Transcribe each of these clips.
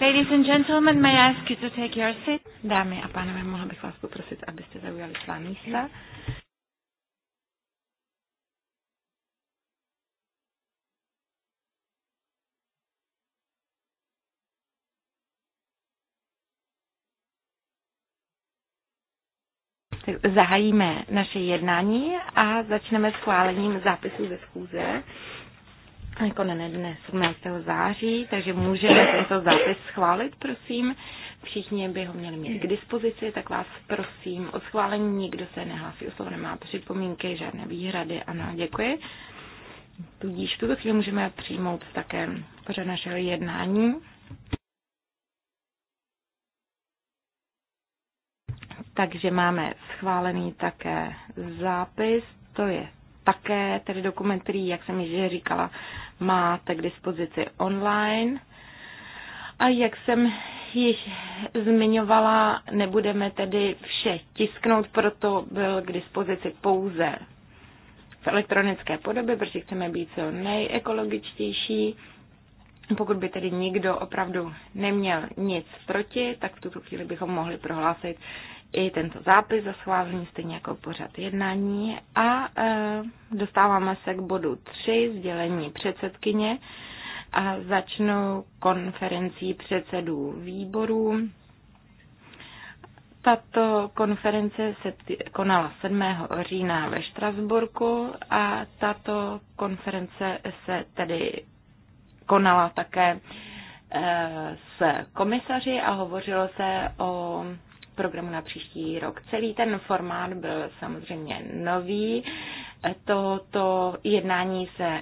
Ladies and gentlemen, may I ask you to take your seat? Dámy a pánové, mohla bych vás poprosit, abyste zaujali svá místa. zahájíme naše jednání a začneme schválením zápisu ze schůze. Jako ne, dne 17. září, takže můžeme tento zápis schválit, prosím. Všichni by ho měli mít k dispozici, tak vás prosím o schválení. Nikdo se nehlásí o slovo, nemá připomínky, žádné výhrady. Ano, děkuji. Tudíž v tuto chvíli můžeme přijmout také pořad našeho jednání. Takže máme schválený také zápis, to je také tedy dokument, který, jak jsem již říkala, máte k dispozici online. A jak jsem již zmiňovala, nebudeme tedy vše tisknout, proto byl k dispozici pouze v elektronické podobě, protože chceme být co nejekologičtější. Pokud by tedy nikdo opravdu neměl nic proti, tak v tuto chvíli bychom mohli prohlásit, i tento zápis za schválení, stejně jako pořad jednání. A e, dostáváme se k bodu 3, sdělení předsedkyně a začnu konferencí předsedů výborů. Tato konference se konala 7. října ve Štrasburku a tato konference se tedy konala také e, s komisaři a hovořilo se o programu na příští rok. Celý ten formát byl samozřejmě nový. Toto jednání se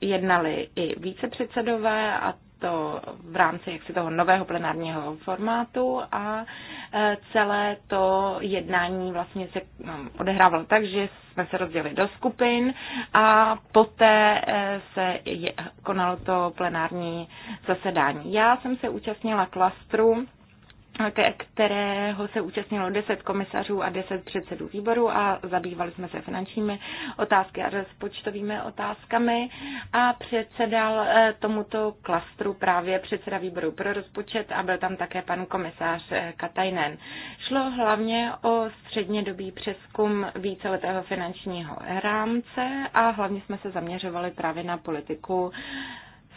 jednali i vícepředsedové a to v rámci jaksi toho nového plenárního formátu a e, celé to jednání vlastně se no, odehrávalo tak, že jsme se rozdělili do skupin a poté e, se konalo to plenární zasedání. Já jsem se účastnila klastru kterého se účastnilo 10 komisařů a 10 předsedů výboru a zabývali jsme se finančními otázky a rozpočtovými otázkami a předsedal eh, tomuto klastru právě předseda výboru pro rozpočet a byl tam také pan komisář eh, Katajnen. Šlo hlavně o střednědobý přeskum víceletého finančního rámce a hlavně jsme se zaměřovali právě na politiku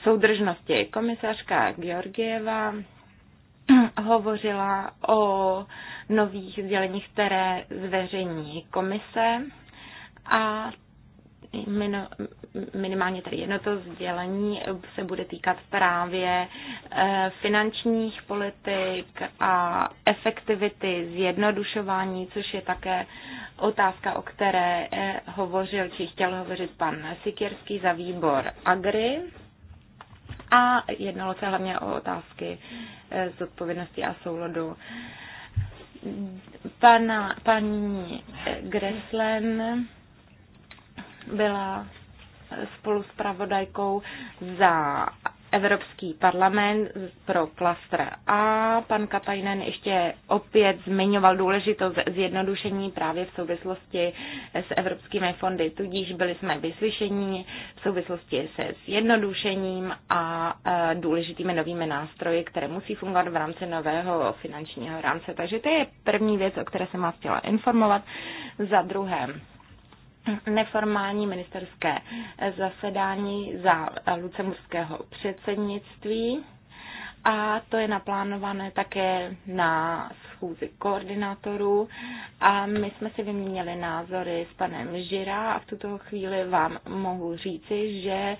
soudržnosti. Komisařka Georgieva hovořila o nových sděleních, které zveřejní komise a minimálně tady. jedno to sdělení se bude týkat právě eh, finančních politik a efektivity zjednodušování, což je také otázka, o které eh, hovořil, či chtěl hovořit pan Sikierský za výbor Agri a jednalo se hlavně o otázky eh, zodpovědnosti a souladu. Pana, paní Greslen byla spolu s pravodajkou za Evropský parlament pro klastr A. Pan Katajnen ještě opět zmiňoval důležitost zjednodušení právě v souvislosti s evropskými fondy, tudíž byli jsme vyslyšení v souvislosti se zjednodušením a e, důležitými novými nástroji, které musí fungovat v rámci nového finančního rámce. Takže to je první věc, o které jsem vás chtěla informovat. Za druhé, neformální ministerské zasedání za lucemburského předsednictví a to je naplánované také na schůzi koordinátorů a my jsme si vyměnili názory s panem Žira a v tuto chvíli vám mohu říci, že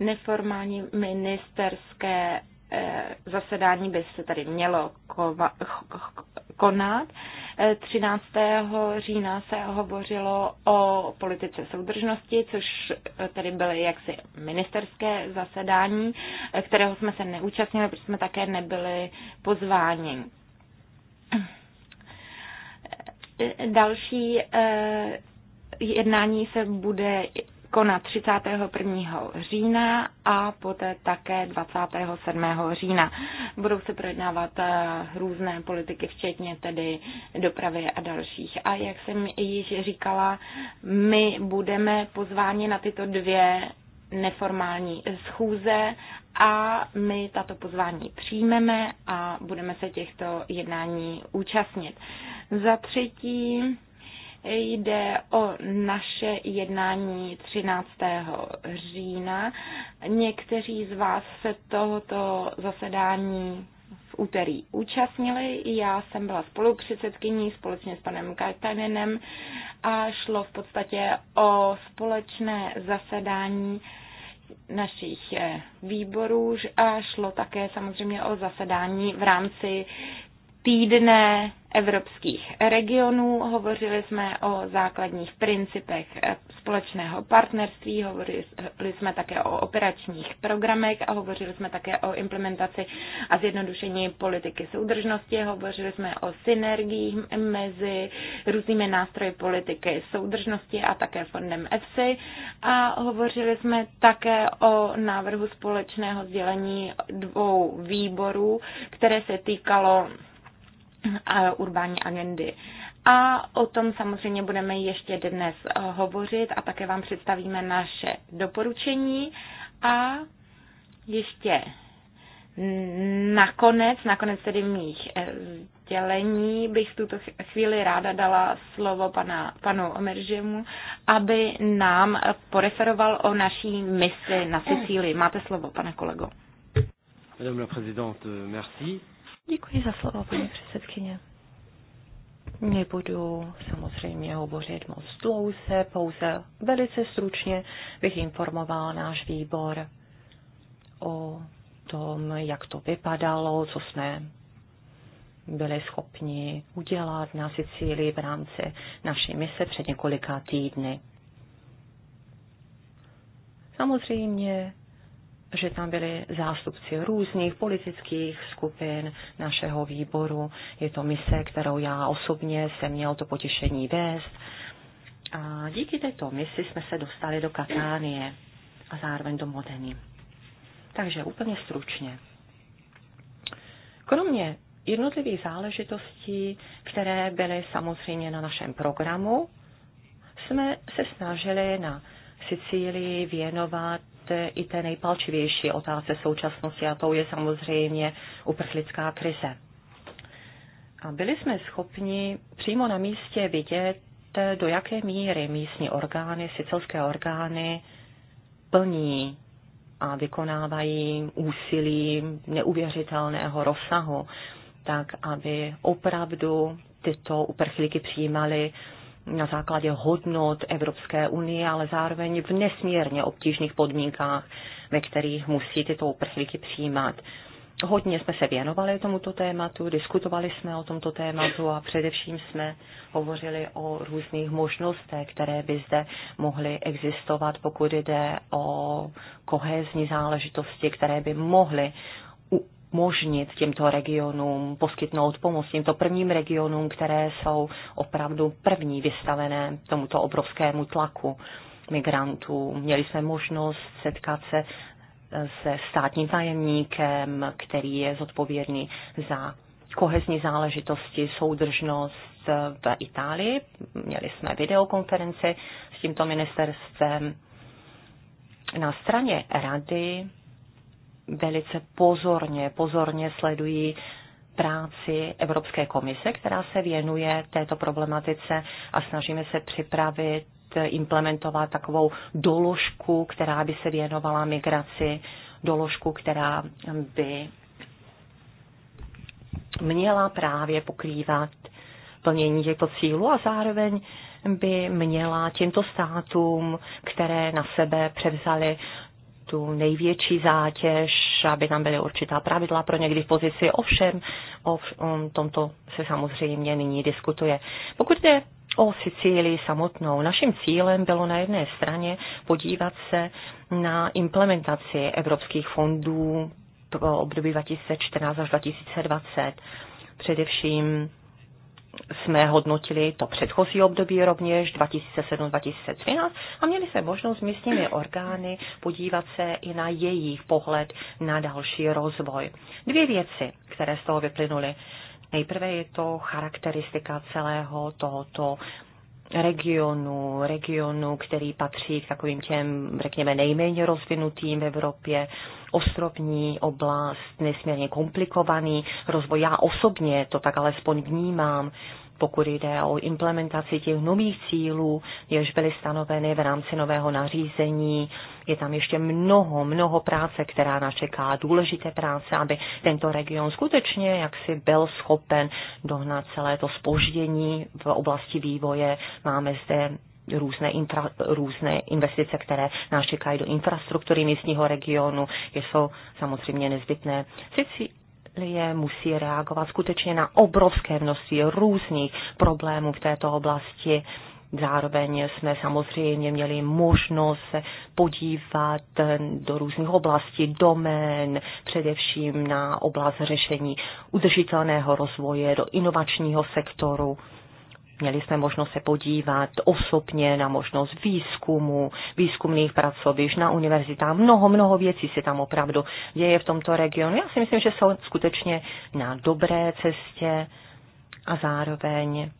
neformální ministerské Eh, zasedání by se tady mělo konat. 13. Eh, října se hovořilo o politice soudržnosti, což eh, tady byly jaksi ministerské zasedání, kterého jsme se neúčastnili, protože jsme také nebyli pozváni. Další jednání se bude kona 31. října a poté také 27. října. Budou se projednávat eh, různé politiky, včetně tedy dopravy a dalších. A jak jsem již říkala, my budeme pozváni na tyto dvě neformální schůze a my tato pozvání přijmeme a budeme se těchto jednání účastnit. Za třetí, jde o naše jednání 13. října. Někteří z vás se tohoto zasedání v úterý účastnili. Já jsem byla spolupředsedkyní společně s panem Kajtaninem a šlo v podstatě o společné zasedání našich eh, výborů a šlo také samozřejmě o zasedání v rámci týdne evropských regionů. Hovořili jsme o základních principech společného partnerství, hovořili jsme také o operačních programech a hovořili jsme také o implementaci a zjednodušení politiky soudržnosti. Hovořili jsme o synergiích mezi různými nástroji politiky soudržnosti a také fondem EFSI a hovořili jsme také o návrhu společného sdělení dvou výborů, které se týkalo urbání agendy. A o tom samozřejmě budeme ještě dnes eh, hovořit a také vám představíme naše doporučení. A ještě nakonec, nakonec tedy mých eh, sdělení bych v tuto chvíli ráda dala slovo pana, panu Omeržemu, aby nám poreferoval o naší misi na Sicílii. Máte slovo, pane kolego. Madame la présidente, merci. Děkuji za slovo, paní předsedkyně. Nebudu samozřejmě hovořit moc dlouze, pouze velice stručně bych informoval náš výbor o tom, jak to vypadalo, co jsme byli schopni udělat na Sicílii v rámci naší mise před několika týdny. Samozřejmě že tam byli zástupci různých politických skupin našeho výboru. Je to mise, kterou já osobně jsem měl to potěšení vést. A díky této misi jsme se dostali do Katánie a zároveň do Modeny. Takže úplně stručně. Kromě jednotlivých záležitostí, které byly samozřejmě na našem programu, jsme se snažili na Sicílii věnovat i té nejpalčivější otázce současnosti a tou je samozřejmě uprchlická krize. A byli jsme schopni přímo na místě vidět, do jaké míry místní orgány, sicilské orgány plní a vykonávají úsilí neuvěřitelného rozsahu, tak aby opravdu tyto uprchlíky přijímali na základě hodnot Evropské unie, ale zároveň v nesmírně obtížných podmínkách, ve kterých musí tyto uprchlíky přijímat. Hodně jsme se věnovali tomuto tématu, diskutovali jsme o tomto tématu a především jsme hovořili o různých možnostech, které by zde mohly existovat, pokud jde o kohezní záležitosti, které by mohly umožnit těmto regionům poskytnout pomoc těmto prvním regionům, které jsou opravdu první vystavené tomuto obrovskému tlaku migrantů. Měli jsme možnost setkat se se státním tajemníkem, který je zodpovědný za kohezní záležitosti, soudržnost v Itálii. Měli jsme videokonferenci s tímto ministerstvem. Na straně rady velice pozorně, pozorně sledují práci Evropské komise, která se věnuje této problematice a snažíme se připravit, implementovat takovou doložku, která by se věnovala migraci, doložku, která by měla právě pokrývat plnění těchto cílů a zároveň by měla těmto státům, které na sebe převzali tu největší zátěž, aby tam byly určitá pravidla pro někdy v pozici. Ovšem, o um, tomto se samozřejmě nyní diskutuje. Pokud jde o Sicílii samotnou. Naším cílem bylo na jedné straně podívat se na implementaci evropských fondů pro období 2014 až 2020. Především jsme hodnotili to předchozí období rovněž 2007-2013 a měli jsme možnost s místními orgány podívat se i na jejich pohled na další rozvoj. Dvě věci, které z toho vyplynuly. Nejprve je to charakteristika celého tohoto regionu, regionu, který patří k takovým těm, řekněme, nejméně rozvinutým v Evropě, ostrovní oblast, nesmírně komplikovaný rozvoj. Já osobně to tak alespoň vnímám pokud jde o implementaci těch nových cílů, jež byly stanoveny v rámci nového nařízení. Je tam ještě mnoho, mnoho práce, která nás čeká, důležité práce, aby tento region skutečně jaksi byl schopen dohnat celé to spoždění v oblasti vývoje. Máme zde různé, infra, různé investice, které nás čekají do infrastruktury místního regionu, je jsou samozřejmě nezbytné. Sici, je musí reagovat skutečně na obrovské množství různých problémů v této oblasti. Zároveň jsme samozřejmě měli možnost se podívat do různých oblastí domén, především na oblast řešení udržitelného rozvoje, do inovačního sektoru Měli jsme možnost se podívat osobně na možnost výzkumu, výzkumných pracovišť na univerzitách. Mnoho, mnoho věcí se tam opravdu děje v tomto regionu. Já si myslím, že jsou skutečně na dobré cestě a zároveň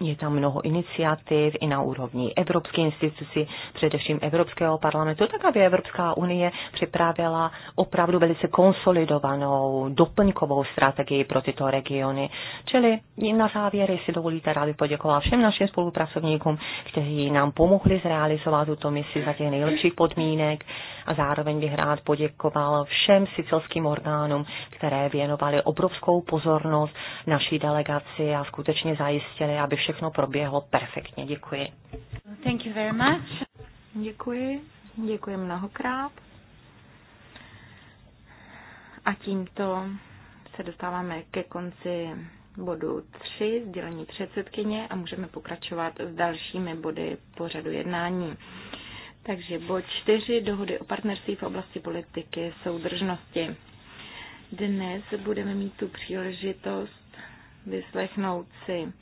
je tam mnoho iniciativ i na úrovni Evropské instituci, především Evropského parlamentu, tak aby Evropská unie připravila opravdu velice konsolidovanou doplňkovou strategii pro tyto regiony. Čili na závěr, jestli dovolíte, rád bych poděkoval všem našim spolupracovníkům, kteří nám pomohli zrealizovat tuto misi za těch nejlepších podmínek a zároveň bych rád poděkoval všem sicilským orgánům, které věnovali obrovskou pozornost naší delegaci a skutečně zajistili, aby vše všechno proběhlo perfektně. Děkuji. Thank you very much. Děkuji. Děkuji mnohokrát. A tímto se dostáváme ke konci bodu 3, sdělení předsedkyně a můžeme pokračovat s dalšími body pořadu jednání. Takže bod 4, dohody o partnerství v oblasti politiky soudržnosti. Dnes budeme mít tu příležitost vyslechnout si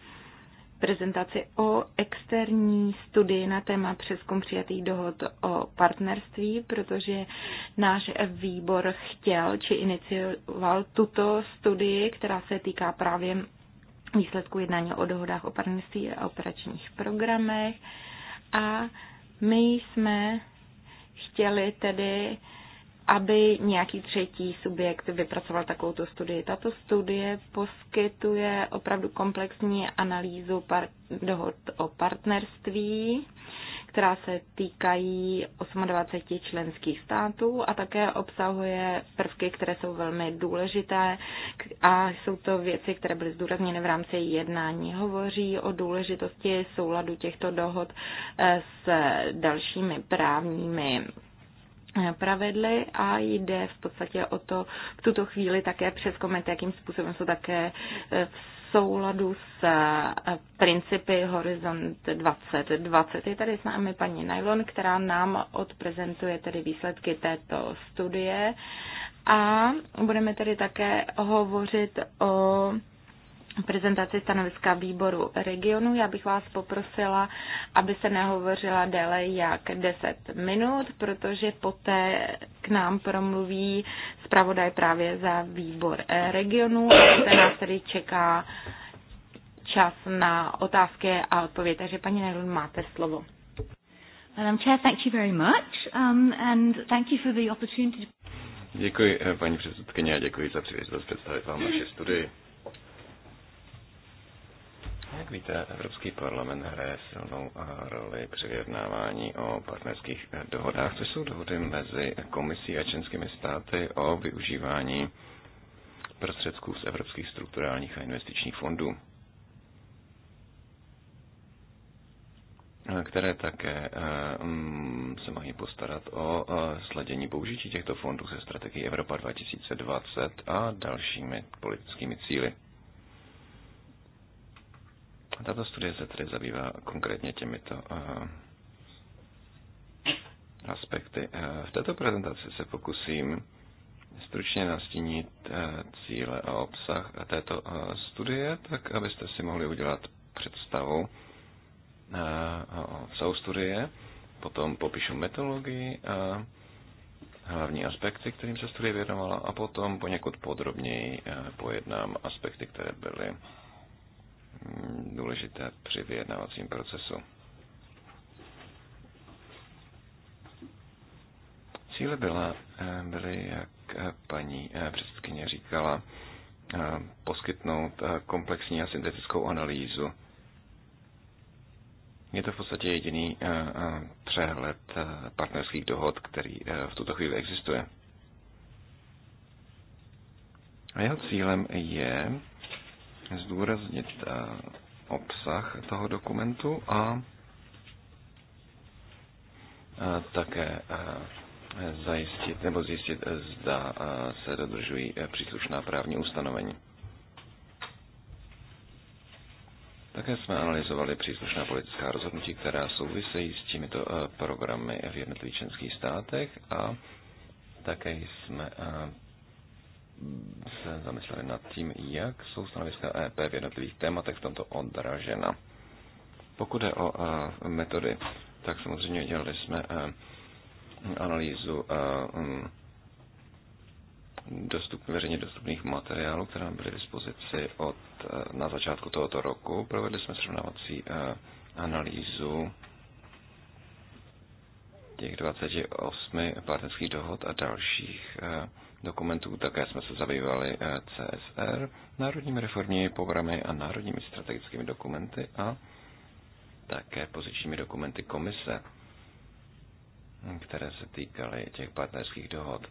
prezentaci o externí studii na téma přeskum přijatých dohod o partnerství, protože náš výbor chtěl či inicioval tuto studii, která se týká právě výsledku jednání o dohodách o partnerství a operačních programech. A my jsme chtěli tedy aby nějaký třetí subjekt vypracoval takovou studii. Tato studie poskytuje opravdu komplexní analýzu par- dohod o partnerství, která se týkají 28 členských států a také obsahuje prvky, které jsou velmi důležité a jsou to věci, které byly zdůrazněny v rámci jednání. Hovoří o důležitosti souladu těchto dohod eh, s dalšími právními Eh, pravidly a jde v podstatě o to v tuto chvíli také koment jakým způsobem jsou také eh, v souladu s eh, principy Horizont 2020. Je tady s námi paní Nylon, která nám odprezentuje tedy výsledky této studie a budeme tedy také hovořit o prezentaci stanoviska výboru regionu. Já bych vás poprosila, aby se nehovořila déle jak 10 minut, protože poté k nám promluví zpravodaj právě za výbor regionu a se nás tedy čeká čas na otázky a odpověď. Takže paní Nerun, máte slovo. Madam Chair, thank you very much um, and thank you for the opportunity. Děkuji, eh, paní předsedkyně, a děkuji za příležitost představit vám naše studii. Jak víte, Evropský parlament hraje silnou roli při vyjednávání o partnerských dohodách, což jsou dohody mezi komisí a členskými státy o využívání prostředků z evropských strukturálních a investičních fondů, které také eh, mm, se mají postarat o eh, sladění použití těchto fondů se strategií Evropa 2020 a dalšími politickými cíly. Tato studie se tedy zabývá konkrétně těmito eh, aspekty. Eh, v této prezentaci se pokusím stručně nastínit eh, cíle a obsah této studie, tak abyste si mohli udělat představu o obsahu studie. Potom popíšu metodologii a hlavní aspekty, kterým se studie věnovala a potom poněkud podrobněji pojednám aspekty, které byly Mm, důležité při vyjednávacím procesu. Cíle byla, eh, byly, jak eh, paní eh, předsedkyně říkala, poskytnout komplexní a syntetickou analýzu. Je to v podstatě jediný přehled partnerských dohod, který v tuto chvíli existuje. A jeho cílem je zdůraznit eh, obsah toho dokumentu a eh, také eh, zajistit nebo zjistit, zda se dodržují příslušná právní ustanovení. Také jsme analyzovali příslušná politická rozhodnutí, která souvisejí s těmito programy v jednotlivých členských státech a také jsme se zamysleli nad tím, jak jsou stanoviska EP v jednotlivých tématech v tomto odražena. Pokud je o e, metody, tak samozřejmě dělali jsme e, analýzu e, dostup, veřejně dostupných materiálů, které nám byly v dispozici od, na začátku tohoto roku. Provedli jsme srovnávací analýzu těch 28 partnerských dohod a dalších dokumentů. Také jsme se zabývali eh, CSR, národními reformními programy a národními strategickými dokumenty a také pozičními dokumenty komise, které se týkaly těch partnerských dohod.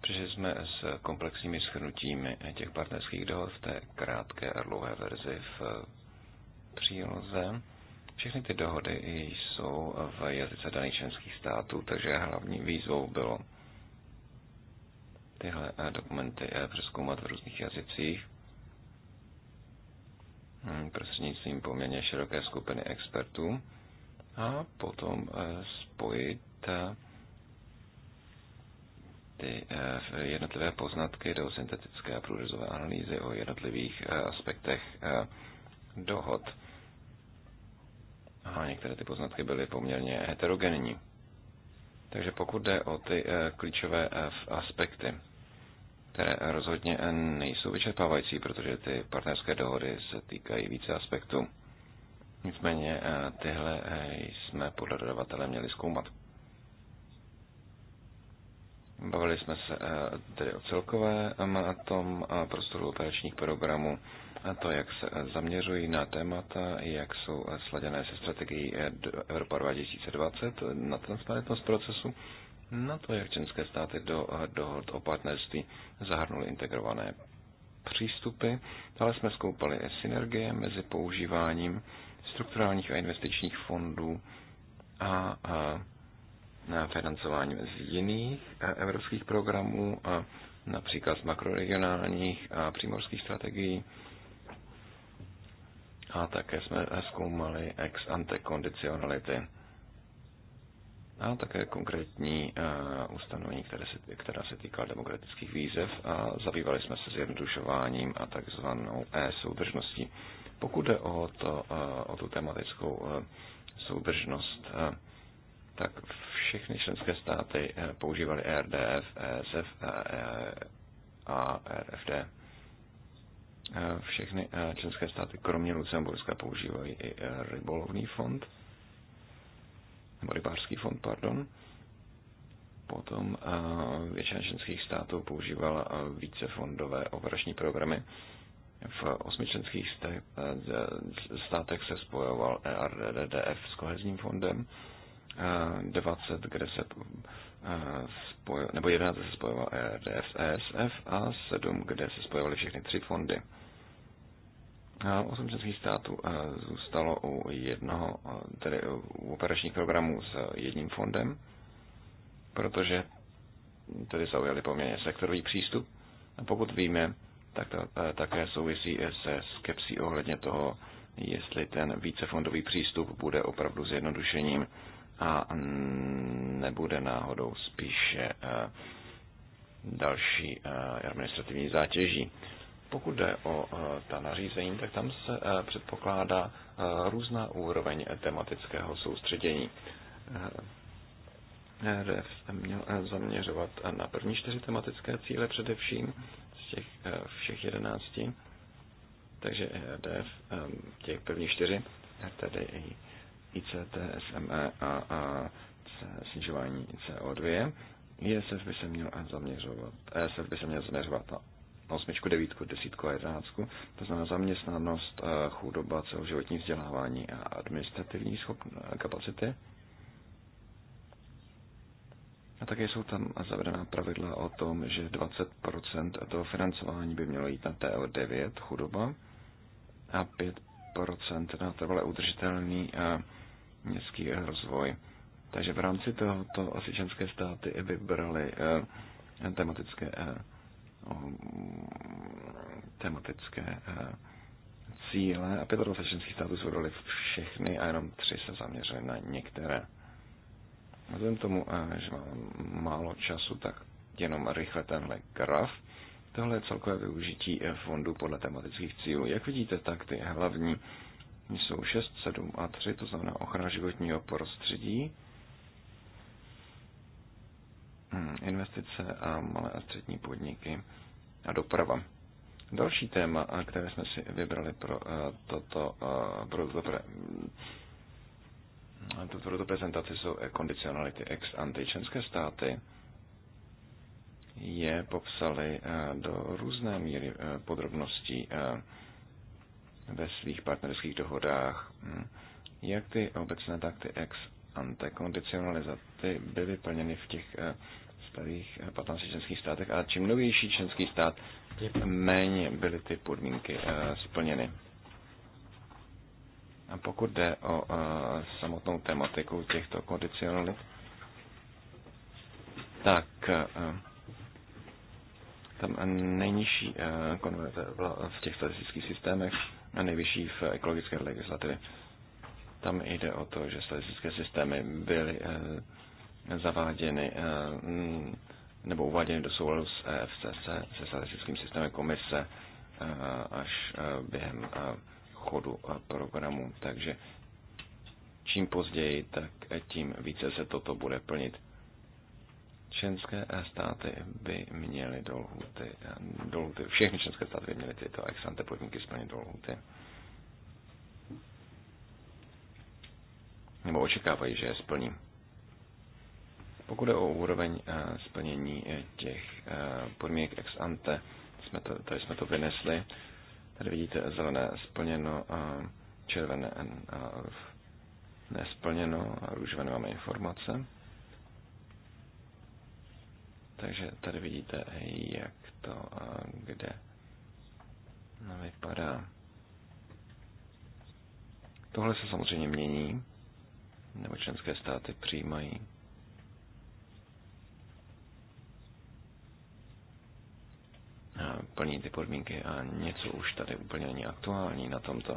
Přišli jsme s komplexními schrnutími těch partnerských dohod v té krátké a dlouhé verzi v eh, příloze. Všechny ty dohody jsou v jazyce daných členských států, takže hlavní výzvou bylo tyhle eh, dokumenty eh, přeskoumat v různých jazycích hmm, prostřednictvím poměrně široké skupiny expertů a potom eh, spojit ty jednotlivé poznatky do syntetické a průřezové analýzy o jednotlivých aspektech dohod. A některé ty poznatky byly poměrně heterogenní. Takže pokud jde o ty klíčové aspekty, které rozhodně nejsou vyčerpávající, protože ty partnerské dohody se týkají více aspektů. Nicméně eh, tyhle eh, jsme podle dodavatele měli zkoumat. Bavili jsme se eh, tedy o celkovém tom prostoru operačních programů, a to, jak se zaměřují na témata, jak jsou sladěné se strategií Evropa 2020 na transparentnost procesu na no, to, jak členské státy do dohod o partnerství zahrnuly integrované přístupy. Dále jsme zkoumali synergie mezi používáním strukturálních a investičních fondů a, a na financování z jiných e, evropských programů, a například z makroregionálních a přímorských strategií. A také jsme e, zkoumali ex ante kondicionality a také konkrétní uh, ustanovení, které se, která se týká demokratických výzev a zabývali jsme se zjednodušováním a takzvanou e-soudržností. Pokud jde o, to, uh, o tu tematickou uh, soudržnost, uh, tak všechny členské státy uh, používaly e RDF, ESF e, e, a RFD. Všechny členské státy, kromě Lucemburska, používají i rybolovný fond nebo rybářský fond, pardon. Potom eh, většina členských států používala eh, více fondové operační programy. V osmi členských eh, státech se spojoval ERDDF s kohezním fondem. 20, kde se spojil, nebo 11 se spojoval ERDF s ESF a 7, kde se spojovaly všechny tři fondy. Osm států eh, zůstalo u jednoho, eh, tedy u operačních programů s jedním fondem, protože tedy zaujali poměrně sektorový přístup. A pokud víme, tak to eh, také souvisí se skepsí ohledně toho, jestli ten vícefondový přístup bude opravdu zjednodušením a nebude náhodou spíše další administrativní zátěží. Pokud jde o eh, ta nařízení, tak tam se eh, předpokládá eh, různá úroveň tematického soustředění. RF měl zaměřovat na první čtyři tematické cíle především z těch všech jedenácti. Takže RDF, těch prvních čtyři, tedy i ICT, SME a, a snižování CO2. ISF by se měl zaměřovat, ESF by se měl zaměřovat na osmičku, devítku, desítku a jedenáctku, to znamená zaměstnanost, eh, chudoba, celoživotní vzdělávání a administrativní schopn- kapacity. A také jsou tam zavedená pravidla o tom, že 20% toho financování by mělo jít na TO9, chudoba, a 5% na trvalé udržitelný eh, městský rozvoj. Takže v rámci tohoto asi členské státy vybrali eh, tematické Eh, tematické eh, cíle a 25 členských států zvolili všechny a jenom tři se zaměřili na některé. Vzhledem k tomu, eh, že mám málo času, tak jenom rychle tenhle graf. Tohle je celkové využití fondu podle tematických cílů. Jak vidíte, tak ty hlavní jsou 6, 7 a 3, to znamená ochrana životního prostředí, Hmm, investice a malé a střední podniky a doprava. Další téma, které jsme si vybrali pro eh, toto, eh, pro dobré, to, eh, pro tuto prezentaci jsou kondicionality ex ante. Členské státy je popsali do různé míry podrobností ve svých partnerských dohodách, hmm, jak ty obecné, tak ty ex ante byly plněny v těch eh, starých 15 eh, členských státech a čím novější členský stát, tím méně byly ty podmínky eh, splněny. A pokud jde o samotnou tematiku těchto kondicionalit, tak tam nejnižší konverze v těch statistických systémech a nejvyšší v ekologické legislativě. Tam jde o to, že statistické systémy byly eh, zaváděny eh, mm, nebo uváděny do souladu s EFCC, se statistickým systémem komise, eh, až během chodu programu. Takže čím později, tak tím více se toto bude plnit. Členské státy by měly do lhuty, do lhuty všechny členské státy by měly tyto ex ante podmínky splnit do lhuty. nebo očekávají, že je splním. Pokud je o úroveň eh, splnění eh, těch eh, podmínek ex ante, jsme to, tady jsme to vynesli. Tady vidíte zelené splněno, červené nesplněno a růžové nemáme informace. Takže tady vidíte, jak to kde vypadá. Tohle se samozřejmě mění nebo členské státy přijímají. A plní ty podmínky a něco už tady úplně není aktuální na tomto.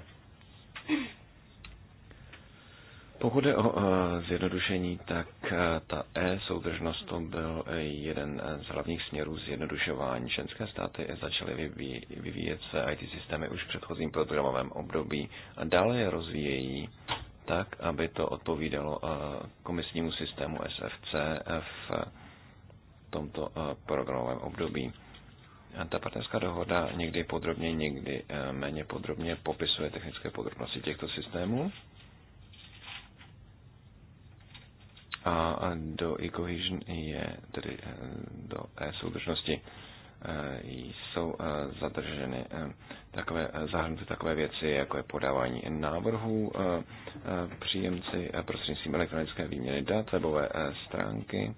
Pokud je o e, zjednodušení, tak e, ta e-soudržnost to byl jeden z hlavních směrů zjednodušování. Členské státy začaly vyvíjet se IT systémy už v předchozím programovém období a dále je rozvíjejí tak, aby to odpovídalo eh, komisnímu systému SFC eh, v tomto eh, programovém období. ta partnerská dohoda někdy podrobně, někdy méně podrobně popisuje technické podrobnosti těchto systémů. A do e je tedy do e-soudržnosti. Eh, jsou eh, zadrženy eh, takové, zahrnuty takové věci, jako je podávání návrhů příjemci prostřednictvím elektronické výměny dat, webové stránky.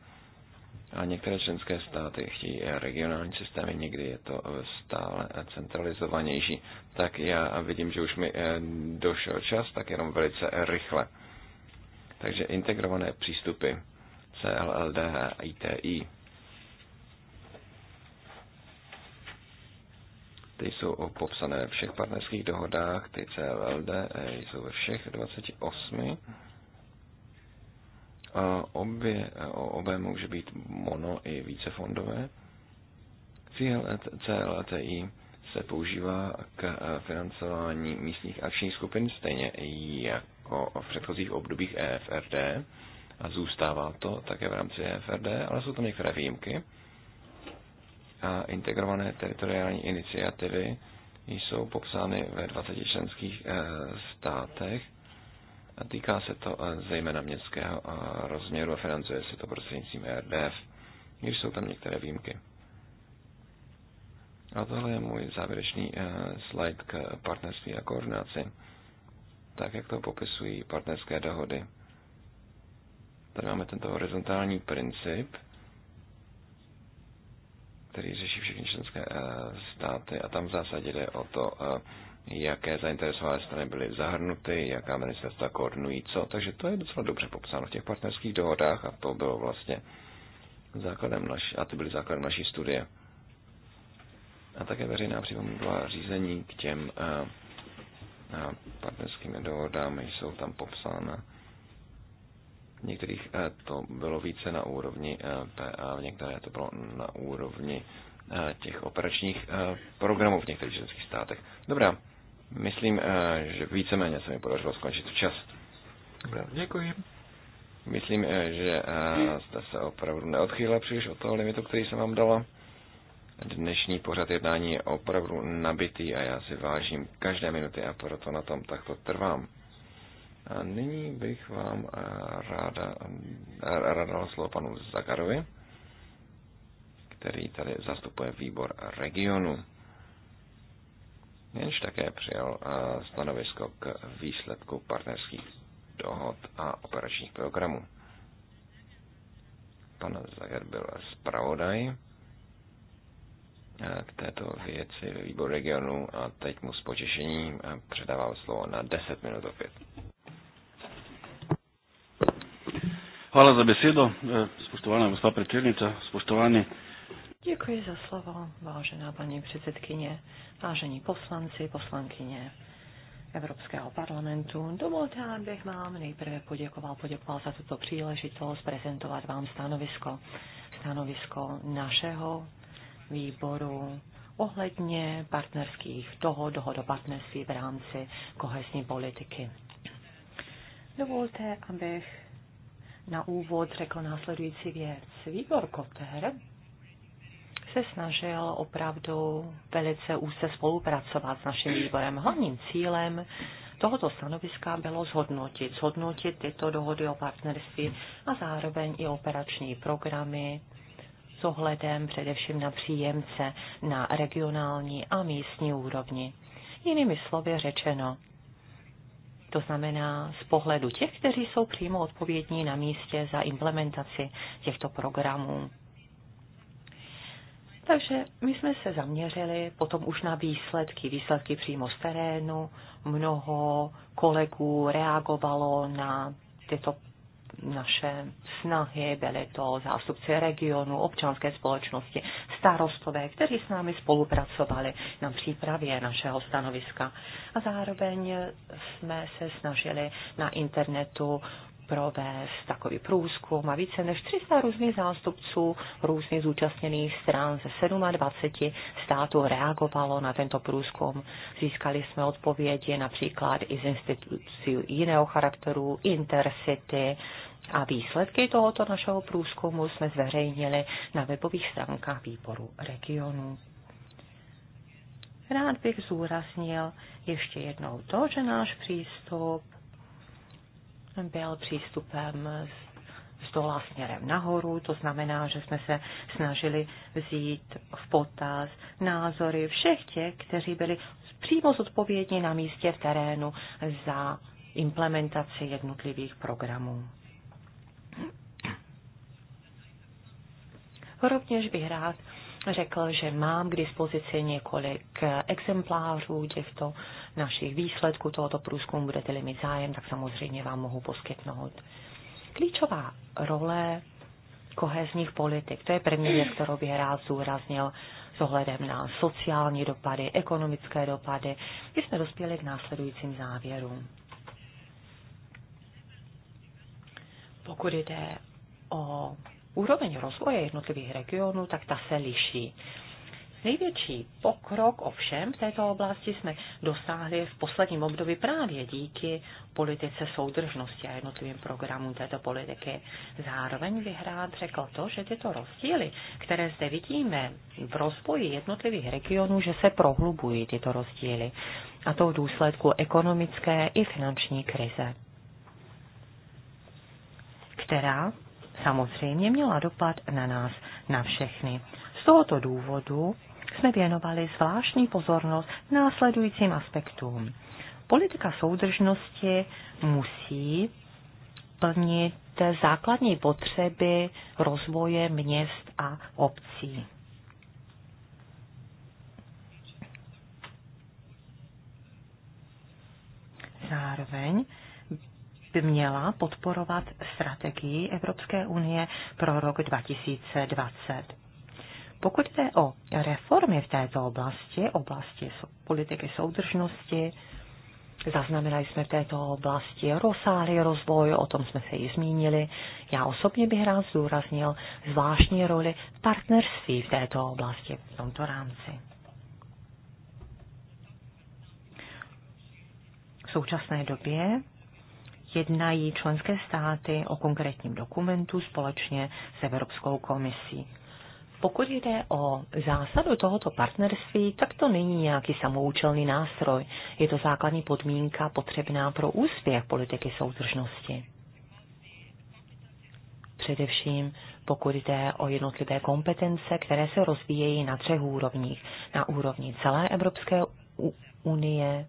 A některé členské státy chtějí regionální systémy, někdy je to stále centralizovanější. Tak já vidím, že už mi došel čas, tak jenom velice rychle. Takže integrované přístupy CLLD a ITI Ty jsou popsané ve všech partnerských dohodách, ty CLLD e, jsou ve všech 28. Obě, obě může být mono i vícefondové. CLTI se používá k e, financování místních akčních skupin stejně jako v předchozích obdobích EFRD a zůstává to také v rámci EFRD, ale jsou to některé výjimky a integrované teritoriální iniciativy jsou popsány ve 20 členských eh, státech a týká se to eh, zejména městského eh, rozměru a financuje se to prostřednictvím RDF, když jsou tam některé výjimky. A tohle je můj závěrečný slide k partnerství a koordinaci, tak jak to popisují partnerské dohody. Tady máme tento horizontální princip, který řeší všechny členské eh, státy a tam v zásadě jde o to, eh, jaké zainteresované strany byly zahrnuty, jaká ministerstva koordinují co. Takže to je docela dobře popsáno v těch partnerských dohodách a to bylo vlastně základem naš, a ty byly základem naší studie. A také veřejná připomínková řízení k těm eh, partnerským dohodám jsou tam popsána v některých eh, to bylo více na úrovni PA, eh, v některé to bylo na úrovni eh, těch operačních programů v některých členských státech. Dobrá, myslím, že víceméně se mi podařilo skončit včas. Dobrá, děkuji. Myslím, že jste se opravdu neodchýlili příliš od toho limitu, který jsem vám dala. Dnešní pořad jednání je opravdu nabitý a já si vážím každé minuty a proto na tom takto trvám. A nyní bych vám eh, ráda, eh, ráda dal slovo panu Zagarovi, který tady zastupuje výbor regionu. Jenž také přijal eh, stanovisko k výsledku partnerských dohod a operačních programů. Pan Zager byl zpravodaj k této věci ve výboru regionu a teď mu s potěšením předávám slovo na 10 minut opět. Hvala za besedo, e, spoštovana gospa predsednica, spoštovani. Děkuji za slovo, vážená paní předsedkyně, vážení poslanci, poslankyně Evropského parlamentu. Dovolte, abych vám nejprve poděkoval, poděkoval za tuto příležitost prezentovat vám stanovisko, stanovisko našeho výboru ohledně partnerských toho dohod o partnerství v rámci kohezní politiky. Dovolte, abych na úvod řekl následující věc. Výbor Koter se snažil opravdu velice úzce spolupracovat s naším výborem. Hlavním cílem tohoto stanoviska bylo zhodnotit, zhodnotit tyto dohody o partnerství a zároveň i operační programy s ohledem především na příjemce na regionální a místní úrovni. Jinými slovy řečeno, to znamená z pohledu těch, kteří jsou přímo odpovědní na místě za implementaci těchto programů. Takže my jsme se zaměřili potom už na výsledky, výsledky přímo z terénu. Mnoho kolegů reagovalo na tyto naše snahy, byly to zástupci regionu, občanské společnosti, starostové, kteří s námi spolupracovali na přípravě našeho stanoviska. A zároveň jsme se snažili na internetu provést takový průzkum a více než 300 různých zástupců různých zúčastněných stran ze 27 států reagovalo na tento průzkum. Získali jsme odpovědi například i z institucí jiného charakteru, Intercity, a výsledky tohoto našeho průzkumu jsme zveřejnili na webových stránkách výboru regionu. Rád bych zúraznil ještě jednou to, že náš přístup byl přístupem z dola směrem nahoru, to znamená, že jsme se snažili vzít v potaz názory všech těch, kteří byli přímo zodpovědní na místě v terénu za implementaci jednotlivých programů. Rovněž bych rád řekl, že mám k dispozici několik eh, exemplářů těchto našich výsledků tohoto průzkumu. Budete-li mít zájem, tak samozřejmě vám mohu poskytnout. Klíčová role kohezních politik, to je první věc, kterou bych rád zúraznil s ohledem na sociální dopady, ekonomické dopady. My jsme dospěli k následujícím závěrům. Pokud jde o úroveň rozvoje jednotlivých regionů, tak ta se liší. Největší pokrok ovšem v této oblasti jsme dosáhli v posledním období právě díky politice soudržnosti a jednotlivým programům této politiky. Zároveň bych rád řekl to, že tyto rozdíly, které zde vidíme v rozvoji jednotlivých regionů, že se prohlubují tyto rozdíly a to v důsledku ekonomické i finanční krize která samozřejmě měla dopad na nás, na všechny. Z tohoto důvodu jsme věnovali zvláštní pozornost následujícím aspektům. Politika soudržnosti musí plnit základní potřeby rozvoje měst a obcí. Zároveň by měla podporovat strategii Evropské unie pro rok 2020. Pokud jde o reformy v této oblasti, oblasti politiky soudržnosti, Zaznamenali jsme v této oblasti rozsáhlý rozvoj, o tom jsme se ji zmínili. Já osobně bych rád zdůraznil zvláštní roli partnerství v této oblasti, v tomto rámci. V současné době jednají členské státy o konkrétním dokumentu společně s Evropskou komisí. Pokud jde o zásadu tohoto partnerství, tak to není nějaký samoučelný nástroj. Je to základní podmínka potřebná pro úspěch politiky soudržnosti. Především pokud jde o jednotlivé kompetence, které se rozvíjejí na třech úrovních. Na úrovni celé Evropské unie,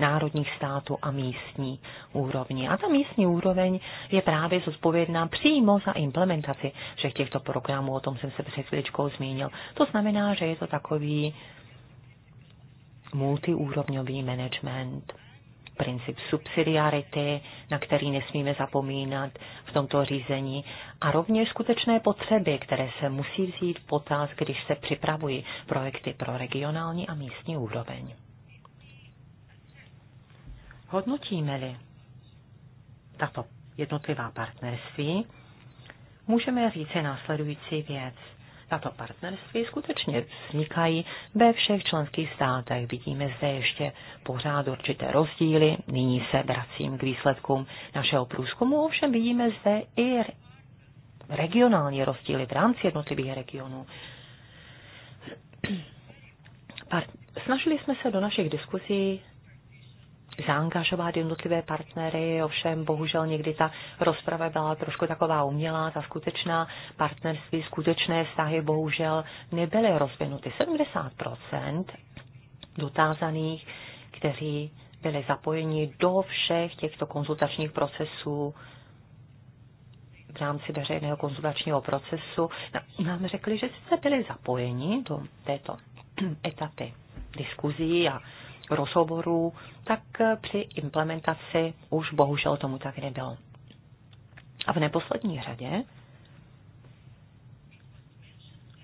národních států a místní úrovni. A ta místní úroveň je právě zodpovědná přímo za implementaci všech těchto programů, o tom jsem se před chvíličkou zmínil. To znamená, že je to takový multiúrovňový management princip subsidiarity, na který nesmíme zapomínat v tomto řízení, a rovněž skutečné potřeby, které se musí vzít v potaz, když se připravují projekty pro regionální a místní úroveň. Hodnotíme-li tato jednotlivá partnerství, můžeme říci následující věc. Tato partnerství skutečně vznikají ve všech členských státech. Vidíme zde ještě pořád určité rozdíly. Nyní se vracím k výsledkům našeho průzkumu, ovšem vidíme zde i regionální rozdíly v rámci jednotlivých regionů. Snažili jsme se do našich diskuzí zaangažovat jednotlivé partnery, ovšem bohužel někdy ta rozprava byla trošku taková umělá, ta skutečná partnerství, skutečné vztahy bohužel nebyly rozvinuty. 70% dotázaných, kteří byli zapojeni do všech těchto konzultačních procesů, v rámci veřejného konzultačního procesu no, nám řekli, že sice byli zapojeni do této etapy diskuzí a rozhovorů, tak při implementaci už bohužel tomu tak nebylo. A v neposlední řadě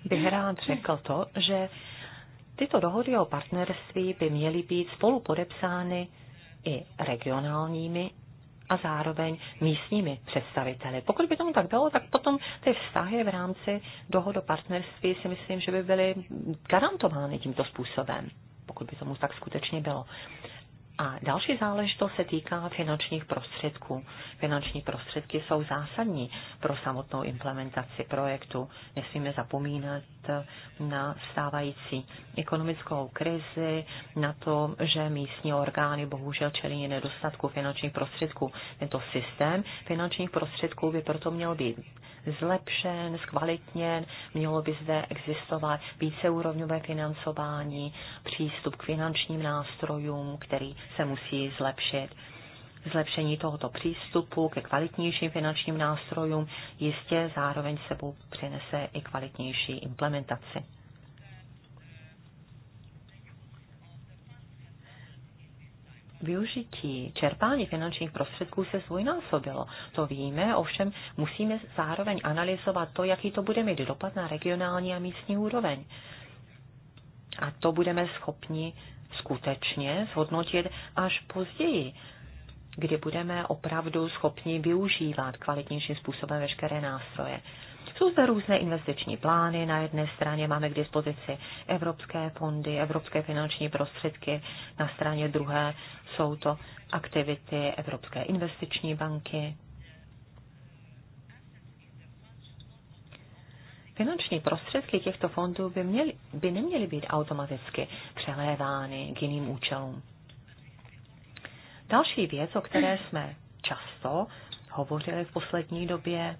bych rád řekl to, že tyto dohody o partnerství by měly být spolu podepsány i regionálními a zároveň místními představiteli. Pokud by tomu tak bylo, tak potom ty vztahy v rámci dohod o partnerství si myslím, že by byly garantovány tímto způsobem pokud by tomu tak skutečně bylo. A další záležitost se týká finančních prostředků. Finanční prostředky jsou zásadní pro samotnou implementaci projektu. Nesmíme zapomínat na stávající ekonomickou krizi, na to, že místní orgány bohužel čelí nedostatku finančních prostředků. Tento systém finančních prostředků by proto měl být zlepšen, zkvalitněn, mělo by zde existovat víceúrovňové financování, přístup k finančním nástrojům, který se musí zlepšit. Zlepšení tohoto přístupu ke kvalitnějším finančním nástrojům jistě zároveň sebou přinese i kvalitnější implementaci. využití čerpání finančních prostředků se zvojnásobilo. To víme, ovšem musíme zároveň analyzovat to, jaký to bude mít dopad na regionální a místní úroveň. A to budeme schopni skutečně zhodnotit až později, kdy budeme opravdu schopni využívat kvalitnějším způsobem veškeré nástroje. Jsou zde různé investiční plány. Na jedné straně máme k dispozici evropské fondy, evropské finanční prostředky, na straně druhé jsou to aktivity Evropské investiční banky. Finanční prostředky těchto fondů by, měly, by neměly být automaticky přelévány k jiným účelům. Další věc, o které jsme často hovořili v poslední době,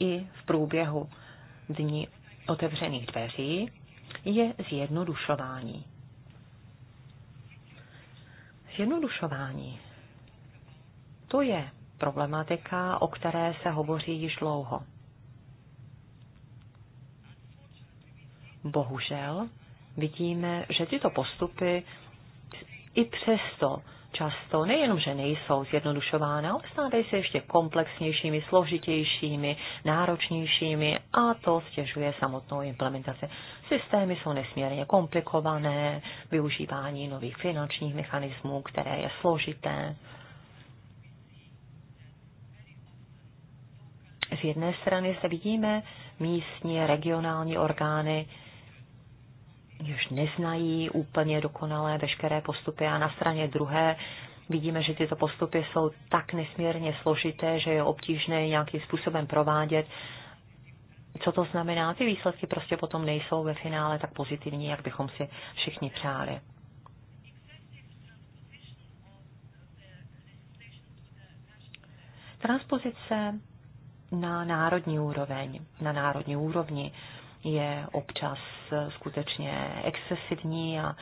i v průběhu dní otevřených dveří, je zjednodušování. Zjednodušování. To je problematika, o které se hovoří již dlouho. Bohužel vidíme, že tyto postupy i přesto často nejenom, že nejsou zjednodušovány, ale stávají se ještě komplexnějšími, složitějšími, náročnějšími a to stěžuje samotnou implementaci. Systémy jsou nesmírně komplikované, využívání nových finančních mechanismů, které je složité. Z jedné strany se vidíme místní regionální orgány, již neznají úplně dokonalé veškeré postupy a na straně druhé vidíme, že tyto postupy jsou tak nesmírně složité, že je obtížné nějakým způsobem provádět. Co to znamená? Ty výsledky prostě potom nejsou ve finále tak pozitivní, jak bychom si všichni přáli. Transpozice na národní úroveň, na národní úrovni je občas skutečně excesivní a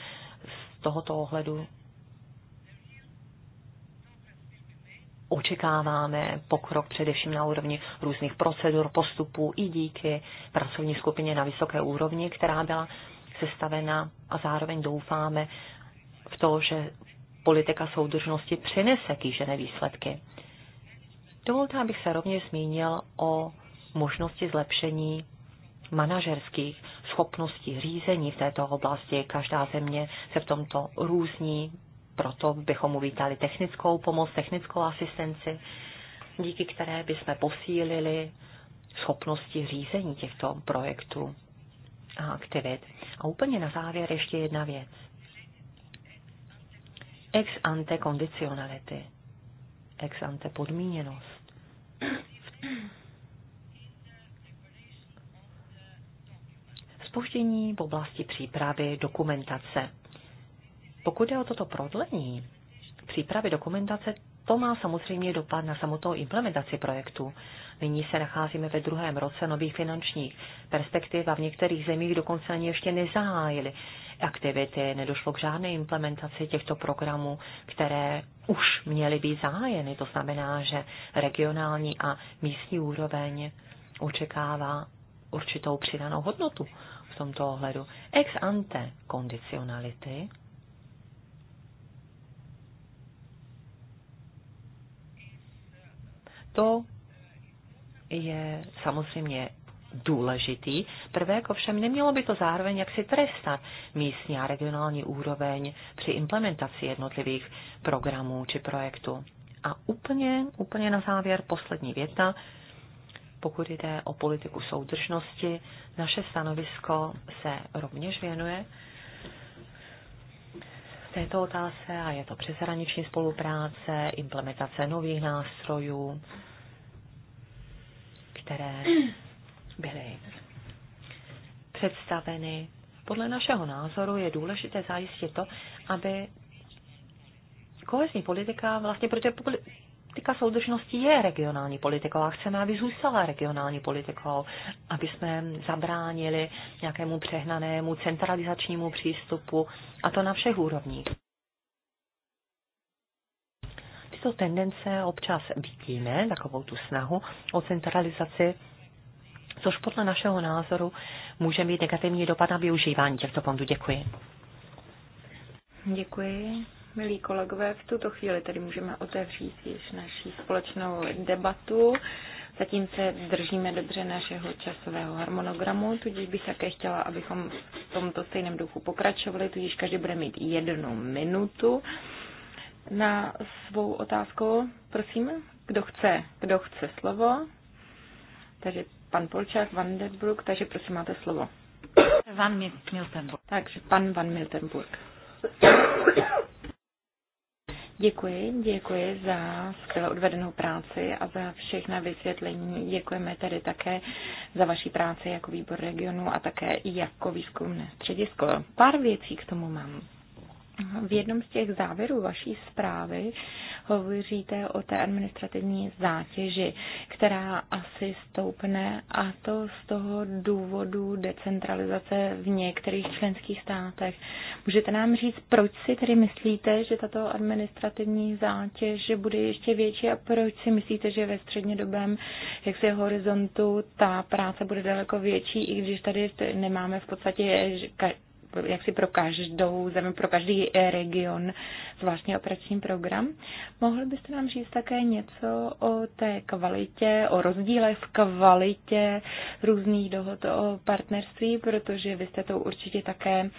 z tohoto ohledu očekáváme pokrok především na úrovni různých procedur, postupů i díky pracovní skupině na vysoké úrovni, která byla sestavena a zároveň doufáme v to, že politika soudržnosti přinese kýžené výsledky. Dovolte, abych se rovněž zmínil o možnosti zlepšení manažerských schopností řízení v této oblasti. Každá země se v tomto různí, proto bychom uvítali technickou pomoc, technickou asistenci, díky které bychom posílili schopnosti řízení těchto projektů a aktivit. A úplně na závěr ještě jedna věc. Ex ante kondicionality. Ex ante podmíněnost. spoždění v oblasti přípravy dokumentace. Pokud je o toto prodlení přípravy dokumentace, to má samozřejmě dopad na samotnou implementaci projektu. Nyní se nacházíme ve druhém roce nových finančních perspektiv a v některých zemích dokonce ani ještě nezahájili aktivity, nedošlo k žádné implementaci těchto programů, které už měly být zahájeny. To znamená, že regionální a místní úroveň očekává určitou přidanou hodnotu tomto ohledu. Ex ante kondicionality to je samozřejmě důležitý prvek, ovšem nemělo by to zároveň jaksi trestat místní a regionální úroveň při implementaci jednotlivých programů či projektů. A úplně, úplně na závěr poslední věta, pokud jde o politiku soudržnosti, naše stanovisko se rovněž věnuje této otázce a je to přeshraniční spolupráce, implementace nových nástrojů, které byly představeny. Podle našeho názoru je důležité zajistit to, aby kohezní politika, vlastně, protože politika soudržnosti je regionální politikou a chceme, aby zůstala regionální politikou, aby jsme zabránili nějakému přehnanému centralizačnímu přístupu a to na všech úrovních. Tyto tendence občas vidíme, takovou tu snahu o centralizaci, což podle našeho názoru může mít negativní dopad na využívání těchto fondů. Děkuji. Děkuji. Milí kolegové, v tuto chvíli tedy můžeme otevřít již naši společnou debatu. Zatím se držíme dobře našeho časového harmonogramu, tudíž bych také chtěla, abychom v tomto stejném duchu pokračovali, tudíž každý bude mít jednu minutu na svou otázku. Prosím, kdo chce, kdo chce slovo? Takže pan Polčák, Van der takže prosím, máte slovo. Van Miltenburg. Takže pan Van Miltenburg. Děkuji, děkuji za skvěle odvedenou práci a za všechna vysvětlení. Děkujeme tedy také za vaší práci jako výbor regionu a také jako výzkumné středisko. Pár věcí k tomu mám. V jednom z těch závěrů vaší zprávy hovoříte o té administrativní zátěži, která asi stoupne a to z toho důvodu decentralizace v některých členských státech. Můžete nám říct, proč si tedy myslíte, že tato administrativní zátěž bude ještě větší a proč si myslíte, že ve střednědobém jaksi horizontu ta práce bude daleko větší, i když tady nemáme v podstatě jak si pro každou zemi, pro každý region zvláštní operační program. Mohl byste nám říct také něco o té kvalitě, o rozdílech v kvalitě různých dohod o partnerství, protože vy jste to určitě také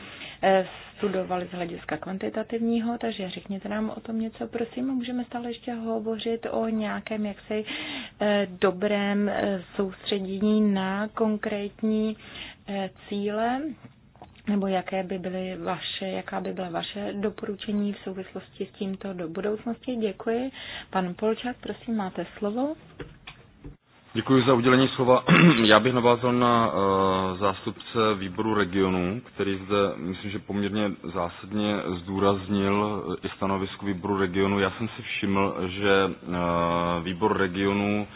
eh, studovali z hlediska kvantitativního, takže řekněte nám o tom něco, prosím. Můžeme stále ještě hovořit o nějakém jaksi eh, dobrém eh, soustředění na konkrétní cíle nebo jaké by byly vaše, jaká by byla vaše doporučení v souvislosti s tímto do budoucnosti. Děkuji. Pan Polčák, prosím, máte slovo. Děkuji za udělení slova. Já bych navázal na uh, zástupce výboru regionů, který zde, myslím, že poměrně zásadně zdůraznil eh, i stanovisko výboru regionu. Já jsem si všiml, že uh, výbor regionů uh,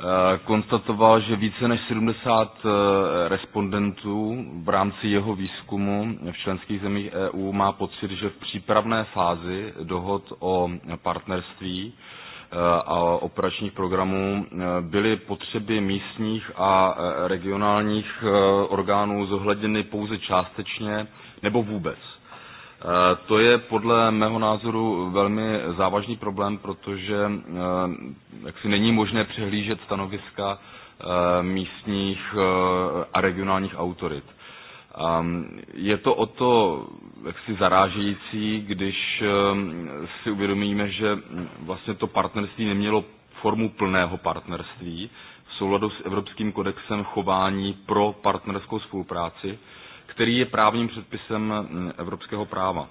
Eh, konstatoval, že více než 70 eh, respondentů v rámci jeho výzkumu v členských zemích EU má pocit, že v přípravné fázi dohod o partnerství eh, a operačních programů byly potřeby místních a regionálních orgánů zohledněny pouze částečně nebo vůbec Eh, to je podle mého názoru velmi závažný problém, protože eh, jaksi není možné přehlížet stanoviska eh, místních a regionálních autorit. Ehm, je to o to jaksi zarážející, když si uvědomíme, že vlastně to partnerství nemělo formu plného partnerství v souladu s Evropským kodexem chování pro partnerskou spolupráci, který je právním předpisem mm, evropského práva.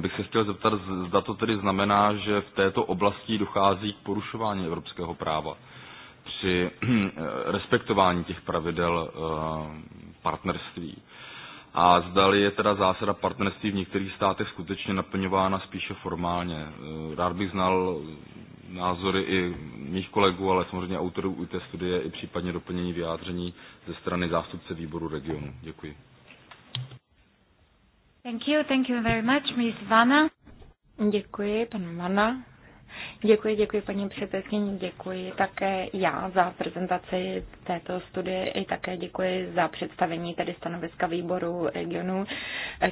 Bych se chtěl zeptat, zda to tedy znamená, že v této oblasti dochází k porušování evropského práva při mm, e, respektování těch pravidel e, partnerství. A zdali je teda zásada partnerství v některých státech skutečně naplňována spíše formálně. E, rád bych znal názory i mých kolegů, ale samozřejmě autorů u té studie, i případně doplnění vyjádření ze strany zástupce výboru regionu. Děkuji. Thank you, thank you very much, Miss Vana. Děkuji, pan Vana. Děkuji, děkuji paní předsedkyni, děkuji také já za prezentaci této studie i také děkuji za představení tedy stanoviska výboru regionu,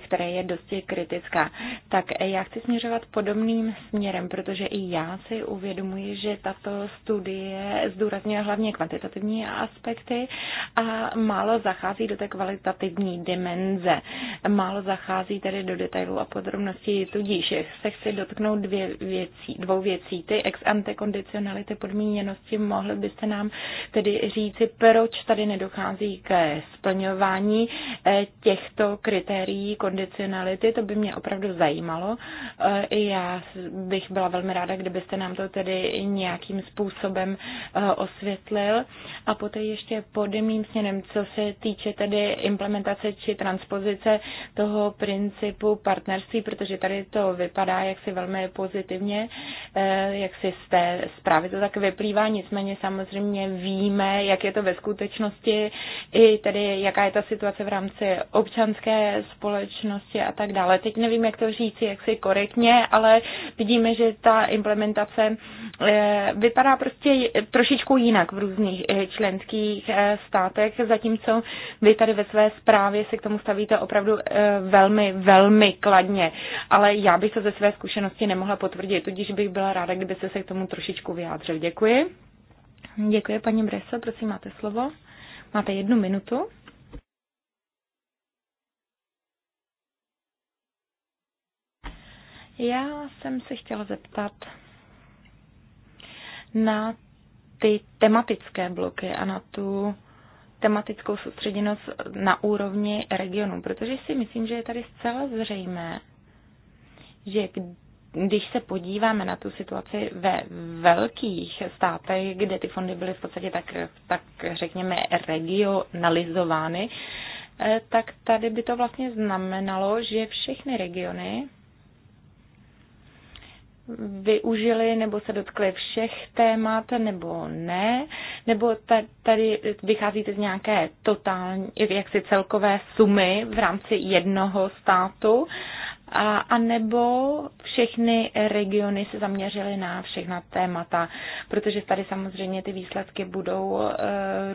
které je dosti kritická. Tak já chci směřovat podobným směrem, protože i já si uvědomuji, že tato studie zdůrazňuje hlavně kvantitativní aspekty a málo zachází do té kvalitativní dimenze. Málo zachází tedy do detailů a podrobností, tudíž se chci dotknout dvě věcí, dvou věcí ty ex ante kondicionality podmíněnosti. Mohli byste nám tedy říci, proč tady nedochází ke splňování eh, těchto kritérií kondicionality? To by mě opravdu zajímalo. Eh, já bych byla velmi ráda, kdybyste nám to tedy nějakým způsobem eh, osvětlil. A poté ještě pod mým směrem, co se týče tedy implementace či transpozice toho principu partnerství, protože tady to vypadá jaksi velmi pozitivně, jak si z té zprávy to tak vyplývá, nicméně samozřejmě víme, jak je to ve skutečnosti, i tedy jaká je ta situace v rámci občanské společnosti a tak dále. Teď nevím, jak to říci, jak si korektně, ale vidíme, že ta implementace eh, vypadá prostě trošičku jinak v různých eh, členských eh, státech, zatímco vy tady ve své zprávě se k tomu stavíte opravdu velmi, velmi kladně. Ale já bych to ze své zkušenosti nemohla potvrdit, tudíž bych byla ráda, kdyby se se k tomu trošičku vyjádřil. Děkuji. Děkuji, paní Bresa, prosím, máte slovo. Máte jednu minutu. Já jsem se chtěla zeptat na ty tematické bloky a na tu tematickou soustředěnost na úrovni regionu, protože si myslím, že je tady zcela zřejmé, že když se podíváme na tu situaci ve velkých státech, kde ty fondy byly v podstatě tak, tak řekněme regionalizovány, eh, tak tady by to vlastně znamenalo, že všechny regiony využili nebo se dotkli všech témat nebo ne, nebo tady vycházíte z nějaké totální, jaksi celkové sumy v rámci jednoho státu a, a nebo všechny regiony se zaměřily na všechna témata, protože tady samozřejmě ty výsledky budou e,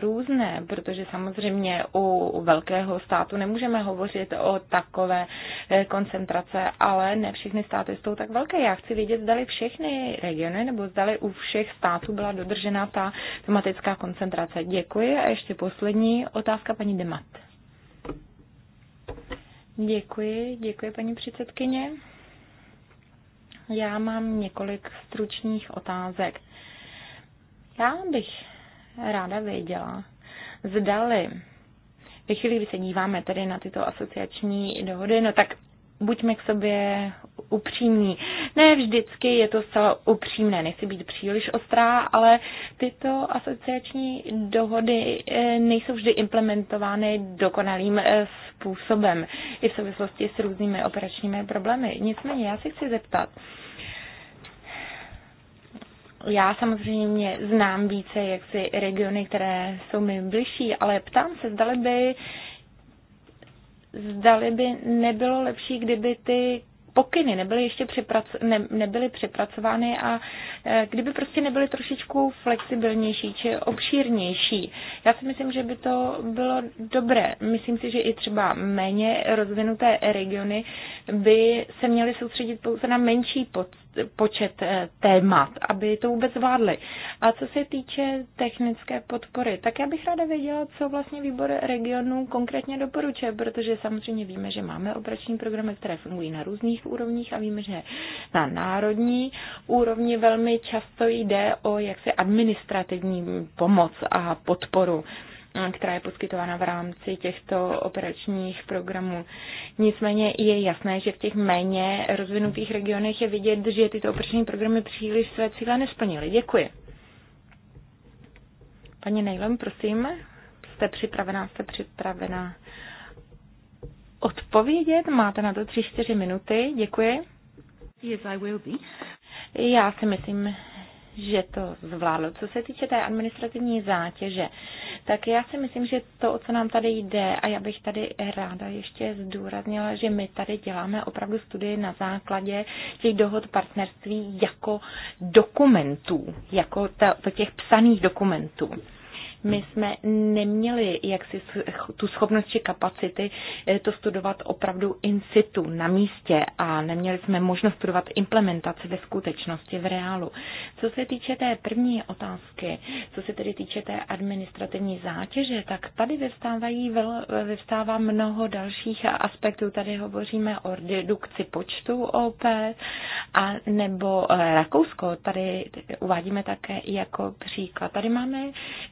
různé, protože samozřejmě u, u velkého státu nemůžeme hovořit o takové e, koncentrace, ale ne všechny státy jsou tak velké. Já chci vědět, zdali všechny regiony nebo zdali u všech států byla dodržena ta tematická koncentrace. Děkuji a ještě poslední otázka paní Demat. Děkuji, děkuji paní předsedkyně. Já mám několik stručných otázek. Já bych ráda věděla, zdali ve chvíli, kdy se díváme tedy na tyto asociační dohody, no tak buďme k sobě upřímní. Ne vždycky je to zcela upřímné, nechci být příliš ostrá, ale tyto asociační dohody eh, nejsou vždy implementovány dokonalým eh, způsobem i v souvislosti s různými operačními problémy. Nicméně já se chci zeptat, já samozřejmě znám více jaksi regiony, které jsou mi bližší, ale ptám se, zdali by zdali by nebylo lepší, kdyby ty pokyny nebyly ještě ne, nebyly přepracovány a e, kdyby prostě nebyly trošičku flexibilnější či obšírnější. Já si myslím, že by to bylo dobré. Myslím si, že i třeba méně rozvinuté regiony by se měly soustředit pouze na menší počet e, témat, aby to vůbec zvládli. A co se týče technické podpory, tak já bych ráda věděla, co vlastně výbor regionů konkrétně doporučuje, protože samozřejmě víme, že máme operační programy, které fungují na různých úrovních a víme, že na národní úrovni velmi často jde o jaksi administrativní pomoc a podporu eh, která je poskytována v rámci těchto operačních programů. Nicméně je jasné, že v těch méně rozvinutých regionech je vidět, že tyto operační programy příliš své cíle nesplnily. Děkuji. Paní Nejlem, prosím, jste připravená, jste připravená odpovědět. Máte na to 3-4 minuty. Děkuji. Yes, I will be. Já si myslím, že to zvládlo. Co se týče té administrativní zátěže, tak já si myslím, že to, o co nám tady jde, a já bych tady ráda ještě zdůraznila, že my tady děláme opravdu studii na základě těch dohod partnerství jako dokumentů, jako to, to těch psaných dokumentů. My jsme neměli jaksi tu schopnost či kapacity eh, to studovat opravdu in situ, na místě a neměli jsme možnost studovat implementaci ve skutečnosti, v reálu. Co se týče té první otázky, co se tedy týče té administrativní zátěže, tak tady vyvstávají, vyvstává mnoho dalších aspektů. Tady hovoříme o redukci počtu OP a nebo eh, Rakousko. Tady uvádíme také jako příklad. Tady máme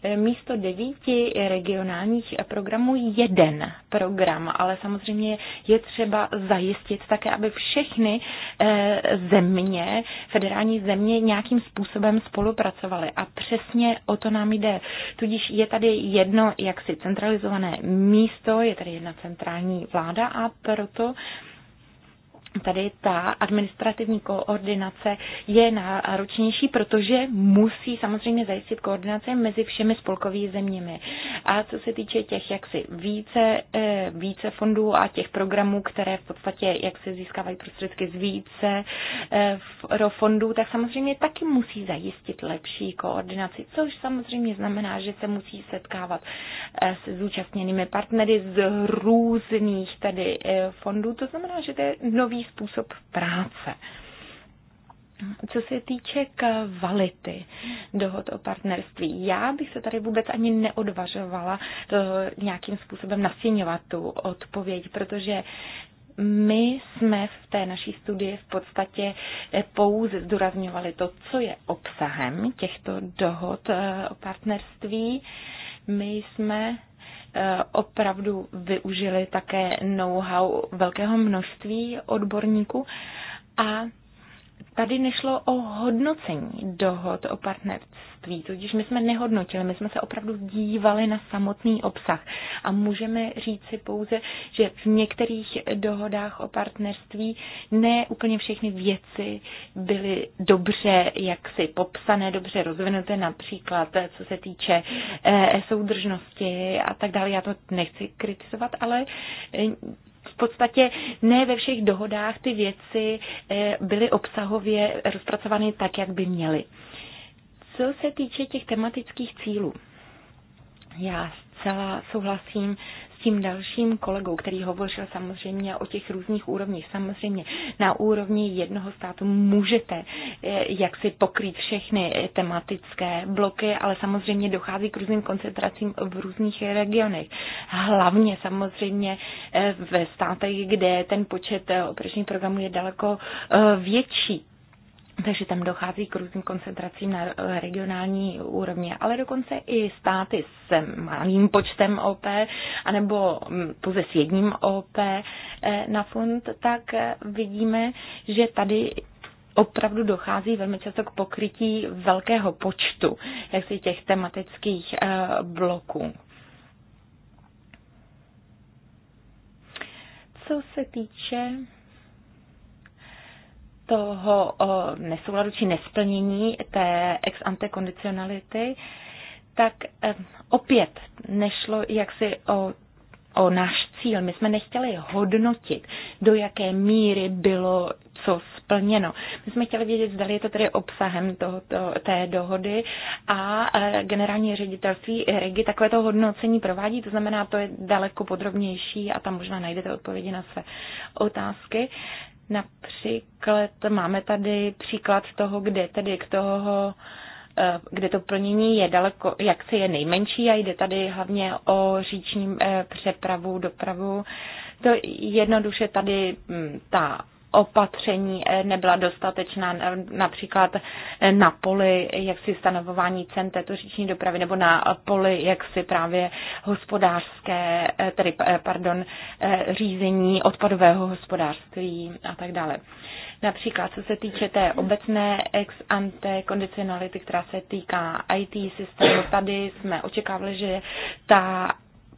eh, místo místo devíti regionálních programů jeden program, ale samozřejmě je třeba zajistit také, aby všechny eh, země, federální země nějakým způsobem spolupracovaly. A přesně o to nám jde. Tudíž je tady jedno jaksi centralizované místo, je tady jedna centrální vláda a proto tady ta administrativní koordinace je náročnější, protože musí samozřejmě zajistit koordinaci mezi všemi spolkovými zeměmi. A co se týče těch jaksi více, eh, více fondů a těch programů, které v podstatě jak se získávají prostředky z více eh, fondů, tak samozřejmě taky musí zajistit lepší koordinaci, což samozřejmě znamená, že se musí setkávat eh, s zúčastněnými partnery z různých tady fondů. To znamená, že to je nový způsob práce. Co se týče kvality dohod o partnerství, já bych se tady vůbec ani neodvažovala to nějakým způsobem nastěňovat tu odpověď, protože my jsme v té naší studii v podstatě pouze zdůrazňovali to, co je obsahem těchto dohod eh, o partnerství. My jsme Eh, opravdu využili také know-how velkého množství odborníků a Tady nešlo o hodnocení dohod o partnerství, tudíž my jsme nehodnotili, my jsme se opravdu dívali na samotný obsah a můžeme říci pouze, že v některých dohodách o partnerství ne úplně všechny věci byly dobře jaksi popsané, dobře rozvinuté, například co se týče eh, soudržnosti a tak dále. Já to nechci kritizovat, ale eh, v podstatě ne ve všech dohodách ty věci eh, byly obsahově rozpracovány tak, jak by měly. Co se týče těch tematických cílů, já zcela souhlasím tím dalším kolegou, který hovořil samozřejmě o těch různých úrovních. Samozřejmě na úrovni jednoho státu můžete eh, jak si pokrýt všechny tematické bloky, ale samozřejmě dochází k různým koncentracím v různých regionech. Hlavně samozřejmě eh, ve státech, kde ten počet eh, operačních programů je daleko větší takže tam dochází k různým koncentracím na regionální úrovni, ale dokonce i státy s malým počtem OP, anebo mm, pouze s jedním OP eh, na fond, tak eh, vidíme, že tady opravdu dochází velmi často k pokrytí velkého počtu jak si těch tematických eh, bloků. Co se týče toho nesouladu či nesplnění té ex ante kondicionality, tak opět nešlo jaksi o, o náš cíl. My jsme nechtěli hodnotit, do jaké míry bylo co splněno. My jsme chtěli vědět, zda je to tedy obsahem tohoto, té dohody a e, generální ředitelství REGI takovéto hodnocení provádí, to znamená, to je daleko podrobnější a tam možná najdete odpovědi na své otázky. Například máme tady příklad toho, kde tedy k toho eh, kde to plnění je daleko, jak se je nejmenší a jde tady hlavně o říční eh, přepravu, dopravu. To jednoduše tady mm, ta opatření eh, nebyla dostatečná, eh, například eh, na poli jaksi stanovování cen této říční dopravy nebo na poli jaksi právě hospodářské, tedy pardon, řízení odpadového hospodářství a tak dále. Například co se týče té obecné ex ante kondicionality, která se týká IT systému, tady jsme očekávali, že ta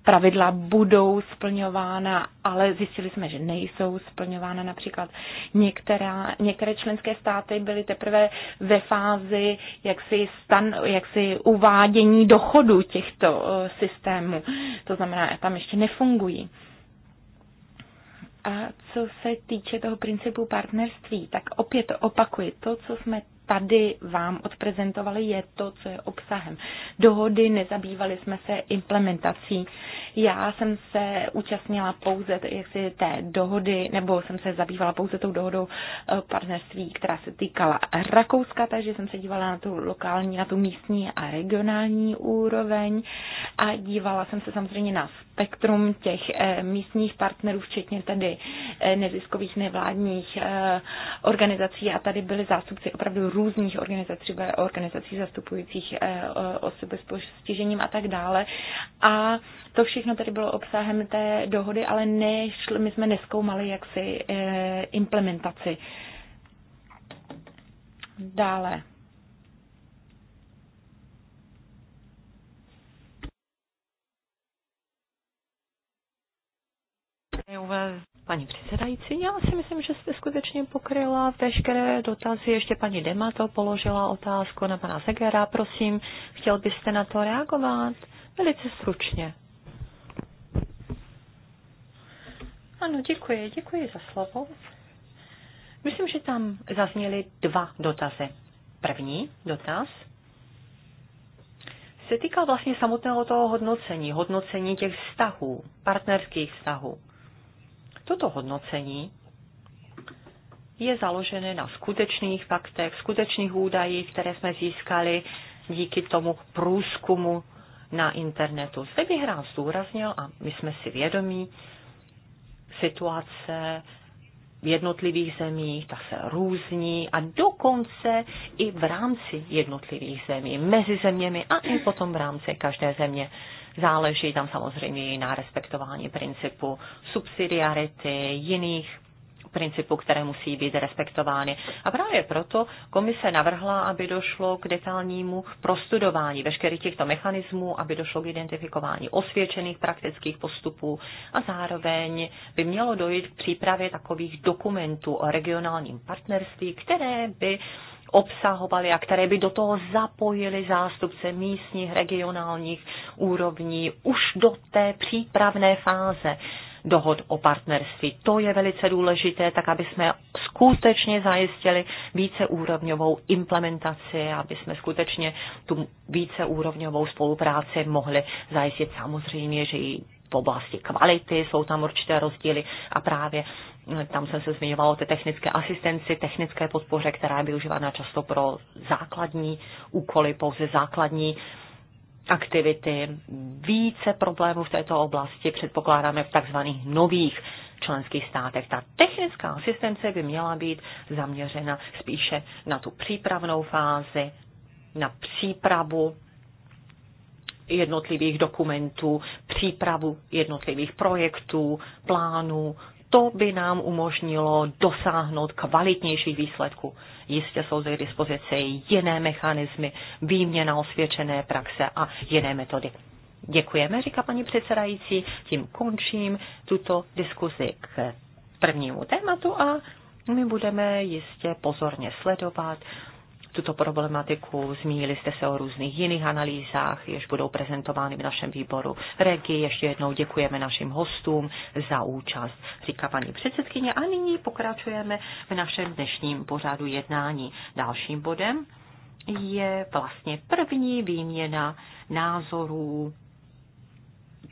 pravidla budou splňována, ale zjistili jsme, že nejsou splňována. Například některá, některé členské státy byly teprve ve fázi jaksi, stan, jaksi uvádění dochodu těchto eh, systémů. To znamená, že tam ještě nefungují. A co se týče toho principu partnerství, tak opět opakuji to, co jsme tady vám odprezentovali, je to, co je obsahem. Dohody nezabývali jsme se implementací. Já jsem se účastnila pouze jaksi té dohody, nebo jsem se zabývala pouze tou dohodou eh, partnerství, která se týkala Rakouska, takže jsem se dívala na tu lokální, na tu místní a regionální úroveň a dívala jsem se samozřejmě na spektrum těch eh, místních partnerů, včetně tedy eh, neziskových nevládních organizací a tady byly zástupci opravdu různých organizací, třeba organizací zastupujících eh, osoby s postižením a tak dále. A to všechno tady bylo obsahem té dohody, ale nešli, my jsme neskoumali jaksi eh, implementaci. Dále. Paní předsedající, já si myslím, že jste skutečně pokryla veškeré dotazy. Ještě paní Demato položila otázku na pana Zegera. Prosím, chtěl byste na to reagovat? Velice stručně. Ano, děkuji, děkuji za slovo. Myslím, že tam zazněly dva dotazy. První dotaz se týká vlastně samotného toho hodnocení, hodnocení těch vztahů, partnerských vztahů. Toto hodnocení je založené na skutečných faktech, skutečných údajích, které jsme získali díky tomu průzkumu na internetu. Zde bych rád zdůraznil, a my jsme si vědomí, situace v jednotlivých zemích, ta se různí a dokonce i v rámci jednotlivých zemí, mezi zeměmi a i potom v rámci každé země. Záleží tam samozřejmě i na respektování principu subsidiarity, jiných principů, které musí být respektovány. A právě proto komise navrhla, aby došlo k detailnímu prostudování veškerých těchto mechanismů, aby došlo k identifikování osvědčených praktických postupů a zároveň by mělo dojít k přípravě takových dokumentů o regionálním partnerství, které by obsahovaly a které by do toho zapojili zástupce místních, regionálních úrovní už do té přípravné fáze dohod o partnerství. To je velice důležité, tak aby jsme skutečně zajistili víceúrovňovou implementaci, aby jsme skutečně tu víceúrovňovou spolupráci mohli zajistit. Samozřejmě, že i v oblasti kvality jsou tam určité rozdíly a právě tam jsem se zmiňovala o té technické asistenci, technické podpoře, která je využívána často pro základní úkoly, pouze základní aktivity. Více problémů v této oblasti předpokládáme v takzvaných nových členských státech. Ta technická asistence by měla být zaměřena spíše na tu přípravnou fázi, na přípravu jednotlivých dokumentů, přípravu jednotlivých projektů, plánů, to by nám umožnilo dosáhnout kvalitnějších výsledků. Jistě jsou zde k dispozici jiné mechanismy, výměna osvědčené praxe a jiné metody. Děkujeme, říká paní předsedající, tím končím tuto diskuzi k prvnímu tématu a my budeme jistě pozorně sledovat tuto problematiku. Zmínili jste se o různých jiných analýzách, jež budou prezentovány v našem výboru Regi. Ještě jednou děkujeme našim hostům za účast, říká paní předsedkyně. A nyní pokračujeme v našem dnešním pořadu jednání. Dalším bodem je vlastně první výměna názorů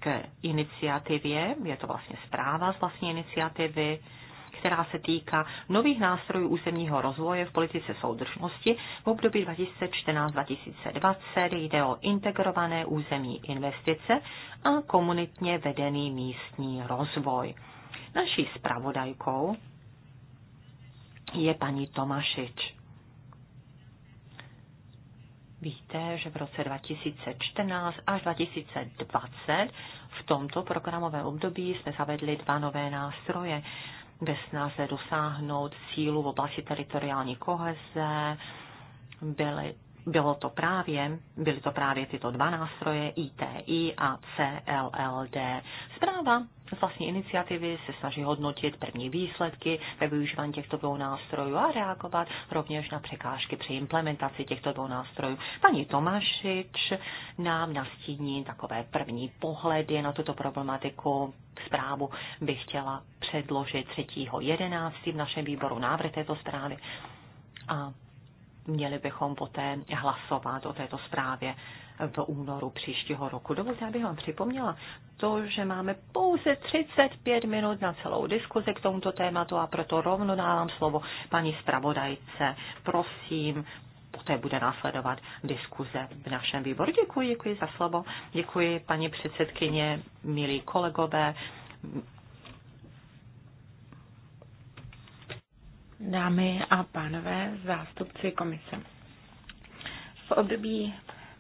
k iniciativě. Je to vlastně zpráva z vlastní iniciativy která se týká nových nástrojů územního rozvoje v politice soudržnosti v období 2014-2020. Jde o integrované územní investice a komunitně vedený místní rozvoj. Naší zpravodajkou je paní Tomašič. Víte, že v roce 2014 až 2020 v tomto programovém období jsme zavedli dva nové nástroje ve snaze dosáhnout sílu v oblasti teritoriální koheze. Byly, bylo to právě, byly to právě tyto dva nástroje, ITI a CLLD. Zpráva vlastní iniciativy se snaží hodnotit první výsledky ve využívání těchto dvou nástrojů a reagovat rovněž na překážky při implementaci těchto dvou nástrojů. Paní Tomášič nám nastíní takové první pohledy na tuto problematiku. Zprávu bych chtěla předložit 3.11. v našem výboru návrh této zprávy a měli bychom poté hlasovat o této zprávě v únoru příštího roku. Dovolte, abych vám připomněla to, že máme pouze 35 minut na celou diskuzi k tomuto tématu a proto rovno dávám slovo paní zpravodajce. Prosím, poté bude následovat diskuze v našem výboru. Děkuji, děkuji za slovo. Děkuji, paní předsedkyně, milí kolegové. Dámy a pánové, zástupci komise. V období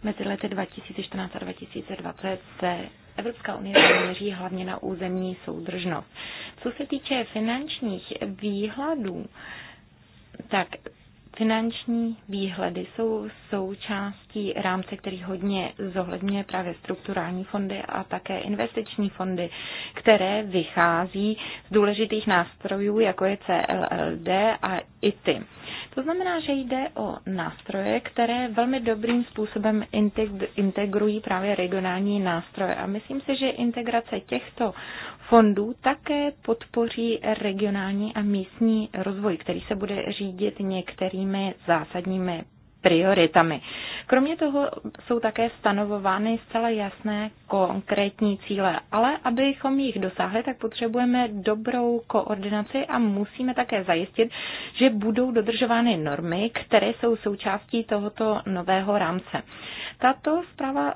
Mezi lety 2014 a 2020 se Evropská unie zaměří hlavně na územní soudržnost. Co se týče finančních výhledů, tak finanční výhledy jsou součástí rámce, který hodně zohledňuje právě strukturální fondy a také investiční fondy, které vychází z důležitých nástrojů, jako je CLLD a ITI. To znamená, že jde o nástroje, které velmi dobrým způsobem integrují právě regionální nástroje. A myslím si, že integrace těchto fondů také podpoří regionální a místní rozvoj, který se bude řídit některými zásadními prioritami. Kromě toho jsou také stanovovány zcela jasné konkrétní cíle, ale abychom jich dosáhli, tak potřebujeme dobrou koordinaci a musíme také zajistit, že budou dodržovány normy, které jsou součástí tohoto nového rámce. Tato zpráva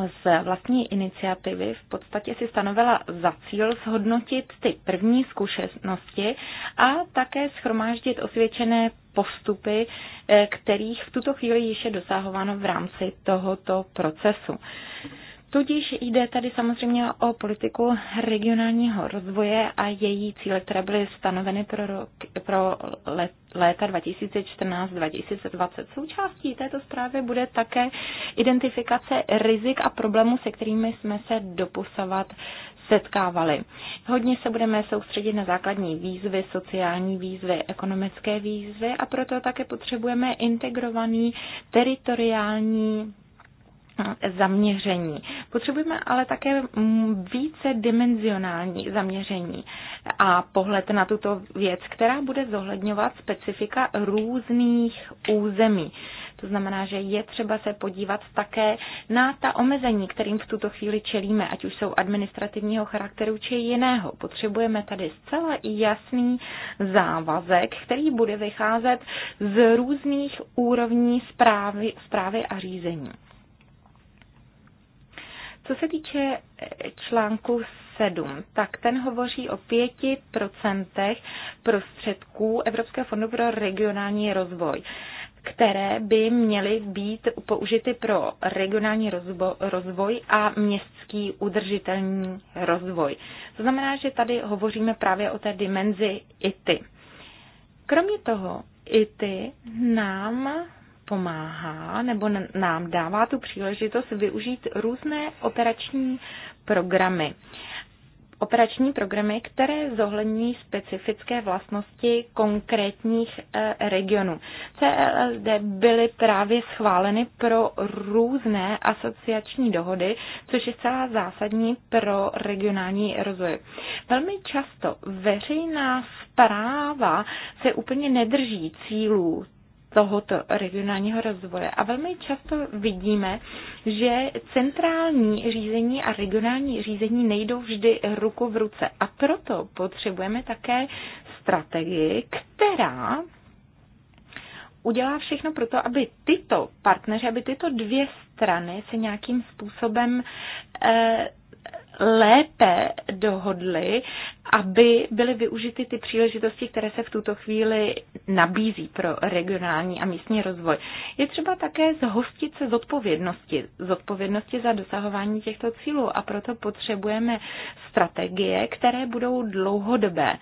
z vlastní iniciativy v podstatě si stanovila za cíl zhodnotit ty první zkušenosti a také schromáždit osvědčené postupy, eh, kterých v tuto chvíli již je dosahováno v rámci tohoto procesu. Tudíž jde tady samozřejmě o politiku regionálního rozvoje a její cíle, které byly stanoveny pro, rok, pro let, léta 2014-2020. Součástí této zprávy bude také identifikace rizik a problémů, se kterými jsme se doposavat setkávali. Hodně se budeme soustředit na základní výzvy, sociální výzvy, ekonomické výzvy a proto také potřebujeme integrovaný teritoriální Eh, zaměření. Potřebujeme ale také mm, více dimenzionální zaměření a pohled na tuto věc, která bude zohledňovat specifika různých území. To znamená, že je třeba se podívat také na ta omezení, kterým v tuto chvíli čelíme, ať už jsou administrativního charakteru či jiného. Potřebujeme tady zcela jasný závazek, který bude vycházet z různých úrovní zprávy, zprávy a řízení. Co se týče eh, článku 7, tak ten hovoří o 5% prostředků Evropského fondu pro regionální rozvoj které by měly být použity pro regionální rozvoj a městský udržitelný rozvoj. To znamená, že tady hovoříme právě o té dimenzi ITY. Kromě toho, ITY nám pomáhá nebo nám dává tu příležitost využít různé operační programy. Operační programy, které zohlední specifické vlastnosti konkrétních e, regionů. CLSD e byly právě schváleny pro různé asociační dohody, což je zcela zásadní pro regionální rozvoj. Velmi často veřejná zpráva se úplně nedrží cílů tohoto regionálního rozvoje. A velmi často vidíme, že centrální řízení a regionální řízení nejdou vždy ruku v ruce. A proto potřebujeme také strategii, která udělá všechno pro to, aby tyto partneři, aby tyto dvě strany se nějakým způsobem eh, lépe dohodli, aby byly využity ty příležitosti, které se v tuto chvíli nabízí pro regionální a místní rozvoj. Je třeba také zhostit se zodpovědnosti, zodpovědnosti za dosahování těchto cílů a proto potřebujeme strategie, které budou dlouhodobé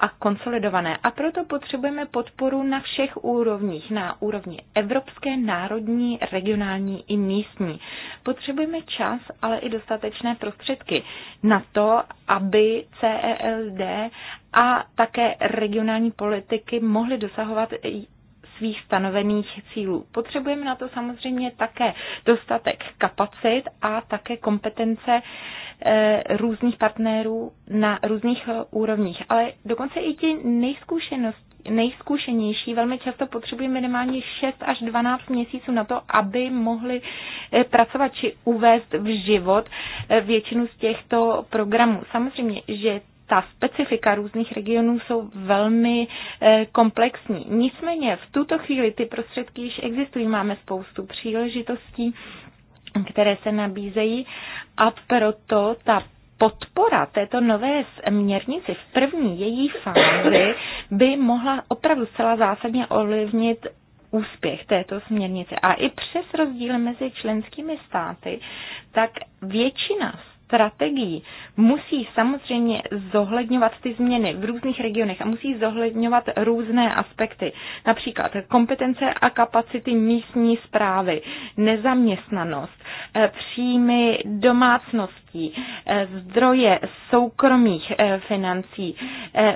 a konsolidované. A proto potřebujeme podporu na všech úrovních, na úrovni evropské, národní, regionální i místní. Potřebujeme čas, ale i dostatečné prostředky na to, aby CELD a také regionální politiky mohly dosahovat svých stanovených cílů. Potřebujeme na to samozřejmě také dostatek kapacit a také kompetence eh, různých partnerů na různých eh, úrovních. Ale dokonce i ti nejzkušenější velmi často potřebují minimálně 6 až 12 měsíců na to, aby mohli eh, pracovat či uvést v život většinu z těchto programů. Samozřejmě, že ta specifika různých regionů jsou velmi eh, komplexní. Nicméně v tuto chvíli ty prostředky již existují, máme spoustu příležitostí, které se nabízejí a proto ta podpora této nové směrnici v první její fázi by mohla opravdu zcela zásadně ovlivnit úspěch této směrnice. A i přes rozdíly mezi členskými státy, tak většina z strategií musí samozřejmě zohledňovat ty změny v různých regionech a musí zohledňovat různé aspekty, například kompetence a kapacity místní zprávy, nezaměstnanost, eh, příjmy domácností, eh, zdroje soukromých eh, financí,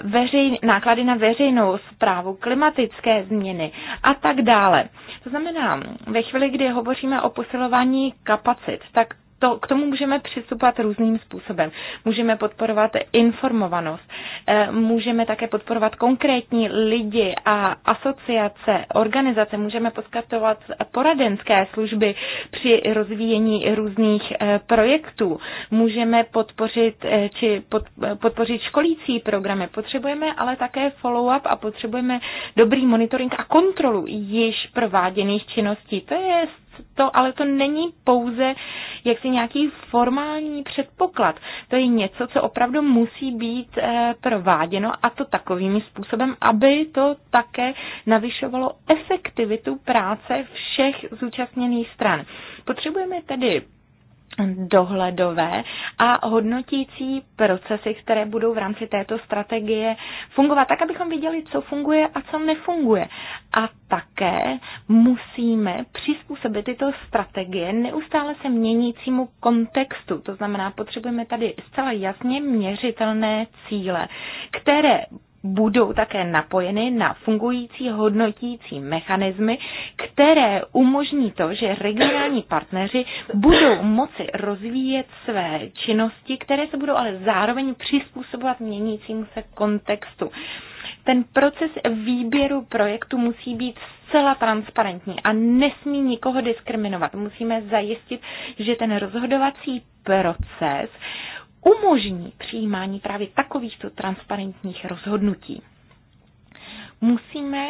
veřej, náklady na veřejnou zprávu, klimatické změny a tak dále. To znamená, ve chvíli, kdy hovoříme o posilování kapacit, tak to, k tomu můžeme přistupovat různým způsobem. Můžeme podporovat informovanost, eh, můžeme také podporovat konkrétní lidi a asociace, organizace, můžeme poskytovat poradenské služby při rozvíjení různých eh, projektů, můžeme podpořit eh, či pod, podpořit školící programy. Potřebujeme ale také follow-up a potřebujeme dobrý monitoring a kontrolu již prováděných činností. To je to, ale to není pouze jaksi nějaký formální předpoklad. To je něco, co opravdu musí být eh, prováděno a to takovým způsobem, aby to také navyšovalo efektivitu práce všech zúčastněných stran. Potřebujeme tedy dohledové a hodnotící procesy, které budou v rámci této strategie fungovat, tak abychom viděli, co funguje a co nefunguje. A také musíme přizpůsobit tyto strategie neustále se měnícímu kontextu. To znamená, potřebujeme tady zcela jasně měřitelné cíle, které budou také napojeny na fungující hodnotící mechanismy, které umožní to, že regionální partneři budou moci rozvíjet své činnosti, které se budou ale zároveň přizpůsobovat měnícímu se kontextu. Ten proces výběru projektu musí být zcela transparentní a nesmí nikoho diskriminovat. Musíme zajistit, že ten rozhodovací proces umožní přijímání právě takovýchto transparentních rozhodnutí. Musíme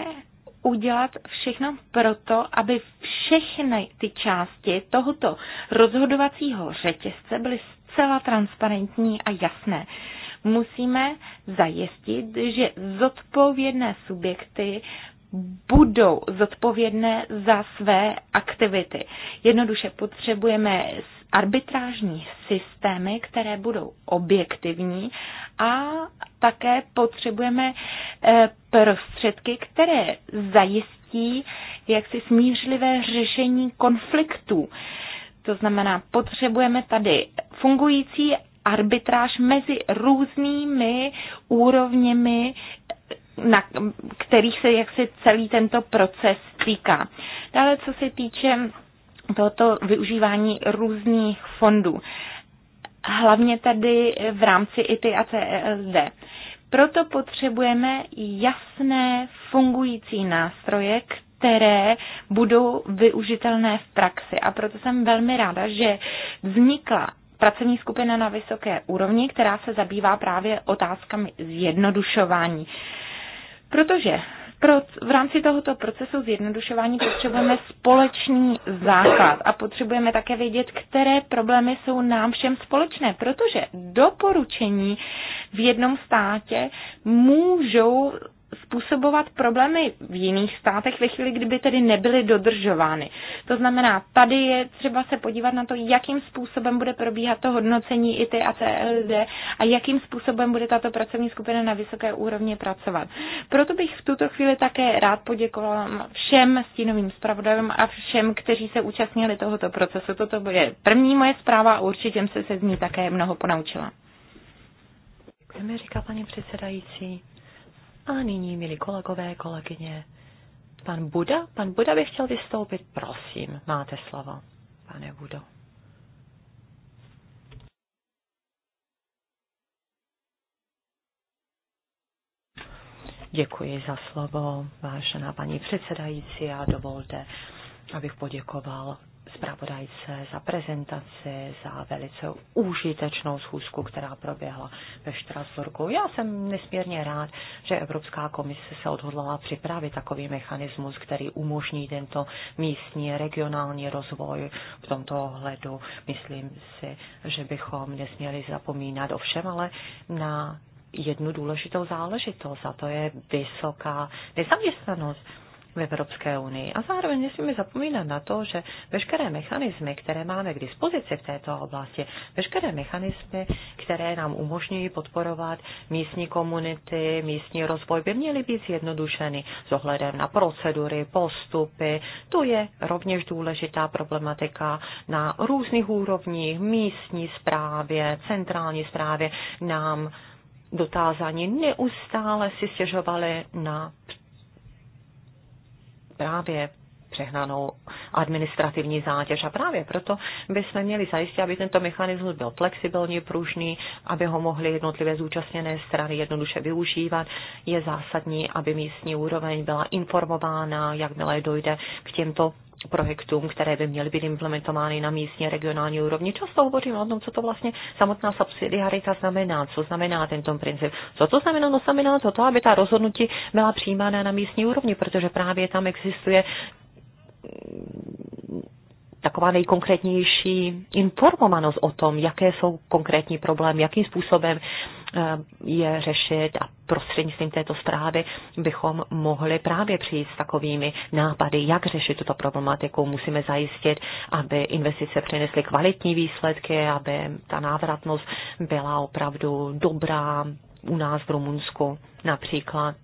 udělat všechno proto, aby všechny ty části tohoto rozhodovacího řetězce byly zcela transparentní a jasné. Musíme zajistit, že zodpovědné subjekty budou zodpovědné za své aktivity. Jednoduše potřebujeme arbitrážní systémy, které budou objektivní a také potřebujeme eh, prostředky, které zajistí jaksi smířlivé řešení konfliktů. To znamená, potřebujeme tady fungující arbitráž mezi různými úrovněmi na kterých se jaksi celý tento proces týká. Dále, co se týče tohoto využívání různých fondů, hlavně tady v rámci ITI a CESD. Proto potřebujeme jasné fungující nástroje, které budou využitelné v praxi. A proto jsem velmi ráda, že vznikla pracovní skupina na vysoké úrovni, která se zabývá právě otázkami zjednodušování. Protože v rámci tohoto procesu zjednodušování potřebujeme společný základ a potřebujeme také vědět, které problémy jsou nám všem společné, protože doporučení v jednom státě můžou způsobovat problémy v jiných státech ve chvíli, kdyby tedy nebyly dodržovány. To znamená, tady je třeba se podívat na to, jakým způsobem bude probíhat to hodnocení IT a CLD a jakým způsobem bude tato pracovní skupina na vysoké úrovni pracovat. Proto bych v tuto chvíli také rád poděkovala všem stínovým zpravodajům a všem, kteří se účastnili tohoto procesu. Toto je první moje zpráva a určitě jsem se, se z ní také mnoho ponaučila. Chceme, říká paní předsedající. A nyní, milí kolegové, kolegyně, pan Buda, pan Buda by chtěl vystoupit, prosím, máte slovo, pane Budo. Děkuji za slovo, vážená paní předsedající, a dovolte, abych poděkoval zpravodajce za prezentaci, za velice užitečnou schůzku, která proběhla ve Štrasburku. Já jsem nesmírně rád, že Evropská komise se odhodlala připravit takový mechanismus, který umožní tento místní regionální rozvoj. V tomto ohledu myslím si, že bychom nesměli zapomínat ovšem, ale na jednu důležitou záležitost a to je vysoká nezaměstnanost v Evropské unii. A zároveň nesmíme zapomínat na to, že veškeré mechanismy, které máme k dispozici v této oblasti, veškeré mechanismy, které nám umožňují podporovat místní komunity, místní rozvoj, by měly být zjednodušeny s ohledem na procedury, postupy. To je rovněž důležitá problematika na různých úrovních, místní správě, centrální správě nám dotázání neustále si stěžovali na právě přehnanou administrativní zátěž. A právě proto bychom měli zajistit, aby tento mechanismus byl flexibilní, pružný, aby ho mohly jednotlivé zúčastněné strany jednoduše využívat. Je zásadní, aby místní úroveň byla informována, jakmile dojde k těmto projektům, které by měly být implementovány na místní regionální úrovni. Často hovořím o tom, co to vlastně samotná subsidiarita znamená, co znamená tento princip. Co to znamená? No znamená to, to aby ta rozhodnutí byla přijímána na místní úrovni, protože právě tam existuje taková nejkonkrétnější informovanost o tom, jaké jsou konkrétní problémy, jakým způsobem eh, je řešit a prostřednictvím této zprávy bychom mohli právě přijít s takovými nápady, jak řešit tuto problematiku. Musíme zajistit, aby investice přinesly kvalitní výsledky, aby ta návratnost byla opravdu dobrá u nás v Rumunsku například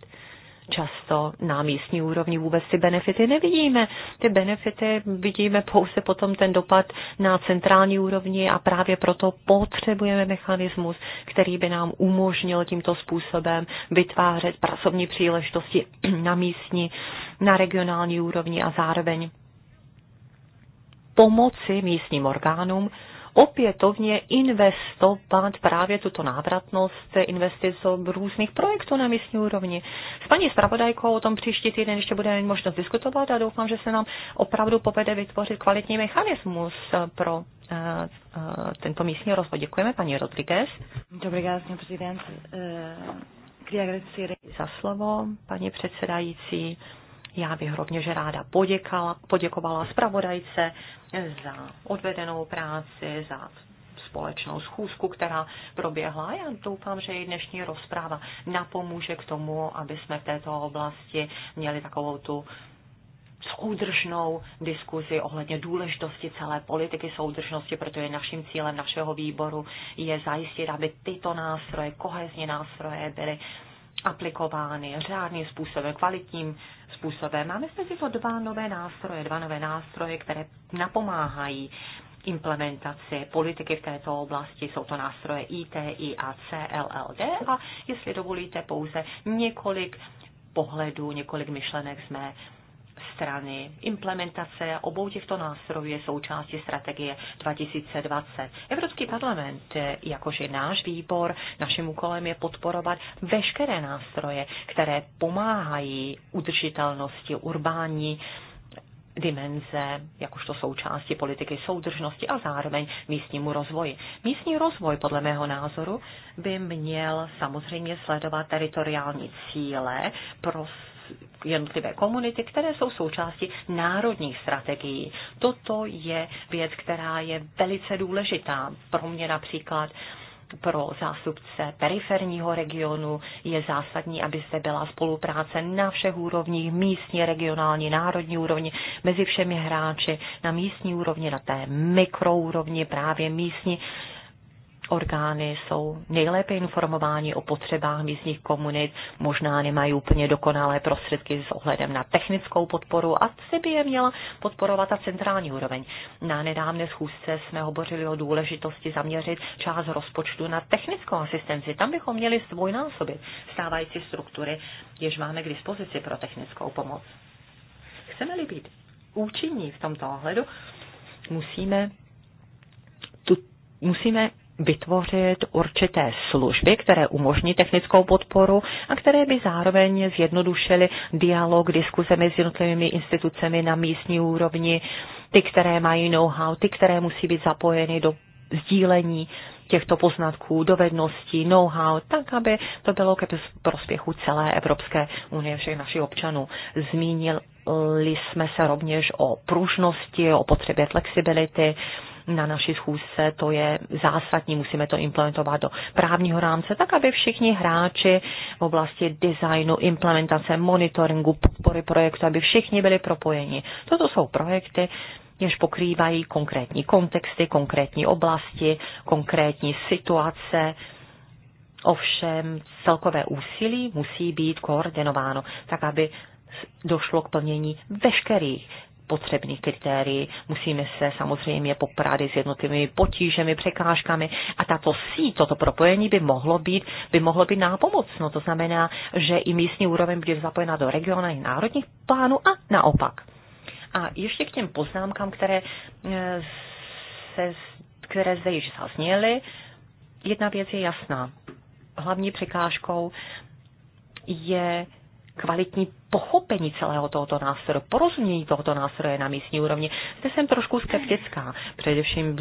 často na místní úrovni vůbec ty benefity nevidíme. Ty benefity vidíme pouze potom ten dopad na centrální úrovni a právě proto potřebujeme mechanismus, který by nám umožnil tímto způsobem vytvářet pracovní příležitosti na místní, na regionální úrovni a zároveň pomoci místním orgánům opětovně investovat právě tuto návratnost investic v různých projektů na místní úrovni. S paní zpravodajkou o tom příští týden ještě budeme možnost diskutovat a doufám, že se nám opravdu povede vytvořit kvalitní mechanismus pro eh, eh, tento místní rozvoj. Děkujeme, paní Rodriguez. Dobrý den, prezident. prezident. Eh, za slovo, paní předsedající. Já bych rovněž ráda poděkala, poděkovala zpravodajce za odvedenou práci, za společnou schůzku, která proběhla. Já doufám, že i dnešní rozpráva napomůže k tomu, aby jsme v této oblasti měli takovou tu soudržnou diskuzi ohledně důležitosti celé politiky soudržnosti, protože naším cílem našeho výboru je zajistit, aby tyto nástroje, kohezní nástroje, byly aplikovány řádným způsobem, kvalitním způsobem. Máme si to dva nové nástroje, dva nové nástroje, které napomáhají implementaci politiky v této oblasti. Jsou to nástroje ITI a CLLD a jestli dovolíte pouze několik pohledů, několik myšlenek z mé uh, strany. Implementace obou těchto nástrojů je součástí strategie 2020. Evropský parlament, jakož je náš výbor, naším úkolem je podporovat veškeré nástroje, které pomáhají udržitelnosti urbání dimenze, jakožto součásti politiky soudržnosti a zároveň místnímu rozvoji. Místní rozvoj, podle mého názoru, by měl samozřejmě sledovat teritoriální cíle pro jednotlivé komunity, které jsou součástí národních strategií. Toto je věc, která je velice důležitá. Pro mě například pro zástupce periferního regionu je zásadní, aby se byla spolupráce na všech úrovních, místní, regionální, národní úrovni, mezi všemi hráči, na místní úrovni, na té mikroúrovni, právě místní orgány jsou nejlépe informováni o potřebách místních komunit, možná nemají úplně dokonalé prostředky s ohledem na technickou podporu a se by je měla podporovat ta centrální úroveň. Na nedávné schůzce jsme hovořili o důležitosti zaměřit část rozpočtu na technickou asistenci. Tam bychom měli zdvojnásobit stávající struktury, jež máme k dispozici pro technickou pomoc. Chceme-li být účinní v tomto ohledu, musíme tu, musíme vytvořit určité služby, které umožní technickou podporu a které by zároveň zjednodušily dialog, diskuze mezi jednotlivými institucemi na místní úrovni, ty, které mají know-how, ty, které musí být zapojeny do sdílení těchto poznatků, dovedností, know-how, tak, aby to bylo ke prospěchu celé Evropské unie, všech našich občanů. Zmínili jsme se rovněž o pružnosti, o potřebě flexibility, na naší schůzce, to je zásadní, musíme to implementovat do právního rámce, tak aby všichni hráči v oblasti designu, implementace, monitoringu, podpory projektu, aby všichni byli propojeni. Toto jsou projekty, jež pokrývají konkrétní kontexty, konkrétní oblasti, konkrétní situace, Ovšem celkové úsilí musí být koordinováno, tak aby došlo k plnění veškerých potřebný kritérií. Musíme se samozřejmě poprat s jednotlivými potížemi, překážkami a tato síť, toto propojení by mohlo být, by mohlo být nápomocno. To znamená, že i místní úroveň bude zapojena do regionálních národních plánů a naopak. A ještě k těm poznámkám, které, eh, se, které zde již zazněly. Jedna věc je jasná. Hlavní překážkou je kvalitní pochopení celého tohoto nástroje, porozumění tohoto nástroje na místní úrovni. Zde jsem trošku skeptická, především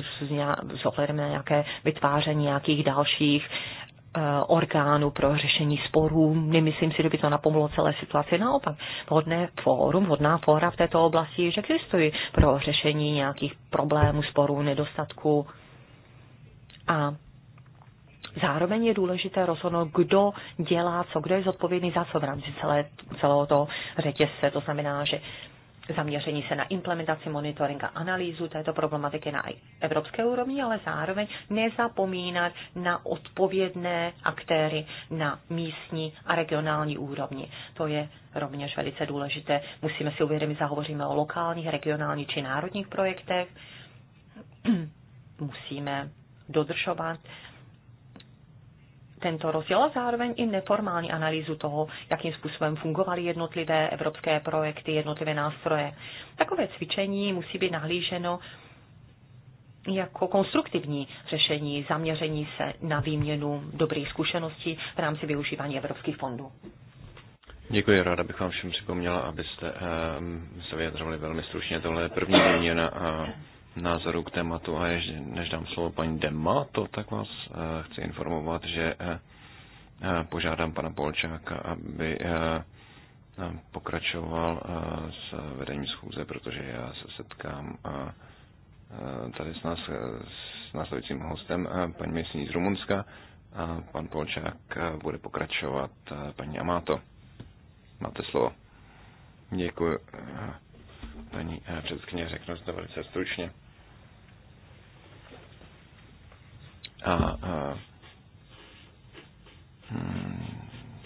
s ohledem na nějaké vytváření nějakých dalších eh, orgánu pro řešení sporů. Nemyslím si, že by to napomohlo celé situaci. Naopak, vhodné fórum, vhodná fóra v této oblasti že existují pro řešení nějakých problémů, sporů, nedostatků. A zároveň je důležité rozhodnout, kdo dělá co, kdo je zodpovědný za co v rámci celé, celého toho řetězce. To znamená, že zaměření se na implementaci monitoring a analýzu této problematiky na evropské úrovni, ale zároveň nezapomínat na odpovědné aktéry na místní a regionální úrovni. To je rovněž velice důležité. Musíme si uvědomit, zahovoříme o lokálních, regionálních či národních projektech. Musíme dodržovat tento rozdíl a zároveň i neformální analýzu toho, jakým způsobem fungovaly jednotlivé evropské projekty, jednotlivé nástroje. Takové cvičení musí být nahlíženo jako konstruktivní řešení zaměření se na výměnu dobrých zkušeností v rámci využívání evropských fondů. Děkuji, ráda bych vám všem připomněla, abyste um, se vyjadřovali velmi stručně. Tohle je první výměna a názoru k tématu a jež, než dám slovo paní Demato, tak vás eh, chci informovat, že eh, eh, požádám pana Polčáka, aby pokračoval s vedením schůze, protože já se setkám tady s, nás, s následujícím hostem, paní městní z Rumunska, a pan Polčák bude pokračovat paní Amato. Máte slovo. Děkuji. Paní předsedkyně, řeknu to velice stručně. a, a hm,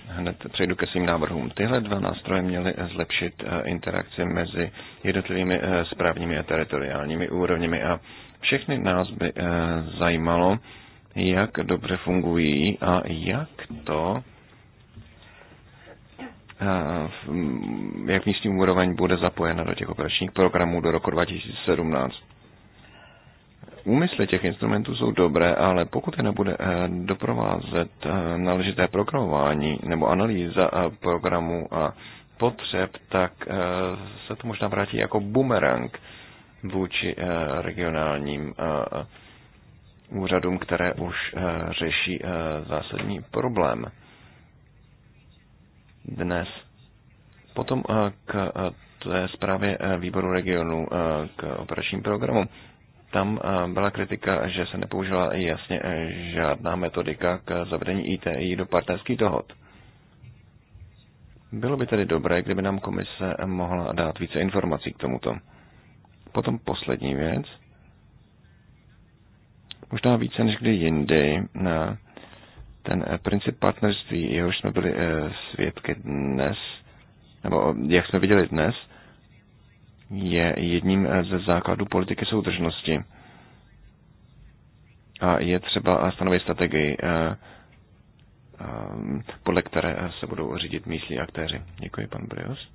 hned přejdu ke svým návrhům. Tyhle dva nástroje měly zlepšit e, interakci mezi jednotlivými e, správními a teritoriálními úrovněmi a všechny nás by e, zajímalo, jak dobře fungují a jak to jak místní úroveň bude zapojena do těch operačních programů do roku 2017 úmysly těch instrumentů jsou dobré, ale pokud je nebude eh, doprovázet eh, náležité programování nebo analýza eh, programu a potřeb, tak se to možná vrátí jako bumerang vůči regionálním úřadům, které už řeší zásadní problém dnes. Potom k té zprávě výboru regionu k operačním programu. Tam eh, byla kritika, že se nepoužila jasně eh, žádná metodika k zavedení ITI do partnerských dohod. Bylo by tedy dobré, kdyby nám komise mohla dát více informací k tomuto. Potom poslední věc. Možná více než kdy jindy na eh, ten princip partnerství, jehož jsme byli svědky dnes, nebo jak jsme viděli dnes, je jedním eh, ze základů politiky soudržnosti. A je třeba eh, stanovit strategii, eh, podle které se budou řídit místní aktéři. Děkuji, pan Brios.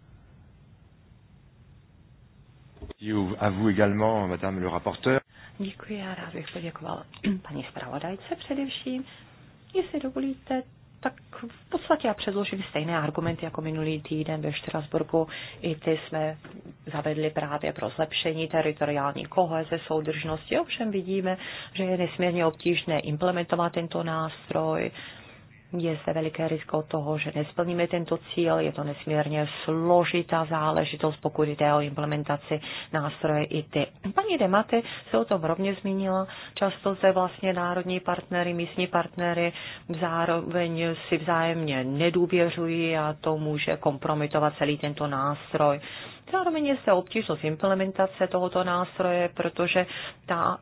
Děkuji, já rád bych poděkoval paní zpravodajce především. Jestli dovolíte, tak v podstatě já předložili stejné argumenty jako minulý týden ve Štrasburku. I ty jsme zavedli právě pro zlepšení teritoriální koheze, soudržnosti. Ovšem vidíme, že je nesmírně obtížné implementovat tento nástroj, je zde veliké riziko toho, že nesplníme tento cíl. Je to nesmírně složitá záležitost, pokud jde o implementaci nástroje IT. Paní Dematy se o tom rovně zmínila. Často se vlastně národní partnery, místní partnery zároveň si vzájemně nedůvěřují a to může kompromitovat celý tento nástroj. Zároveň je se obtížnost implementace tohoto nástroje, protože ta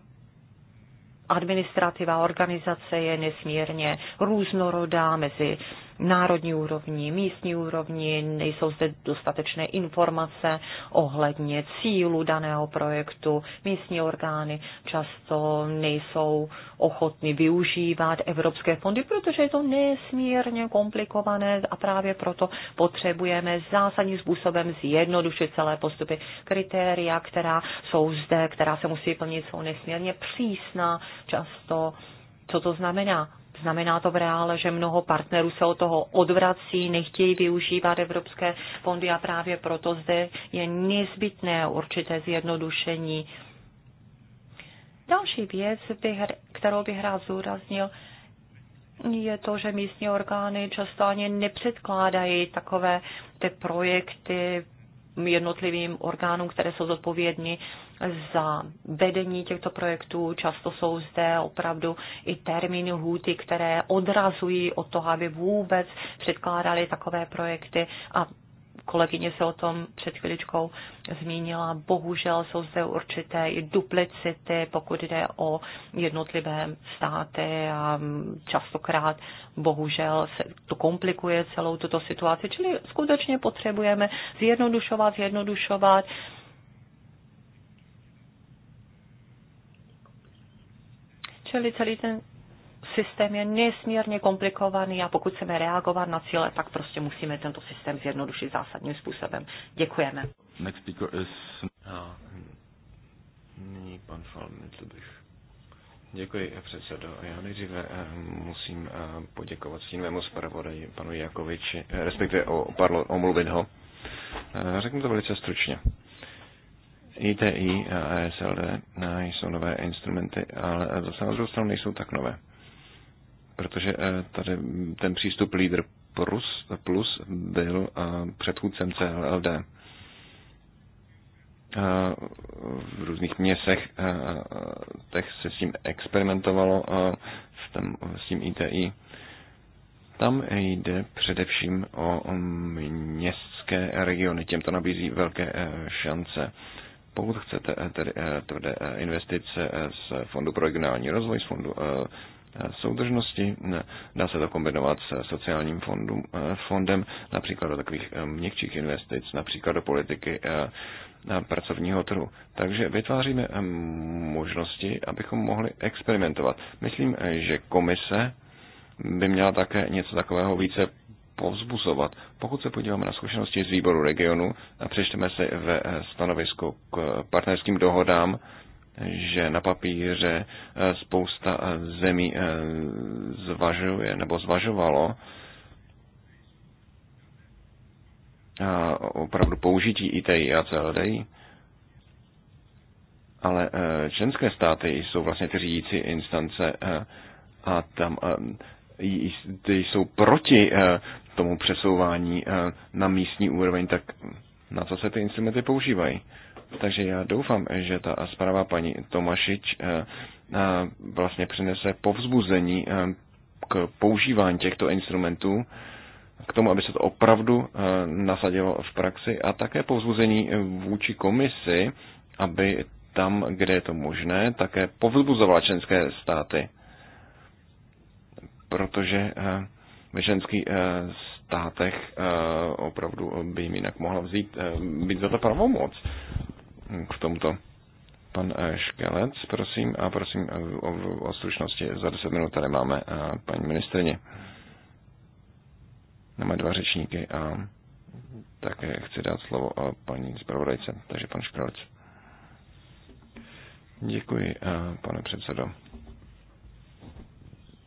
administrativa organizace je nesmírně různorodá mezi národní úrovni, místní úrovni, nejsou zde dostatečné informace ohledně cílu daného projektu. Místní orgány často nejsou ochotny využívat evropské fondy, protože je to nesmírně komplikované a právě proto potřebujeme zásadním způsobem zjednodušit celé postupy. Kritéria, která jsou zde, která se musí plnit, jsou nesmírně přísná často. Co to znamená? Znamená to v reále, že mnoho partnerů se od toho odvrací, nechtějí využívat evropské fondy a právě proto zde je nezbytné určité zjednodušení. Další věc, kterou bych rád zúraznil, je to, že místní orgány často ani nepředkládají takové ty projekty jednotlivým orgánům, které jsou zodpovědní za vedení těchto projektů. Často jsou zde opravdu i termíny hůty, které odrazují od toho, aby vůbec předkládali takové projekty a kolegyně se o tom před chviličkou zmínila. Bohužel jsou zde určité i duplicity, pokud jde o jednotlivé státy a častokrát bohužel se to komplikuje celou tuto situaci, čili skutečně potřebujeme zjednodušovat, zjednodušovat, čili celý ten systém je nesmírně komplikovaný a pokud chceme reagovat na cíle, tak prostě musíme tento systém zjednodušit zásadním způsobem. Děkujeme. Next speaker is... A, nyní pan Falmitl Děkuji, předsedo. Já nejdříve eh, musím eh, poděkovat stínovému zpravodaji panu Jakoviči, eh, respektive o, parlo, omluvit ho. Řeknu to velice stručně. ITI a ESLD jsou nové instrumenty, ale zase na druhou stranu nejsou tak nové protože eh, tady ten přístup Leader Plus, plus byl eh, předchůdcem CLLD eh, v různých měsech tak se s tím experimentovalo s, tam, s tím ITI. Tam jde především o městské regiony, těm to nabízí velké šance. Pokud chcete tedy tvrdé investice z Fondu pro regionální rozvoj, z Fondu soudržnosti. Dá se to kombinovat s sociálním fondum, eh, fondem, například do takových eh, měkčích investic, například do politiky eh, pracovního trhu. Takže vytváříme možnosti, abychom mohli experimentovat. Myslím, že komise by měla také něco takového více povzbuzovat. Pokud se podíváme na zkušenosti z výboru regionu a přečteme si ve stanovisku k partnerským dohodám, že na papíře eh, spousta eh, zemí eh, zvažuje nebo zvažovalo opravdu použití ITI a CLDI, ale členské státy jsou vlastně ty řídící instance a tam ty jsou proti tomu přesouvání na místní úroveň, tak na co se ty instrumenty používají? Takže já doufám, že ta zpráva paní Tomašič eh, eh, vlastně přinese povzbuzení eh, k používání těchto instrumentů, k tomu, aby se to opravdu nasadilo v praxi a také povzbuzení vůči komisi, aby tam, kde je to možné, také povzbuzovala členské státy. Protože ve členských státech opravdu by jim jinak mohla vzít, být za to pravomoc v tomto. Pan eh, Škelec, prosím, a prosím eh, o, o stručnosti. Za 10 minut tady máme eh, paní ministrině. Máme dva řečníky a také chci dát slovo a paní zpravodajce, takže pan Škelec. Děkuji, pane předsedo.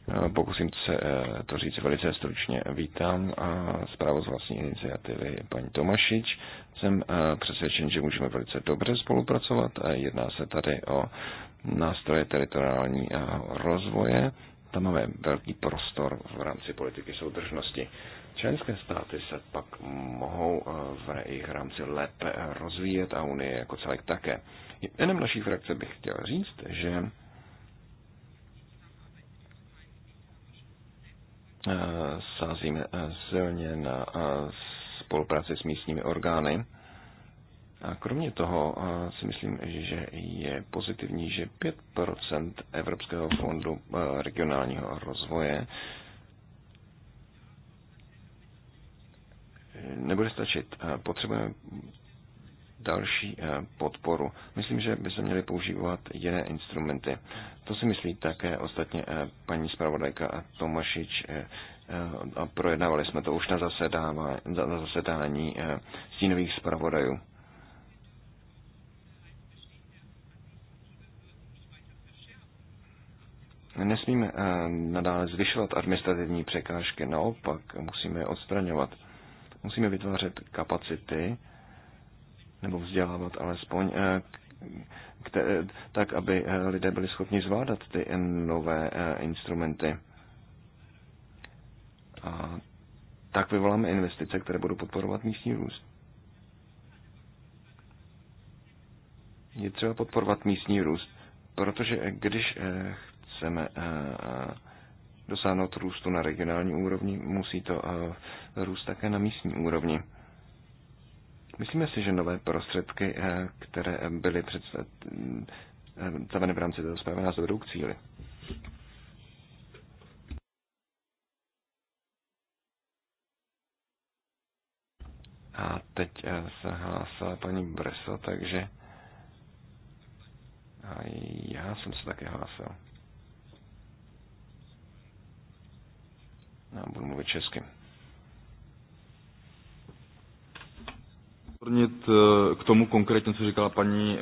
Eh, pokusím se eh, to říct velice stručně. Vítám a eh, zprávu z vlastní iniciativy paní Tomašič. Jsem přesvědčen, že můžeme velice dobře spolupracovat. Jedná se tady o nástroje teritoriální rozvoje. Tam máme velký prostor v rámci politiky soudržnosti. Členské státy se pak mohou v jejich rámci lépe rozvíjet a Unie jako celek také. Jenom naší frakce bych chtěl říct, že Eh, sázíme eh, silně na eh, spolupráci s místními orgány. A kromě toho si myslím, že je pozitivní, že 5% Evropského fondu regionálního rozvoje nebude stačit. Potřebujeme další eh, podporu. Myslím, že by se měly používat jiné instrumenty. To si myslí také ostatně eh, paní zpravodajka Tomašič. Eh, a projednávali jsme to už na zasedání stínových zpravodajů. Nesmíme nadále zvyšovat administrativní překážky, naopak musíme je odstraňovat. Musíme vytvářet kapacity, nebo vzdělávat alespoň, eh, které, tak, aby eh, lidé byli schopni zvládat ty eh, nové instrumenty. A tak vyvoláme investice, které budou podporovat místní růst. Je třeba podporovat místní růst, protože když chceme dosáhnout růstu na regionální úrovni, musí to růst také na místní úrovni. Myslíme si, že nové prostředky, eh, které byly představeny eh, v rámci této zprávy, nás dovedou k cíli. A teď eh, se hlásila paní Breso, takže a já jsem se také hlásil. Já budu mluvit česky. doplnit eh, k tomu konkrétně, co říkala paní eh,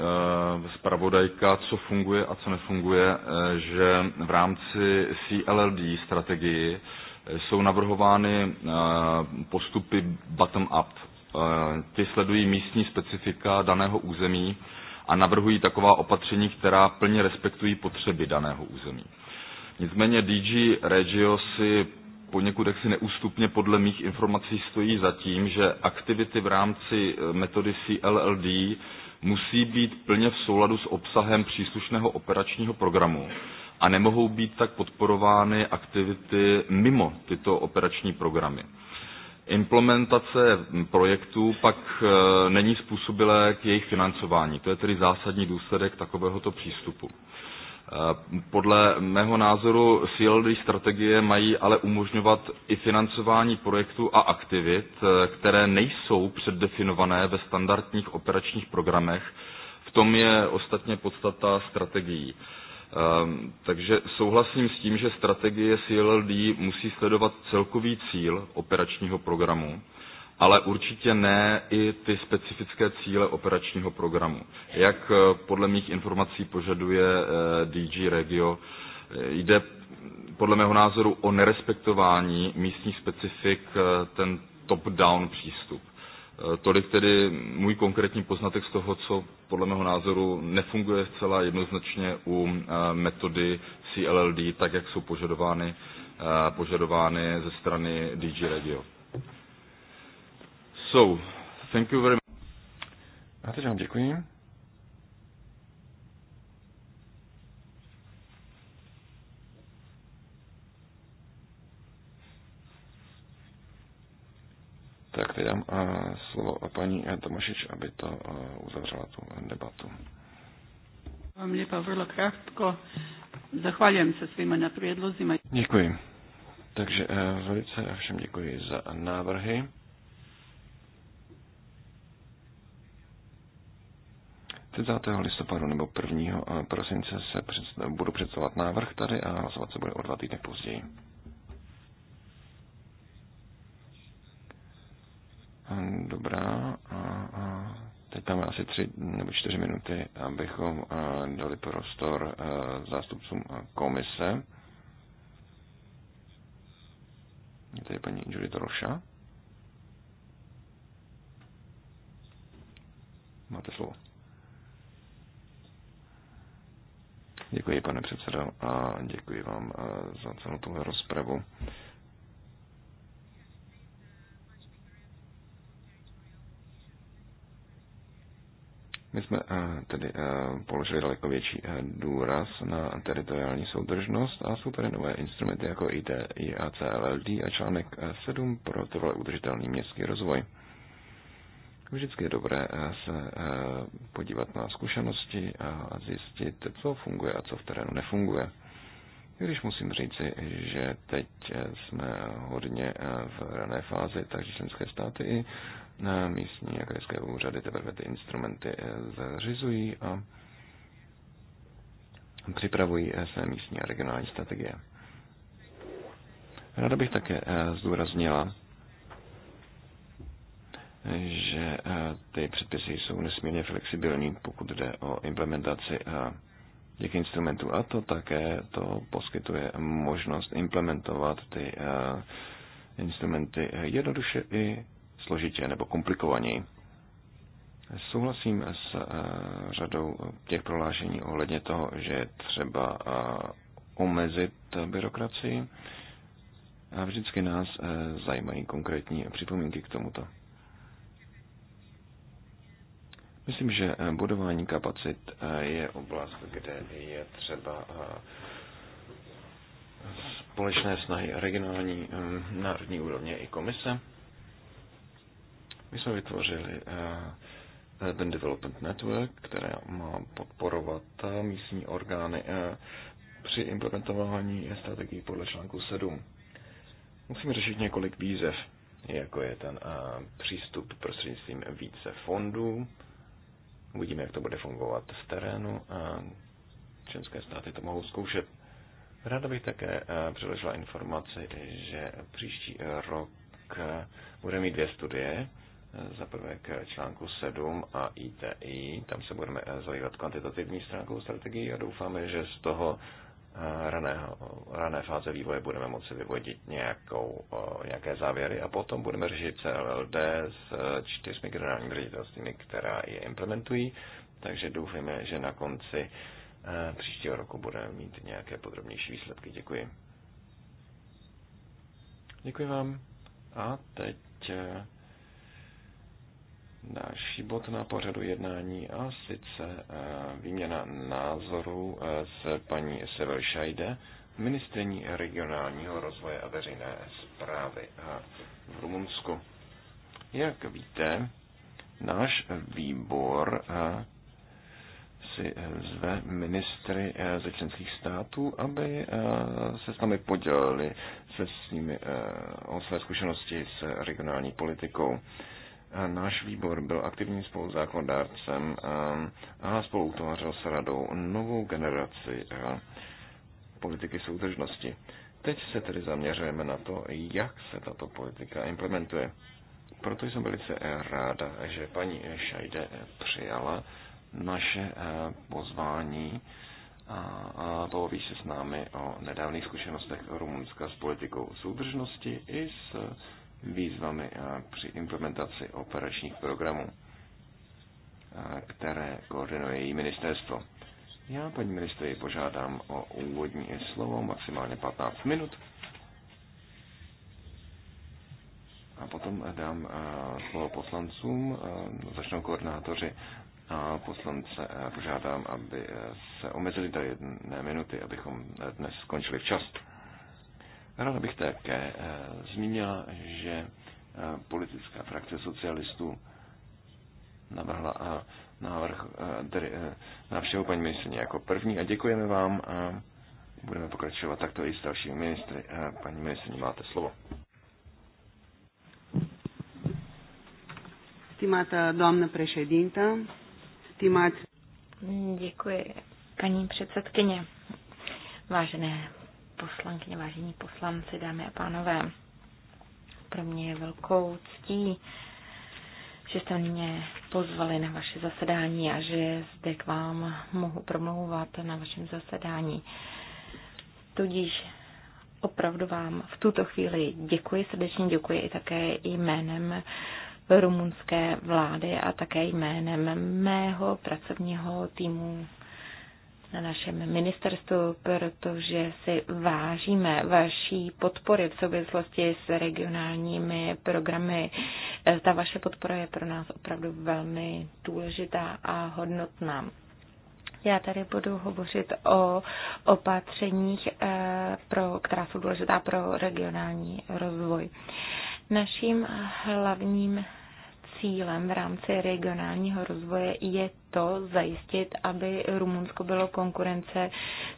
zpravodajka, co funguje a co nefunguje, eh, že v rámci CLLD strategii jsou navrhovány postupy bottom-up. Ty sledují místní specifika daného území a navrhují taková opatření, která plně respektují potřeby daného území. Nicméně DG Regio si poněkud jaksi neústupně podle mých informací stojí za tím, že aktivity v rámci e, metody CLLD musí být plně v souladu s obsahem příslušného operačního programu a nemohou být tak podporovány aktivity mimo tyto operační programy. Implementace projektů pak e, není způsobilé k jejich financování. To je tedy zásadní důsledek takovéhoto přístupu. Eh, podle mého názoru CLD strategie mají ale umožňovat i financování projektů a aktivit, eh, které nejsou předdefinované ve standardních operačních programech. V tom je ostatně podstata strategií. Ehm, takže souhlasím s tím, že strategie CLD musí sledovat celkový cíl operačního programu ale určitě ne i ty specifické cíle operačního programu. Jak eh, podle mých informací požaduje eh, DG Regio, eh, jde podle mého názoru o nerespektování místních specifik ten top-down přístup. Tolik tedy můj konkrétní poznatek z toho, co podle mého názoru nefunguje zcela jednoznačně u metody CLLD, tak jak jsou požadovány, požadovány ze strany DG Regio. So, thank you very much. A teď vám děkuji. Tak teď dám uh, eh, slovo eh, paní eh, Tomašič, aby to uh, uzavřela tu debatu. Vám lepa, vrlo krátko. Zahvaljujem se svima na prijedlozima. Děkuji. Takže uh, velice všem děkuji za návrhy. 30. listopadu nebo 1. Eh, prosince se před, budu představovat návrh tady a hlasovat se bude o dva týdny později. Eh, dobrá. A, a teď máme asi tři nebo čtyři minuty, abychom a, eh, dali prostor a, zástupcům komise. Je tady paní Judith Roša. Máte slovo. Děkuji, pane předsedo, a děkuji vám e, za celou tu rozpravu. My jsme e, tedy e, položili daleko větší důraz na teritoriální soudržnost a jsou tady nové instrumenty jako IT a CLLD a článek 7 pro trvale udržitelný městský rozvoj. Vždycky je dobré eh, se eh, podívat na zkušenosti a zjistit, co funguje a co v terénu nefunguje. Když musím říci, že teď eh, jsme hodně v rané fázi, takže členské státy i na místní a krajské úřady teprve ty instrumenty zařizují a připravují své místní a regionální strategie. Ráda bych také zdůraznila, že eh, ty předpisy jsou nesmírně flexibilní, pokud jde o implementaci eh, těch instrumentů. A to také to poskytuje možnost implementovat ty eh, instrumenty jednoduše i složitě nebo komplikovaněji. Souhlasím s řadou těch prohlášení ohledně toho, že je třeba omezit byrokracii a vždycky nás zajímají konkrétní připomínky k tomuto. Myslím, že eh, budování kapacit eh, je oblast, kde je třeba eh, společné snahy regionální, národní úrovně i komise. My jsme vytvořili Urban Development Network, které má podporovat místní orgány při implementování strategií podle článku 7. Musíme řešit několik výzev, jako je ten přístup prostřednictvím více fondů, Uvidíme, jak to bude fungovat v terénu členské státy to mohou zkoušet. Ráda bych také eh, přiložila informaci, že příští rok eh, budeme mít dvě studie. Za prvé k článku 7 a ITI. Tam se budeme eh, zajímat kvantitativní stránkou strategii a doufáme, že z toho Eh, raného, rané fáze vývoje budeme moci vyvodit nějakou, eh, nějaké závěry a potom budeme řešit CLLD s eh, čtyřmi generálními ředitelstvími, která je implementují, takže doufujeme, že na konci příštího roku budeme mít nějaké podrobnější výsledky. Děkuji. Děkuji vám. A teď další bod na pořadu jednání a sice eh, výměna názorů eh, s paní Severšajde, ministrní regionálního rozvoje a veřejné zprávy eh, v Rumunsku. Jak víte, náš výbor si zve ministry ze členských států, aby se s námi podělili se s nimi o své zkušenosti s regionální politikou náš výbor byl aktivním spoluzákonodárcem ehm, a spoluutvářel s radou novou generaci ehm, politiky soudržnosti. Teď se tedy zaměřujeme na to, jak se tato politika implementuje. Proto jsem velice ráda, že paní Šajde přijala naše ehm, pozvání a poví se s námi o nedávných zkušenostech Rumunska s politikou soudržnosti i s výzvami eh, při implementaci operačních programů, eh, které koordinuje její ministerstvo. Já paní ministry požádám o úvodní slovo, maximálně 15 minut. A potom eh, dám slovo poslancům, začnou koordinátoři a poslance požádám, aby se omezili do jedné minuty, abychom dnes skončili včas. Ráda bych také eh, zmínila, že eh, politická frakce socialistů navrhla eh, návrh, na všeho paní ministrině jako první a děkujeme vám a budeme pokračovat takto i s dalšími ministry. Paní ministrině, máte slovo. Stimata doamnă prešedinta, stimați... Děkuji, paní předsedkyně. Vážené poslankyně, vážení poslanci, dámy a pánové. Pro mě je velkou ctí, že jste mě pozvali na vaše zasedání a že zde k vám mohu promlouvat na vašem zasedání. Tudíž opravdu vám v tuto chvíli děkuji, srdečně děkuji i také jménem rumunské vlády a také jménem mého pracovního týmu na našem ministerstvu, protože si vážíme vaší podpory v souvislosti s regionálními programy. Ta vaše podpora je pro nás opravdu velmi důležitá a hodnotná. Já tady budu hovořit o opatřeních, eh, pro, která jsou důležitá pro regionální rozvoj. Naším hlavním cílem v rámci regionálního rozvoje je to zajistit, aby Rumunsko bylo konkurence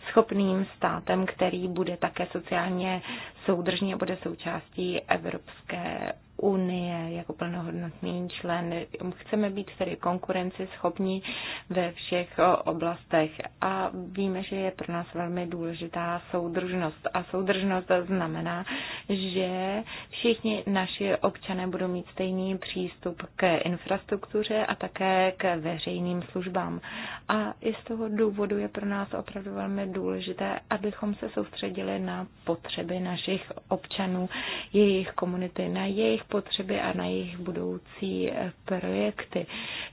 schopným státem, který bude také sociálně soudržný a bude součástí Evropské unie jako plnohodnotný člen. Chceme být tedy konkurenceschopní ve všech oblastech a víme, že je pro nás velmi důležitá soudržnost. A soudržnost znamená, že všichni naši občané budou mít stejný přístup k infrastruktuře a také k veřejným službám. A i z toho důvodu je pro nás opravdu velmi důležité, abychom se soustředili na potřeby našich občanů, jejich komunity, na jejich potřeby a na jejich budoucí eh, projekty.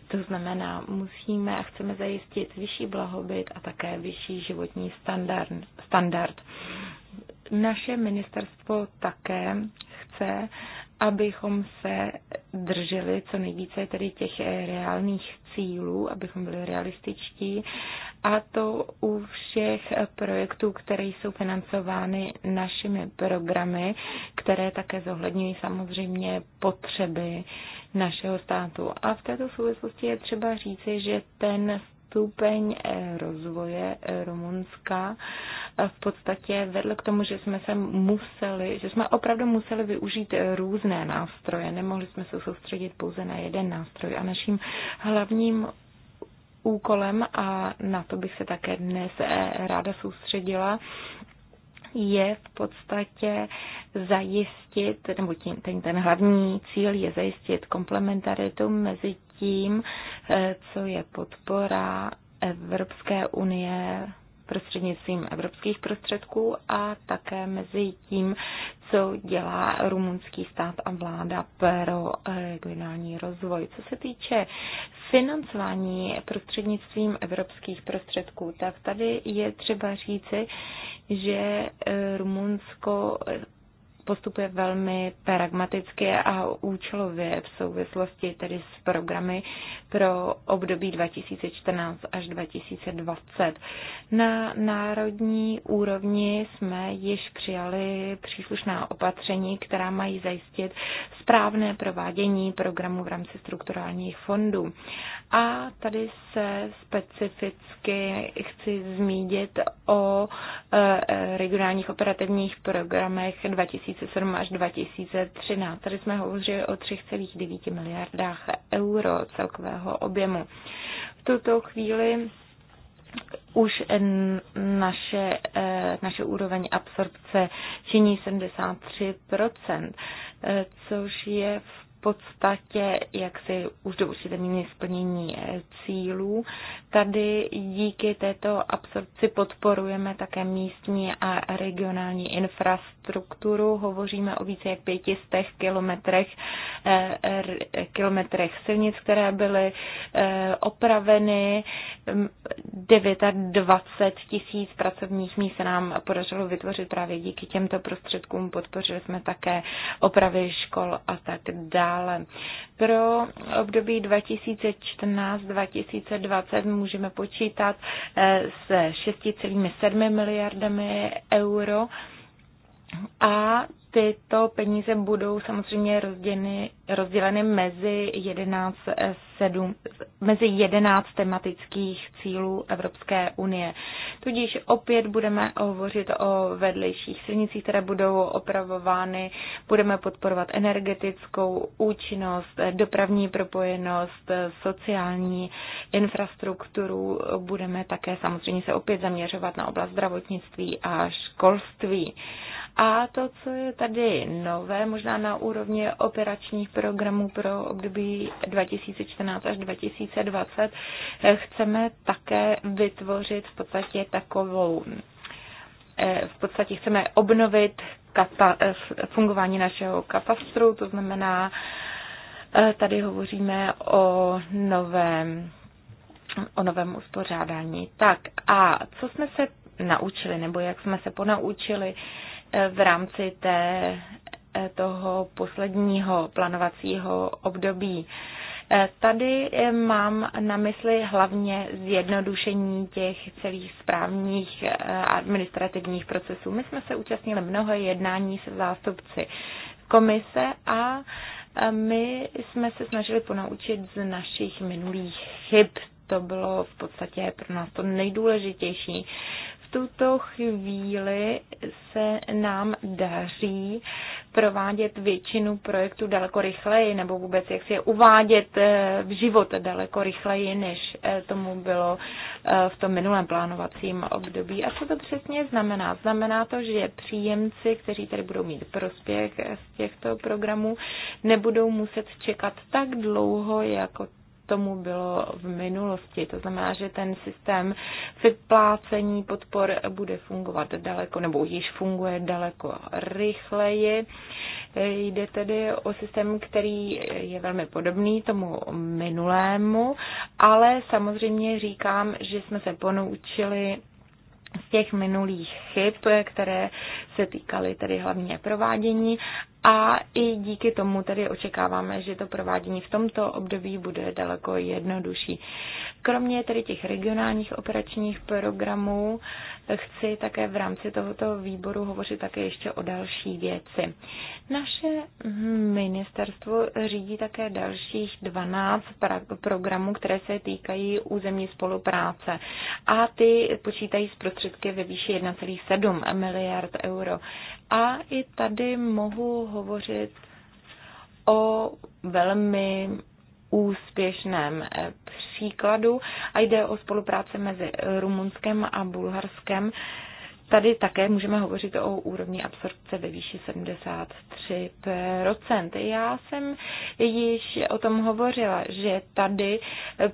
To znamená, musíme a chceme zajistit vyšší blahobyt a také vyšší životní standard. standard. Naše ministerstvo také chce, abychom se drželi co nejvíce tedy těch eh, reálných cílů, abychom byli realističtí a to u všech eh, projektů, které jsou financovány našimi programy, které také zohledňují samozřejmě potřeby našeho státu. A v této souvislosti je třeba říci, že ten stupeň eh, rozvoje eh, Rumunska eh, v podstatě vedl k tomu, že jsme se museli, že jsme opravdu museli využít různé nástroje. Nemohli jsme se soustředit pouze na jeden nástroj. A naším hlavním úkolem, a na to bych se také dnes ráda soustředila, je v podstatě zajistit, nebo tím, ten, ten hlavní cíl je zajistit komplementaritu mezi tím, eh, co je podpora Evropské unie prostřednictvím evropských prostředků a také mezi tím, co dělá rumunský stát a vláda pro eh, regionální rozvoj. Co se týče financování prostřednictvím evropských prostředků, tak tady je třeba říci, že eh, Rumunsko postupuje velmi pragmaticky a účelově v souvislosti tedy s programy pro období 2014 až 2020. Na národní úrovni jsme již přijali příslušná opatření, která mají zajistit správné provádění programu v rámci strukturálních fondů. A tady se specificky chci zmínit o eh, regionálních operativních programech 2000 2007 až 2013. Tady jsme hovořili o 3,9 miliardách euro celkového objemu. V tuto chvíli už naše, eh, naše úroveň absorpce činí 73%, eh, což je v podstatě si už do určité míry splnění eh, cílů. Tady díky této absorpci podporujeme také místní a regionální infrastrukturu. Hovoříme o více jak 500 kilometrech, eh, kilometrech silnic, které byly eh, opraveny. 29 tisíc pracovních míst se nám podařilo vytvořit právě díky těmto prostředkům. Podpořili jsme také opravy škol a tak dále dále. Pro období 2014-2020 můžeme počítat eh, s 6,7 miliardami euro a tyto peníze budou samozřejmě rozděleny, rozděleny mezi 11, 7, eh, mezi 11 tematických cílů Evropské unie. Tudíž opět budeme hovořit o vedlejších silnicích, které budou opravovány, budeme podporovat energetickou účinnost, dopravní propojenost, sociální infrastrukturu, budeme také samozřejmě se opět zaměřovat na oblast zdravotnictví a školství. A to, co je tady nové, možná na úrovni operačních programů pro období 2014 až 2020, eh, chceme také vytvořit v podstatě takovou eh, v podstatě chceme obnovit kata, eh, fungování našeho katastru, to znamená, tady hovoříme o novém, o novém uspořádání. Tak a co jsme se naučili, nebo jak jsme se ponaučili v rámci té, eh, toho posledního plánovacího období. Eh, tady eh, mám na mysli hlavně zjednodušení těch celých správních administrativních procesů. My jsme se účastnili mnoho jednání se zástupci komise a my jsme se snažili ponaučit z našich minulých chyb. To bylo v podstatě pro nás to nejdůležitější tuto chvíli se nám daří provádět většinu projektů daleko rychleji, nebo vůbec jak si je uvádět eh, v život daleko rychleji, než eh, tomu bylo eh, v tom minulém plánovacím období. A co to přesně znamená? Znamená to, že příjemci, kteří tady budou mít prospěch z těchto programů, nebudou muset čekat tak dlouho, jako tomu bylo v minulosti. To znamená, že ten systém vyplácení podpor bude fungovat daleko, nebo již funguje daleko rychleji. Jde tedy o systém, který je velmi podobný tomu minulému, ale samozřejmě říkám, že jsme se ponoučili z těch minulých chyb, které se týkaly tedy hlavně provádění a i díky tomu tedy očekáváme, že to provádění v tomto období bude daleko jednodušší. Kromě tedy těch regionálních operačních programů chci také v rámci tohoto výboru hovořit také ještě o další věci. Naše ministerstvo řídí také dalších 12 programů, které se týkají územní spolupráce a ty počítají s prostředky ve výši 1,7 miliard euro. A i tady mohu hovořit o velmi úspěšném eh, příkladu a jde o spolupráci mezi Rumunskem a Bulharskem. Tady také můžeme hovořit o úrovni absorpce ve výši 73%. Já jsem již o tom hovořila, že tady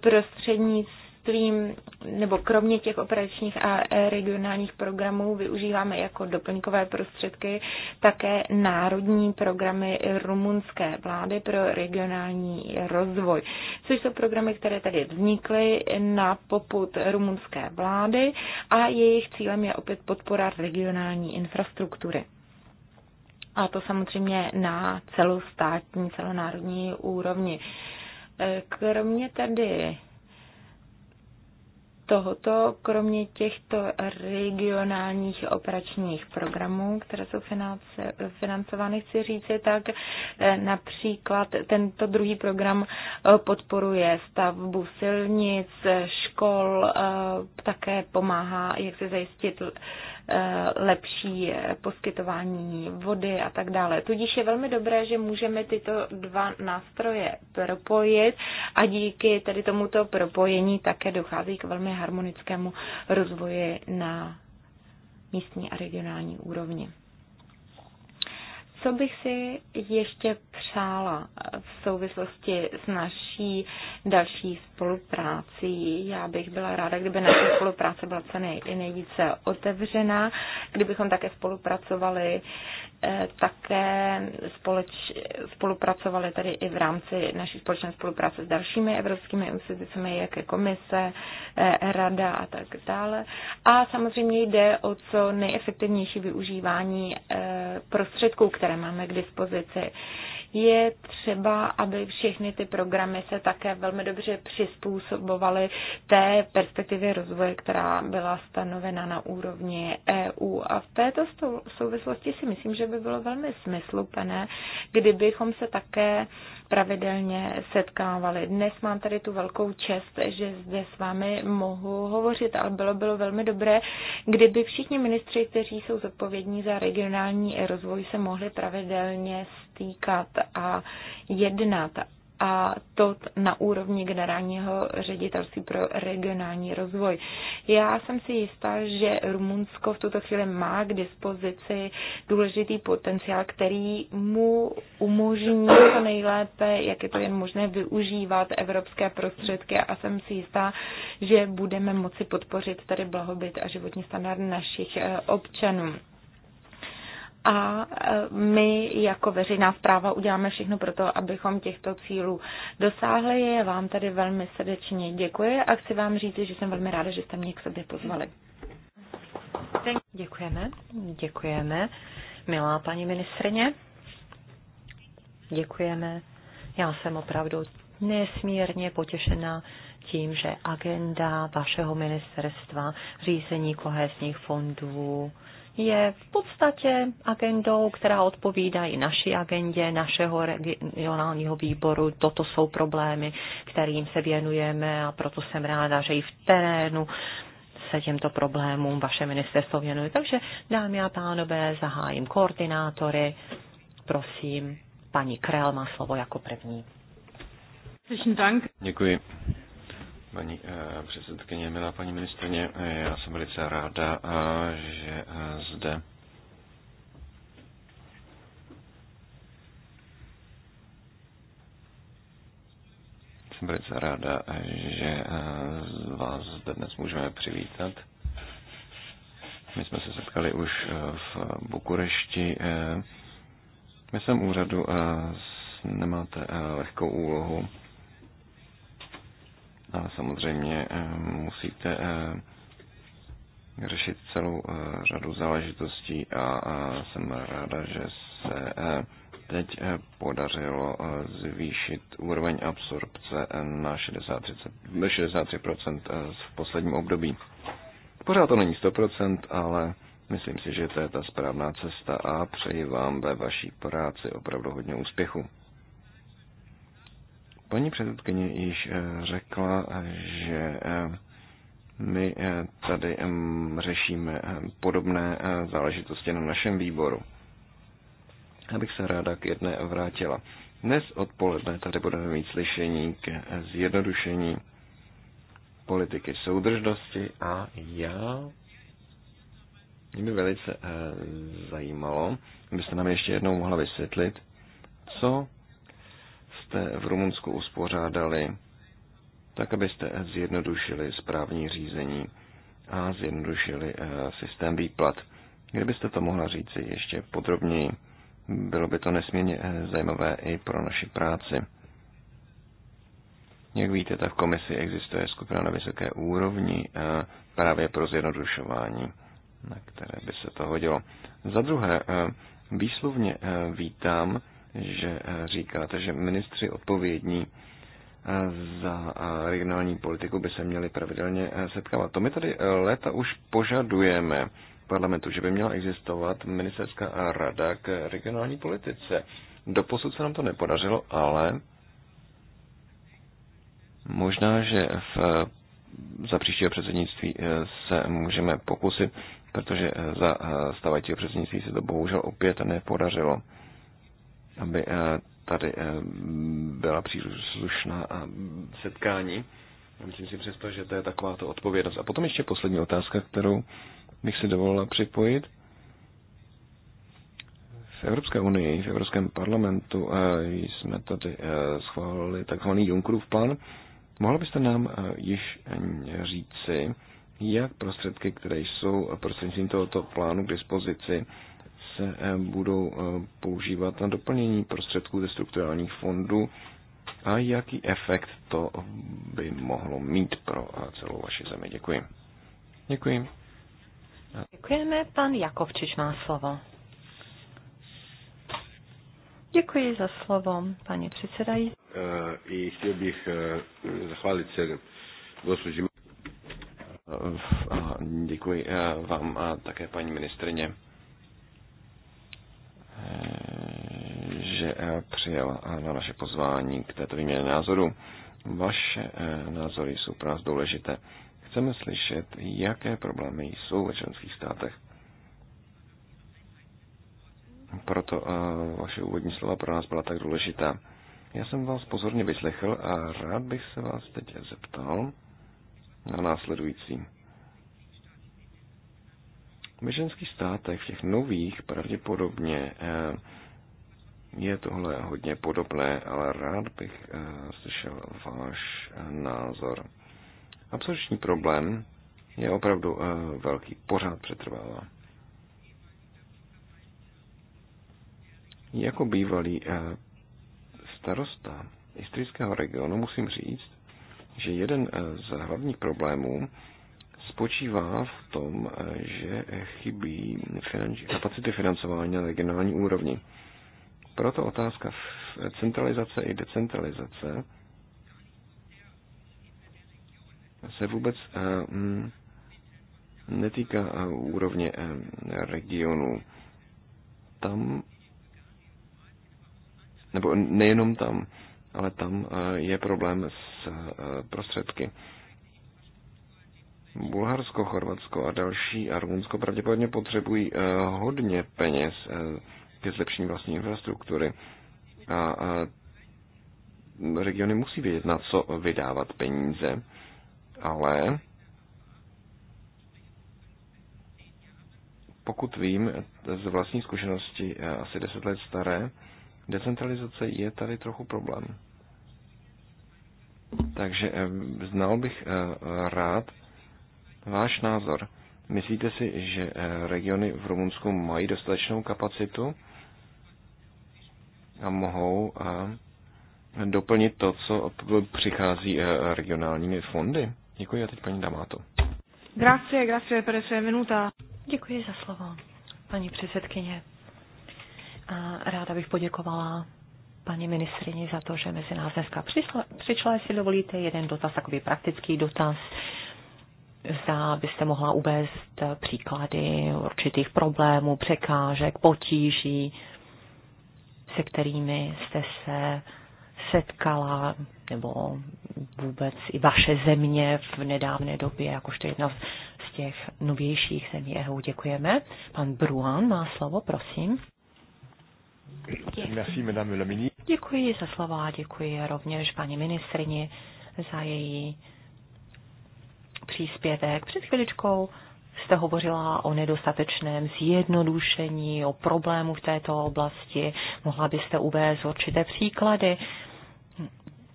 prostřednictvím školstvím, nebo kromě těch operačních a regionálních programů využíváme jako doplňkové prostředky také národní programy rumunské vlády pro regionální rozvoj, což jsou programy, které tady vznikly na poput rumunské vlády a jejich cílem je opět podpora regionální infrastruktury. A to samozřejmě na celostátní, celonárodní úrovni. Kromě tedy tohoto, kromě těchto regionálních operačních programů, které jsou financovány, chci říct, tak eh, například tento druhý program eh, podporuje stavbu silnic, škol, eh, také pomáhá, jak se zajistit Eh, lepší eh, poskytování vody a tak dále. Tudíž je velmi dobré, že můžeme tyto dva nástroje propojit a díky tedy tomuto propojení také dochází k velmi harmonickému rozvoji na místní a regionální úrovni. Co bych si ještě přála v souvislosti s naší další spoluprácí? Já bych byla ráda, kdyby naše spolupráce byla co nej, nejvíce otevřená, kdybychom také spolupracovali eh, také společ, spolupracovali tady i v rámci naší společné spolupráce s dalšími evropskými institucemi, jak je komise, eh, rada a tak dále. A samozřejmě jde o co nejefektivnější využívání eh, prostředků, které které máme k dispozici. Je třeba, aby všechny ty programy se také velmi dobře přizpůsobovaly té perspektivě rozvoje, která byla stanovena na úrovni EU. A v této souvislosti si myslím, že by bylo velmi smysluplné, kdybychom se také pravidelně setkávali. Dnes mám tady tu velkou čest, že zde s vámi mohu hovořit, ale bylo bylo velmi dobré, kdyby všichni ministři, kteří jsou zodpovědní za regionální rozvoj, se mohli pravidelně stýkat a jednat a to na úrovni generálního ředitelství pro regionální rozvoj. Já jsem si jistá, že Rumunsko v tuto chvíli má k dispozici důležitý potenciál, který mu umožní co nejlépe, jak je to jen možné, využívat evropské prostředky a jsem si jistá, že budeme moci podpořit tady blahobyt a životní standard našich eh, občanů a e, my jako veřejná zpráva uděláme všechno pro to, abychom těchto cílů dosáhli. Já vám tady velmi srdečně děkuji a chci vám říct, že jsem velmi ráda, že jste mě k sobě pozvali. Děkujeme, děkujeme, milá paní ministrině. Děkujeme. Já jsem opravdu nesmírně potěšená tím, že agenda vašeho ministerstva, řízení kohezních fondů, je v podstatě agendou, která odpovídá i naší agendě, našeho regionálního výboru. Toto jsou problémy, kterým se věnujeme a proto jsem ráda, že i v terénu se těmto problémům vaše ministerstvo věnuje. Takže, dámy a pánové, zahájím koordinátory. Prosím, paní Krel má slovo jako první. Děkuji paní eh, předsedkyně, milá paní ministrině. Eh, já jsem velice ráda, eh, že zde jsem velice ráda, že vás zde dnes můžeme přivítat. My jsme se setkali už v Bukurešti. My jsem úřadu nemáte lehkou úlohu. A samozřejmě eh, musíte eh, řešit celou eh, řadu záležitostí a jsem ráda, že se teď podařilo zvýšit úroveň absorpce na 63% v posledním období. Pořád to není 100%, ale myslím si, že to je ta správná cesta a přeji vám ve vaší práci opravdu hodně úspěchu. Paní předsedkyně již eh, řekla, že eh, my eh, tady řešíme podobné záležitosti na našem výboru. Abych se ráda k jedné vrátila. Dnes odpoledne tady budeme mít slyšení k zjednodušení politiky soudržnosti a já mě by velice zajímalo, byste nám ještě jednou mohla vysvětlit, co jste v Rumunsku uspořádali, tak abyste zjednodušili správní řízení a zjednodušili eh, systém výplat. Kdybyste to mohla říci ještě podrobněji, bylo by to nesmírně eh, zajímavé i pro naši práci. Jak víte, tak v komisi existuje skupina na vysoké úrovni eh, právě pro zjednodušování, na které by se to hodilo. Za druhé, výslovně vítám že eh, říkáte, že ministři odpovědní eh, za eh, regionální politiku by se měli pravidelně setkávat. To my tady léta už požadujeme parlamentu, že by měla existovat ministerská rada k regionální politice. Doposud se nám to nepodařilo, ale možná, že v, za příštího předsednictví se můžeme pokusit, protože za stávajícího předsednictví se to bohužel opět nepodařilo aby eh, tady eh, byla příslušná setkání. Myslím si přesto, že to je to odpovědnost. A potom ještě poslední otázka, kterou bych si dovolila připojit. V Evropské unii, v Evropském parlamentu eh, jsme tady schválili takzvaný Junckerův plán. Mohla byste nám již říci, jak prostředky, které jsou prostřednictvím tohoto plánu k dispozici, se eh, budou eh, používat na doplnění prostředků ze strukturálních fondů a jaký efekt to by mohlo mít pro eh, celou vaši zemi. Děkuji. Děkuji. Děkujeme. Pan Jakovčič má slovo. Děkuji za slovo, paní předsedající. I chtěl bych zachválit se gospoži. Děkuji vám a také paní ministrině že eh, přijel eh, na naše pozvání k této výměně názoru. Vaše eh, názory jsou pro nás důležité. Chceme slyšet, jaké problémy jsou ve členských státech. Proto vaše úvodní slova pro nás byla tak důležitá. Já jsem vás pozorně vyslechl a rád bych se vás teď zeptal na následující ženských státech, v těch nových, pravděpodobně eh, je tohle hodně podobné, ale rád bych eh, slyšel váš eh, názor. Absorční problém je opravdu velký, pořád přetrvává. Jako bývalý starosta historického regionu musím říct, že jeden z hlavních problémů spočívá v tom, že chybí finanční, kapacity financování na regionální úrovni. Proto otázka centralizace i decentralizace se vůbec eh, mm, netýká eh, úrovně eh, regionů. Tam, nebo nejenom tam, ale tam je problém s prostředky. Bulharsko, Chorvatsko a další a Rumunsko pravděpodobně potřebují eh, hodně peněz eh, ke zlepšení vlastní infrastruktury. A regiony musí vědět, na co vydávat peníze, ale pokud vím z vlastní zkušenosti, eh, asi deset let staré, decentralizace je tady trochu problém. Takže znal bych rád Váš názor. Myslíte si, že eh, regiony v Rumunsku mají dostatečnou kapacitu a mohou eh, doplnit to, co přichází eh, regionálními fondy? Děkuji a teď paní Damato. Grazie, grazie per essere venuta. Děkuji za slovo, paní předsedkyně. A ráda bych poděkovala paní ministrině za to, že mezi nás dneska přišla. Přišla, jestli dovolíte, jeden dotaz, takový praktický dotaz zda byste mohla uvést příklady určitých problémů, překážek, potíží, se kterými jste se setkala, nebo vůbec i vaše země v nedávné době, jakožto jedna z těch novějších zemí EU. Děkujeme. Pan Bruan má slovo, prosím. Děkuji. Děkuji za slova, děkuji rovněž paní ministrině za její příspěvek. Před chviličkou jste hovořila o nedostatečném zjednodušení, o problému v této oblasti. Mohla byste uvést určité příklady.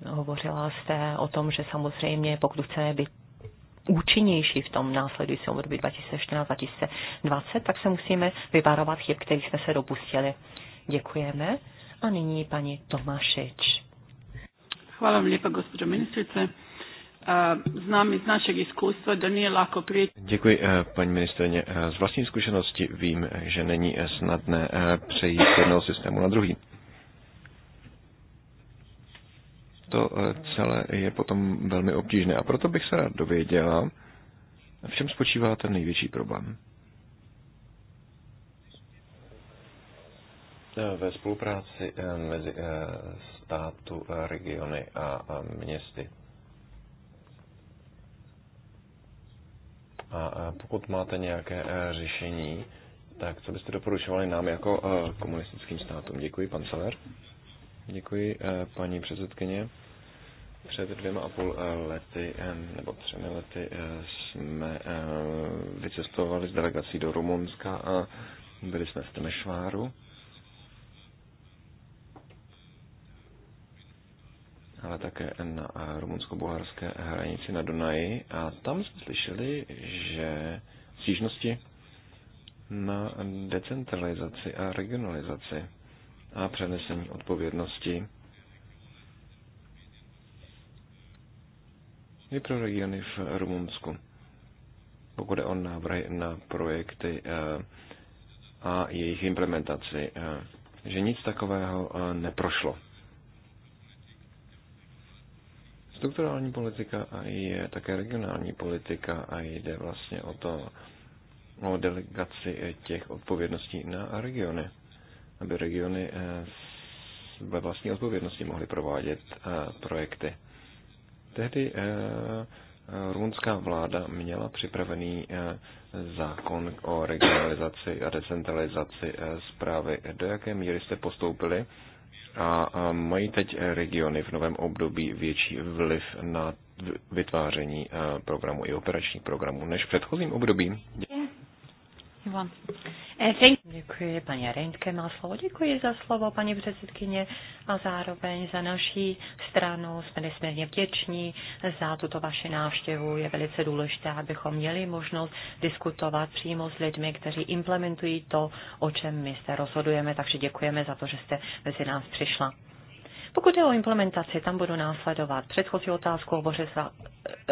Hovořila jste o tom, že samozřejmě, pokud chceme být účinnější v tom následujícím období 2014-2020, tak se musíme vyvarovat chyb, který jsme se dopustili. Děkujeme. A nyní paní Tomášič. Hvala vám lepa, gospođo ministrice. Eh, znám i z našeho zkušenosti, že není lako přijít. Děkuji, eh, paní ministrině. Eh, z vlastní zkušenosti vím, že není snadné přejít z jednoho systému na druhý. To celé je potom velmi obtížné a proto bych se rád dověděla, v čem spočívá ten největší problém. Ve spolupráci mezi státu, regiony a městy. A pokud máte nějaké e, řešení, tak co byste doporučovali nám jako e, komunistickým státům? Děkuji, pan Saler. Děkuji, e, paní předsedkyně. Před dvěma a půl lety, nebo třemi lety, jsme vycestovali s delegací do Rumunska a byli jsme v Temešváru ale také na rumunsko-bulharské hranici na Dunaji. A tam jsme slyšeli, že stížnosti na decentralizaci a regionalizaci a přenesení odpovědnosti i pro regiony v Rumunsku. Pokud je o návrhy na projekty eh, a jejich implementaci, eh, že nic takového eh, neprošlo. Strukturální politika a je také regionální politika a jde vlastně o to, o delegaci těch odpovědností na regiony, aby regiony eh, ve vlastní odpovědnosti mohly provádět eh, projekty. Tehdy eh, rumunská vláda měla připravený zákon o regionalizaci a decentralizaci zprávy. Do jaké míry jste postoupili a mají teď eh, regiony v novém období větší vliv na vytváření eh, programu i operačních programů než v předchozím období. Ivan. Eh, Děkuji, paní Reňské má slovo. Děkuji za slovo, paní předsedkyně, a zároveň za naší stranu. Jsme nesmírně vděční za tuto vaši návštěvu. Je velice důležité, abychom měli možnost diskutovat přímo s lidmi, kteří implementují to, o čem my se rozhodujeme. Takže děkujeme za to, že jste mezi nás přišla. Pokud je o implementaci, tam budu následovat. Předchozí otázku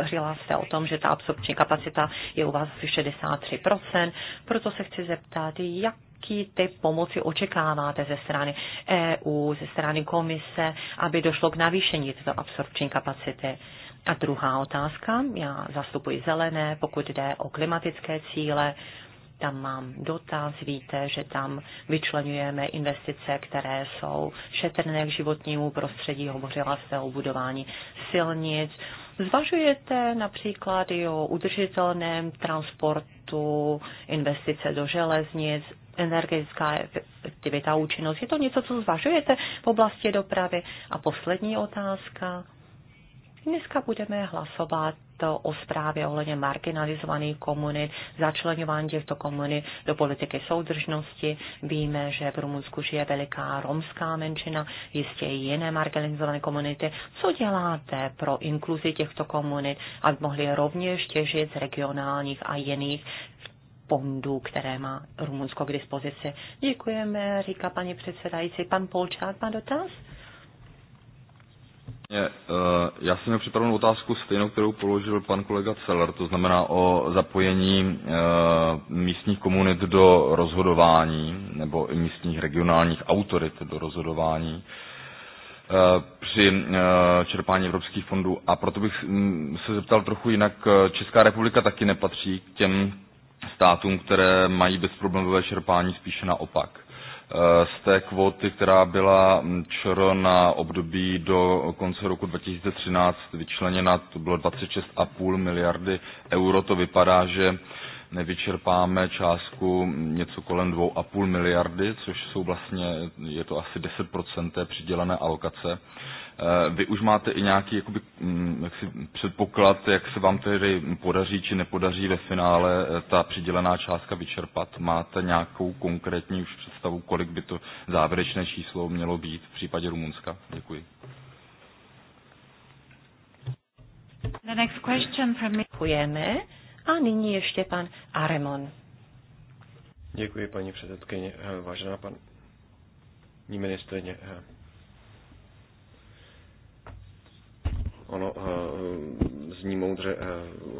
říla se o tom, že ta absorpční kapacita je u vás asi 63%, proto se chci zeptat, jak jaký typ pomoci očekáváte ze strany EU, ze strany komise, aby došlo k navýšení této absorpční kapacity. A druhá otázka, já zastupuji zelené, pokud jde o klimatické cíle, tam mám dotaz, víte, že tam vyčlenujeme investice, které jsou šetrné k životnímu prostředí, hovořila jste o budování silnic. Zvažujete například i o udržitelném transportu, investice do železnic, energetická efektivita, účinnost. Je to něco, co zvažujete v oblasti dopravy? A poslední otázka. Dneska budeme hlasovat o zprávě ohledně marginalizovaných komunit, začlenování těchto komunit do politiky soudržnosti. Víme, že v Rumunsku žije veliká romská menšina, jistě i jiné marginalizované komunity. Co děláte pro inkluzi těchto komunit, aby mohli rovněž těžit z regionálních a jiných fondů, které má Rumunsko k dispozici. Děkujeme, říká paní předsedající. Pan Polčák má dotaz? Vlastně, eh, já jsem měl připravenou otázku stejnou, kterou položil pan kolega Celer, to znamená o zapojení eh, místních komunit do rozhodování nebo i místních regionálních autorit do rozhodování eh, při čerpání evropských fondů. A proto bych mm, se zeptal trochu jinak. Česká republika taky nepatří k těm státům, které mají bezproblémové čerpání, spíše naopak Eh, z té kvóty, která byla mm, ČR na období do konce roku 2013 vyčleněna, to bylo 26,5 miliardy euro, to vypadá, že nevyčerpáme částku něco kolem 2,5 miliardy, což jsou vlastně, je to asi 10% té přidělené alokace. Eh, vy už máte i nějaký jakoby, mm, jaksi předpoklad, jak se vám tedy podaří či nepodaří ve finále eh, ta přidělená částka vyčerpat? Máte nějakou konkrétní už představu, kolik by to závěrečné číslo mělo být v případě Rumunska? Děkuji. The next question from me. Děkujeme. A nyní ještě pan Aremon. Děkuji, paní předsedkyně. Eh, vážená paní ministrině, ono eh, zní moudře eh,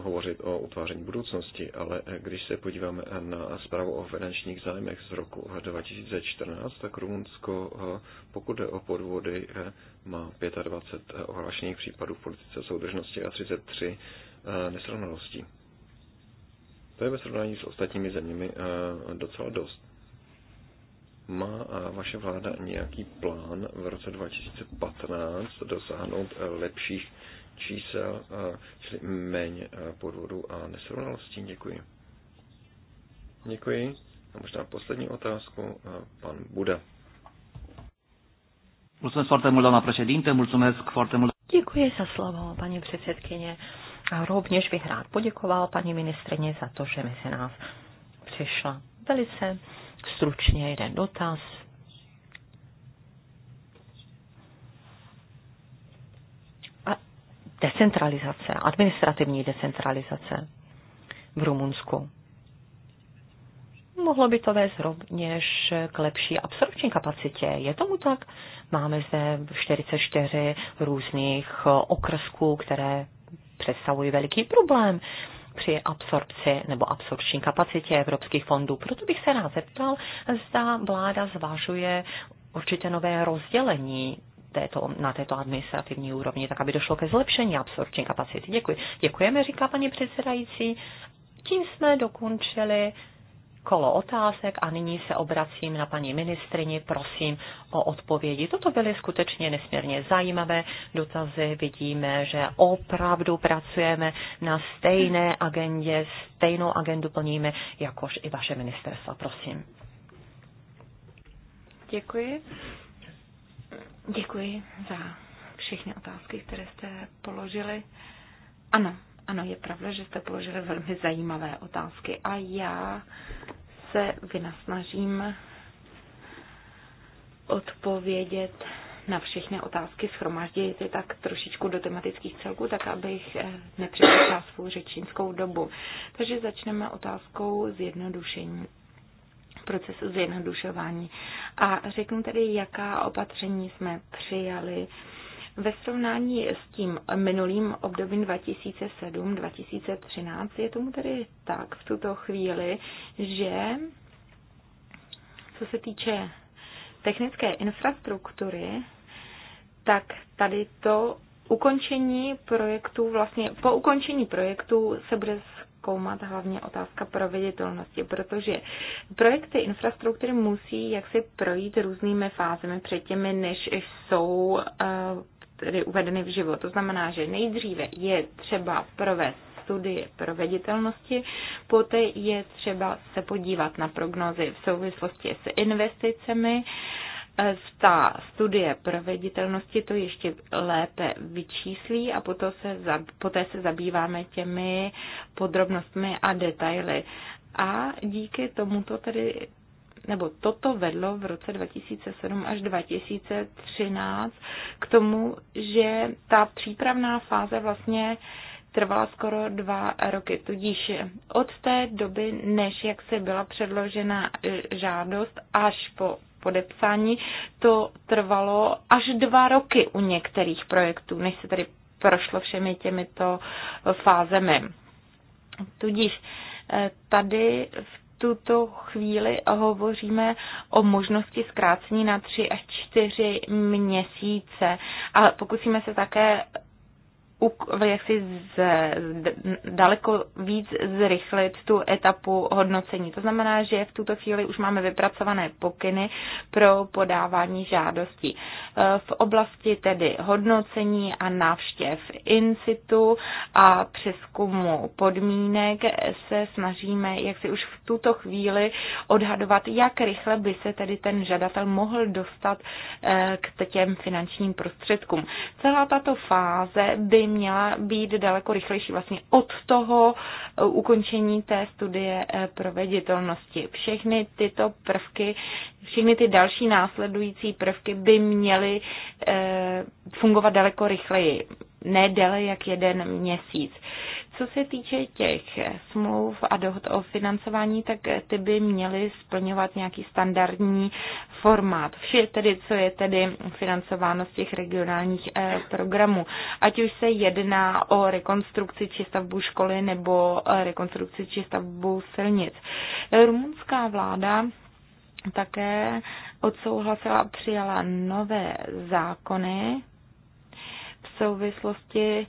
hovořit o utváření budoucnosti, ale eh, když se podíváme na zprávu o finančních zájmech z roku 2014, tak Rumunsko, pokud jde o podvody, má 25 ohlášených případů v politice soudržnosti a 33 nesrovnalostí. To je ve srovnání s ostatními zeměmi docela dost. Má vaše vláda nějaký plán v roce 2015 dosáhnout eh, lepších čísel, eh, čili méně eh, podvodů a nesrovnalostí? Děkuji. Děkuji. A možná poslední otázku, pan Buda. Děkuji za slovo, paní předsedkyně. A rovněž bych rád poděkoval paní ministrině za to, že mezi nás přišla. Velice stručně jeden dotaz. A decentralizace, administrativní decentralizace v Rumunsku. Mohlo by to vést rovněž k lepší absorpční kapacitě. Je tomu tak? Máme zde 44 různých okrsků, které představují veliký problém při absorpci nebo absorpční kapacitě evropských fondů. Proto bych se rád zeptal, zda vláda zvažuje určitě nové rozdělení této, na této administrativní úrovni, tak aby došlo ke zlepšení absorpční kapacity. Děkuji. Děkujeme, říká paní předsedající. Tím jsme dokončili kolo otázek a nyní se obracím na paní ministrini, prosím o odpovědi. Toto byly skutečně nesmírně zajímavé dotazy. Vidíme, že opravdu pracujeme na stejné agendě, stejnou agendu plníme, jakož i vaše ministerstva. Prosím. Děkuji. Děkuji za všechny otázky, které jste položili. Ano, ano, je pravda, že jste položili velmi zajímavé otázky a já se vynasnažím odpovědět na všechny otázky, schromáždit je tak trošičku do tematických celků, tak abych eh, nepřekročila svou řečnickou dobu. Takže začneme otázkou zjednodušení procesu zjednodušování. A řeknu tedy, jaká opatření jsme přijali ve srovnání s tím minulým obdobím 2007-2013 je tomu tedy tak v tuto chvíli, že co se týče technické infrastruktury, tak tady to ukončení projektu, vlastně po ukončení projektu se bude zkoumat hlavně otázka proveditelnosti, protože projekty infrastruktury musí jaksi projít různými fázemi před těmi, než jsou eh, tedy uvedeny v život. To znamená, že nejdříve je třeba provést studie proveditelnosti, poté je třeba se podívat na prognózy v souvislosti s investicemi, e, ta studie proveditelnosti to ještě lépe vyčíslí a potom se, poté se zabýváme těmi podrobnostmi a detaily. A díky tomuto tedy nebo toto vedlo v roce 2007 až 2013 k tomu, že ta přípravná fáze vlastně trvala skoro dva roky. Tudíž od té doby, než jak se byla předložena e, žádost, až po podepsání, to trvalo až dva roky u některých projektů, než se tady prošlo všemi těmito fázemi. Tudíž e, tady v tuto chvíli hovoříme o možnosti zkrácení na tři až čtyři měsíce, ale pokusíme se také jaksi z, z, daleko víc zrychlit tu etapu hodnocení. To znamená, že v tuto chvíli už máme vypracované pokyny pro podávání žádostí. E, v oblasti tedy hodnocení a návštěv in situ a přeskumu podmínek se snažíme, jak si už v tuto chvíli odhadovat, jak rychle by se tedy ten žadatel mohl dostat e, k těm finančním prostředkům. Celá tato fáze by měla být daleko rychlejší vlastně od toho eh, ukončení té studie eh, proveditelnosti. Všechny tyto prvky, všechny ty další následující prvky by měly eh, fungovat daleko rychleji, ne déle jak jeden měsíc. Co se týče těch smluv a dohod o financování, tak ty by měly splňovat nějaký standardní formát. Vše tedy, co je tedy financováno z těch regionálních eh, programů. Ať už se jedná o rekonstrukci či stavbu školy nebo eh, rekonstrukci či stavbu silnic. Rumunská vláda také odsouhlasila a přijala nové zákony v souvislosti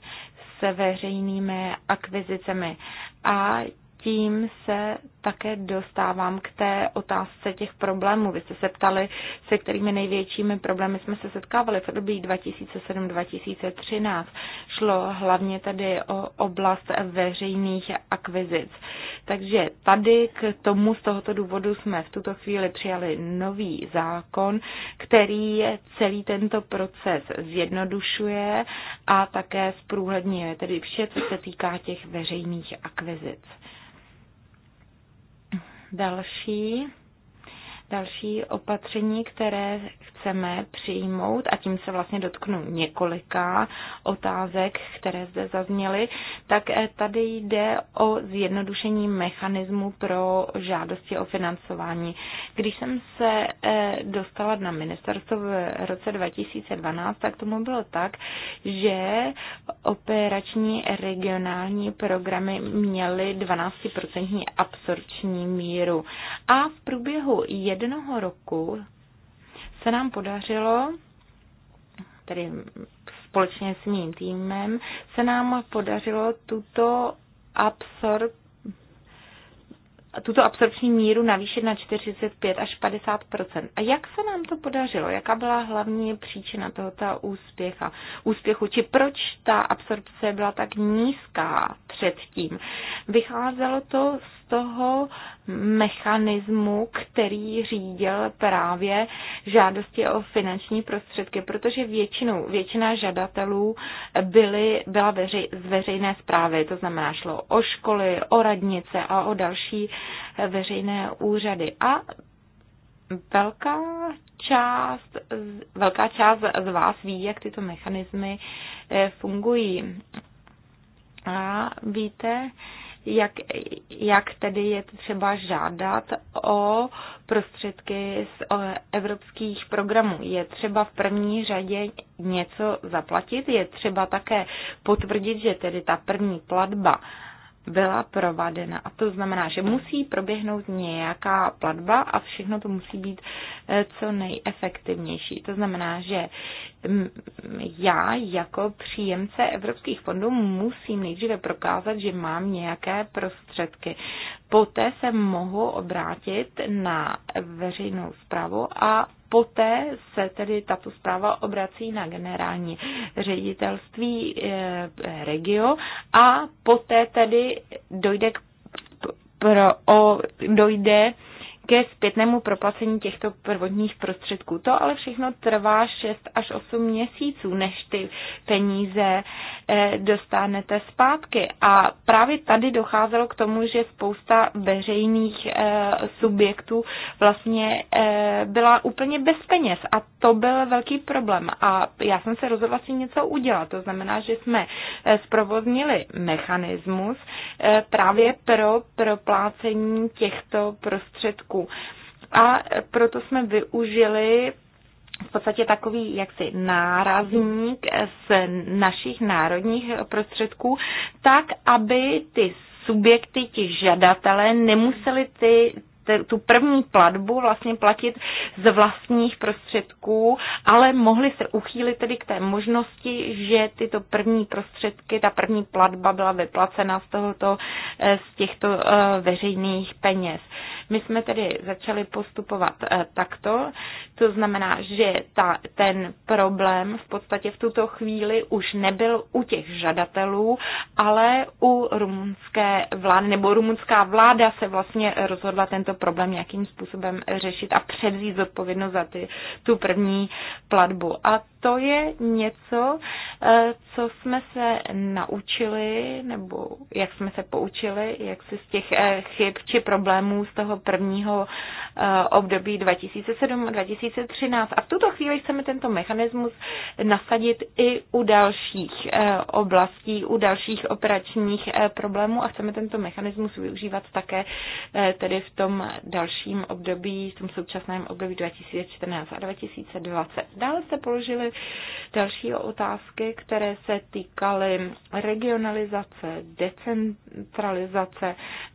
se veřejnými akvizicemi a tím se také dostávám k té otázce těch problémů. Vy jste se ptali, se kterými největšími problémy jsme se setkávali v období 2007-2013. Šlo hlavně tady o oblast veřejných akvizic. Takže tady k tomu z tohoto důvodu jsme v tuto chvíli přijali nový zákon, který celý tento proces zjednodušuje a také zprůhledňuje, tedy vše, co se týká těch veřejných akvizic. Další Další opatření, které chceme přijmout, a tím se vlastně dotknu několika otázek, které zde zazněly, tak eh, tady jde o zjednodušení mechanismu pro žádosti o financování. Když jsem se eh, dostala na ministerstvo v roce 2012, tak tomu bylo tak, že operační regionální programy měly 12% absorpční míru. A v průběhu je jednoho roku se nám podařilo, tedy společně s mým týmem, se nám podařilo tuto absorb tuto absorpční míru navýšit na 45 až 50 A jak se nám to podařilo? Jaká byla hlavní příčina tohoto úspěcha, úspěchu? Či proč ta absorpce byla tak nízká předtím? Vycházelo to z toho mechanismu, který řídil právě žádosti o finanční prostředky, protože většinou, většina žadatelů byly, byla veři, z veřejné zprávy, to znamená šlo o školy, o radnice a o další veřejné úřady. A velká část, velká část z vás ví, jak tyto mechanismy eh, fungují. A víte, jak, jak tedy je třeba žádat o prostředky z evropských programů. Je třeba v první řadě něco zaplatit, je třeba také potvrdit, že tedy ta první platba byla provadena. A to znamená, že musí proběhnout nějaká platba a všechno to musí být eh, co nejefektivnější. To znamená, že Mm, já jako příjemce evropských fondů musím nejdříve prokázat, že mám nějaké prostředky. Poté se mohu obrátit na veřejnou zprávu a poté se tedy tato zpráva obrací na generální ředitelství eh, regio a poté tedy dojde k pro, o, dojde ke zpětnému proplacení těchto prvotních prostředků. To ale všechno trvá 6 až 8 měsíců, než ty peníze eh, dostanete zpátky. A právě tady docházelo k tomu, že spousta veřejných eh, subjektů vlastně eh, byla úplně bez peněz a to byl velký problém. A já jsem se rozhodla si něco udělat. To znamená, že jsme zprovoznili mechanismus právě pro proplácení těchto prostředků prvků. A proto jsme využili v podstatě takový jaksi nárazník z našich národních prostředků, tak aby ty subjekty, ti žadatelé nemuseli ty tu první platbu vlastně platit z vlastních prostředků, ale mohli se uchýlit tedy k té možnosti, že tyto první prostředky, ta první platba byla vyplacena z, tohoto, eh, z těchto eh, veřejných peněz. My jsme tedy začali postupovat eh, takto, to znamená, že ta, ten problém v podstatě v tuto chvíli už nebyl u těch žadatelů, ale u rumunské vlády, nebo rumunská vláda se vlastně rozhodla tento problém nějakým způsobem řešit a převzít zodpovědnost za ty, tu první platbu. A to je něco, eh, co jsme se naučili, nebo jak jsme se poučili, jak se z těch eh, chyb či problémů z toho prvního eh, období 2007-2013. A v tuto chvíli chceme tento mechanismus nasadit i u dalších oblastí, u dalších operačních problémů a chceme tento mechanismus využívat také tedy v tom dalším období, v tom současném období 2014 a 2020. Dále se položili Další otázky, které se týkaly regionalizace, decentralizace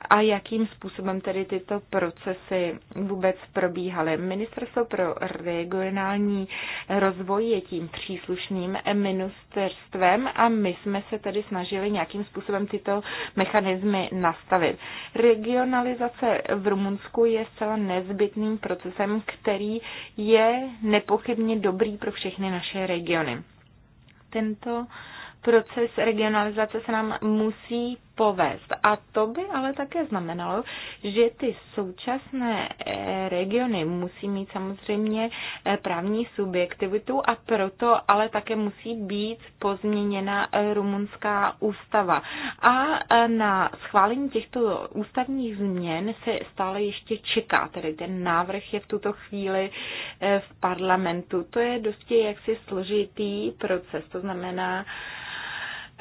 a jakým způsobem tedy tyto procesy vůbec probíhaly. Ministerstvo pro regionální rozvoj je tím příslušným ministerstvem a my jsme se tedy snažili nějakým způsobem tyto mechanismy nastavit. Regionalizace v Rumunsku je zcela nezbytným procesem, který je nepochybně dobrý pro všechny naše naše regiony. Tento proces regionalizace se nám musí povést. A to by ale také znamenalo, že ty současné eh, regiony musí mít samozřejmě eh, právní subjektivitu a proto ale také musí být pozměněna eh, rumunská ústava. A na schválení těchto ústavních změn se stále ještě čeká, tedy ten návrh je v tuto chvíli v parlamentu. To je dosti jaksi složitý proces, to znamená,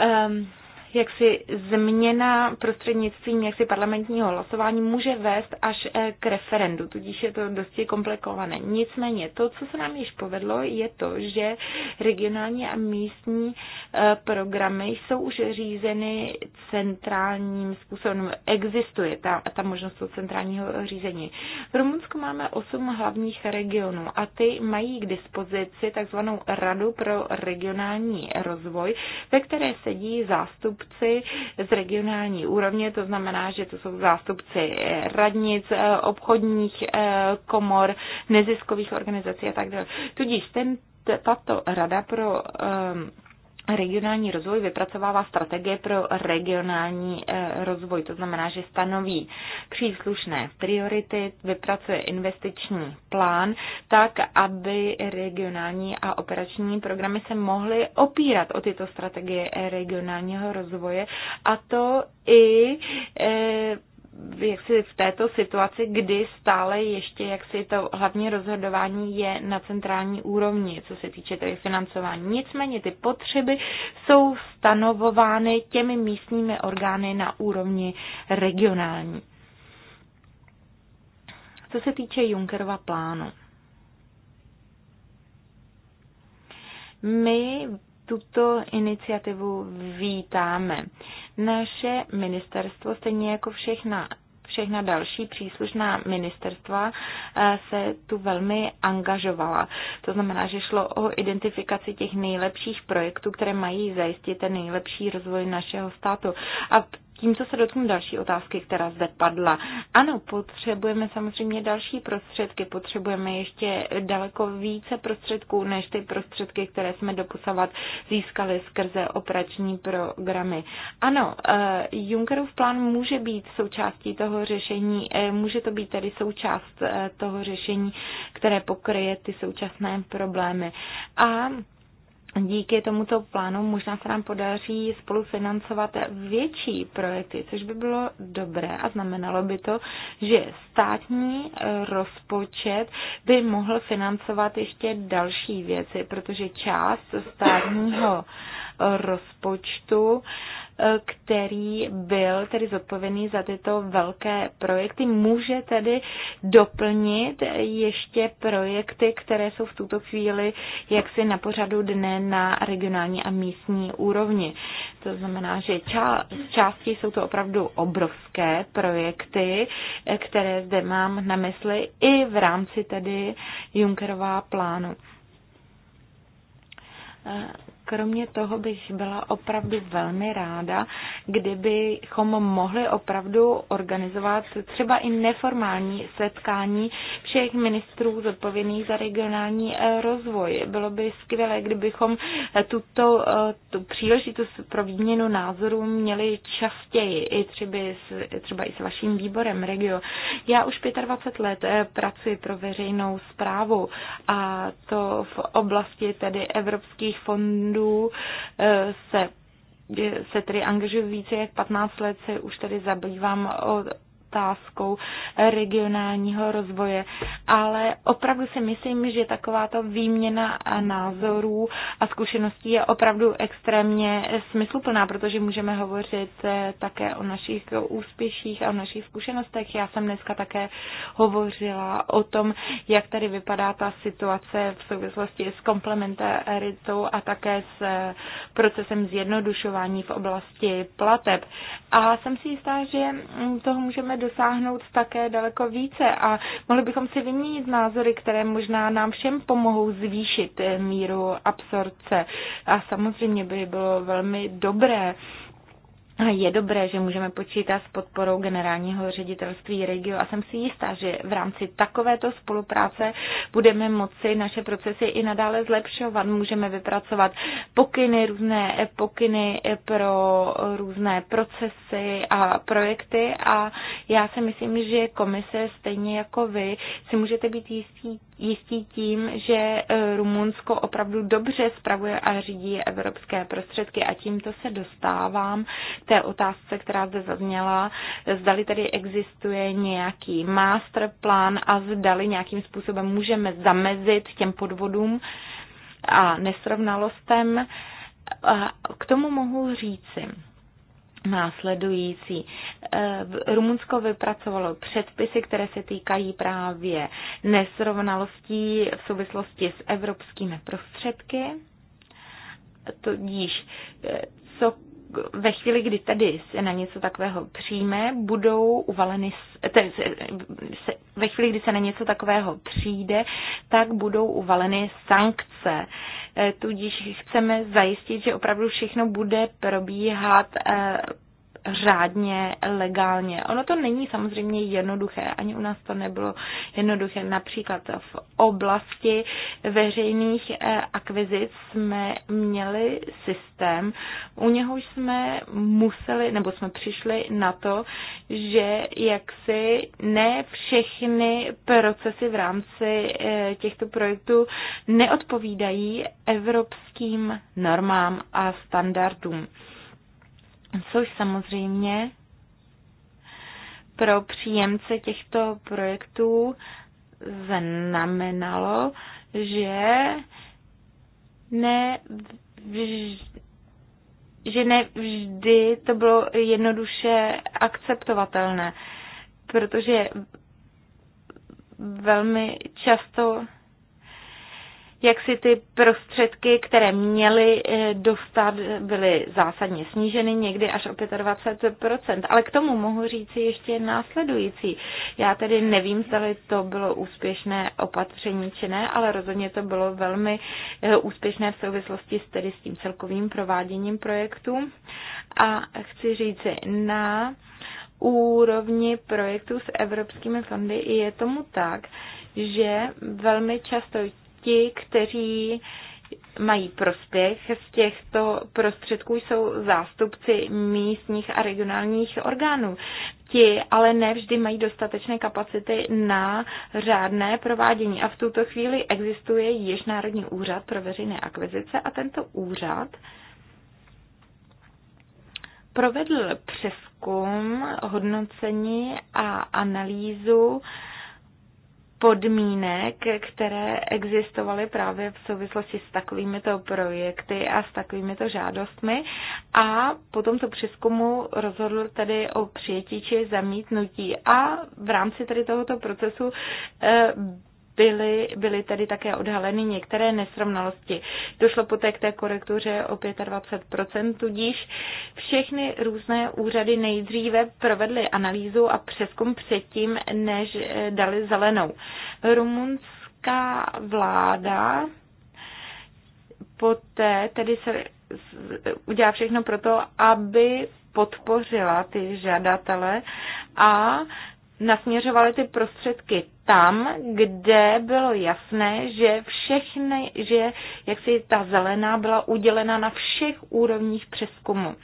um, jaksi změna prostřednictvím jaksi parlamentního hlasování může vést až eh, k referendu, tudíž je to dosti komplikované. Nicméně to, co se nám již povedlo, je to, že regionální a místní eh, programy jsou už řízeny centrálním způsobem. Existuje ta, ta možnost toho centrálního řízení. V Rumunsku máme osm hlavních regionů a ty mají k dispozici takzvanou Radu pro regionální rozvoj, ve které sedí zástup zástupci z regionální úrovně, to znamená, že to jsou zástupci eh, radnic, eh, obchodních eh, komor, neziskových organizací a tak dále. Tudíž ten, tato rada pro um, regionální rozvoj vypracovává strategie pro regionální eh, rozvoj. To znamená, že stanoví příslušné priority, vypracuje investiční plán tak, aby regionální a operační programy se mohly opírat o tyto strategie regionálního rozvoje a to i eh, jaksi v této situaci, kdy stále ještě jaksi to hlavní rozhodování je na centrální úrovni, co se týče tedy financování. Nicméně ty potřeby jsou stanovovány těmi místními orgány na úrovni regionální. Co se týče Junckerova plánu, my tuto iniciativu vítáme. Naše ministerstvo, stejně jako všechna všechna další příslušná ministerstva eh, se tu velmi angažovala. To znamená, že šlo o identifikaci těch nejlepších projektů, které mají zajistit ten nejlepší rozvoj našeho státu. A tímto se dotknu další otázky, která zde padla. Ano, potřebujeme samozřejmě další prostředky, potřebujeme ještě daleko více prostředků, než ty prostředky, které jsme doposavat získali skrze operační programy. Ano, eh, Junckerův plán může být součástí toho řešení, eh, může to být tedy součást eh, toho řešení, které pokryje ty současné problémy. A díky tomuto plánu možná se nám podaří spolufinancovat větší projekty, což by bylo dobré a znamenalo by to, že státní eh, rozpočet by mohl financovat ještě další věci, protože část státního rozpočtu, který byl tedy zodpovědný za tyto velké projekty, může tedy doplnit ještě projekty, které jsou v tuto chvíli jaksi na pořadu dne na regionální a místní úrovni. To znamená, že části jsou to opravdu obrovské projekty, které zde mám na mysli i v rámci tedy Junckerova plánu kromě toho bych byla opravdu velmi ráda, kdybychom mohli opravdu organizovat třeba i neformální setkání všech ministrů zodpovědných za regionální eh, rozvoj. Bylo by skvělé, kdybychom eh, tuto eh, tu příležitost pro výměnu názorů měli častěji, i třeba, s, třeba i s vaším výborem Regio. Já už 25 let pracuji pro veřejnou zprávu a to v oblasti tedy evropských fondů fondů eh, se se tedy angažuji více jak 15 let, se už tedy zabývám o, otázkou regionálního rozvoje. Ale opravdu si myslím, že takováto výměna názorů a zkušeností je opravdu extrémně smysluplná, protože můžeme hovořit eh, také o našich úspěších a o našich zkušenostech. Já jsem dneska také hovořila o tom, jak tady vypadá ta situace v souvislosti s komplementaritou a také s eh, procesem zjednodušování v oblasti plateb. A jsem si jistá, že mm, toho můžeme dosáhnout také daleko více a mohli bychom si vyměnit názory, které možná nám všem pomohou zvýšit eh, míru absorce A samozřejmě by bylo velmi dobré, a je dobré, že můžeme počítat s podporou generálního ředitelství Regio a jsem si jistá, že v rámci takovéto spolupráce budeme moci naše procesy i nadále zlepšovat. Můžeme vypracovat pokyny, různé pokyny pro různé procesy a projekty a já si myslím, že komise stejně jako vy si můžete být jistí, jistí tím, že Rumunsko opravdu dobře spravuje a řídí evropské prostředky a tímto se dostávám té otázce, která zde zazněla, zdali tedy existuje nějaký masterplan a zdali nějakým způsobem můžeme zamezit těm podvodům a nesrovnalostem. K tomu mohu říci, následující. E, Rumunsko vypracovalo předpisy, které se týkají právě nesrovnalostí v souvislosti s evropskými prostředky. Tudíž e, co ve chvíli, kdy tedy se na něco takového přijme, budou uvaleny, tedy se, se, ve chvíli, kdy se na něco takového přijde, tak budou uvaleny sankce. E, tudíž chceme zajistit, že opravdu všechno bude probíhat e, řádně, legálně. Ono to není samozřejmě jednoduché, ani u nás to nebylo jednoduché. Například v oblasti veřejných eh, akvizic jsme měli systém, u něhož jsme museli, nebo jsme přišli na to, že jaksi ne všechny procesy v rámci eh, těchto projektů neodpovídají evropským normám a standardům což samozřejmě pro příjemce těchto projektů znamenalo, že ne že ne vždy to bylo jednoduše akceptovatelné, protože velmi často jak si ty prostředky, které měly eh, dostat, byly zásadně sníženy, někdy až o 25%. Ale k tomu mohu říci ještě následující. Já tedy nevím, zda to bylo úspěšné opatření či ne, ale rozhodně to bylo velmi eh, úspěšné v souvislosti s, tedy s tím celkovým prováděním projektu. A chci říci, na úrovni projektu s evropskými fondy je tomu tak, že velmi často ti, kteří mají prospěch z těchto prostředků jsou zástupci místních a regionálních orgánů. Ti ale nevždy mají dostatečné kapacity na řádné provádění. A v tuto chvíli existuje již Národní úřad pro veřejné akvizice a tento úřad provedl přeskum, hodnocení a analýzu podmínek, které existovaly právě v souvislosti s takovýmito projekty a s takovýmito žádostmi a po tomto přeskumu rozhodl tedy o přijetí či zamítnutí a v rámci tady tohoto procesu eh, byly, byly tedy také odhaleny některé nesrovnalosti. Došlo poté k té korektuře o 25%, tudíž všechny různé úřady nejdříve provedly analýzu a přeskum předtím, než eh, dali zelenou. Rumunská vláda poté tedy se udělá všechno pro to, aby podpořila ty žadatele a nasměřovaly ty prostředky tam, kde bylo jasné, že všechny, že jak si ta zelená byla udělena na všech úrovních přeskumu.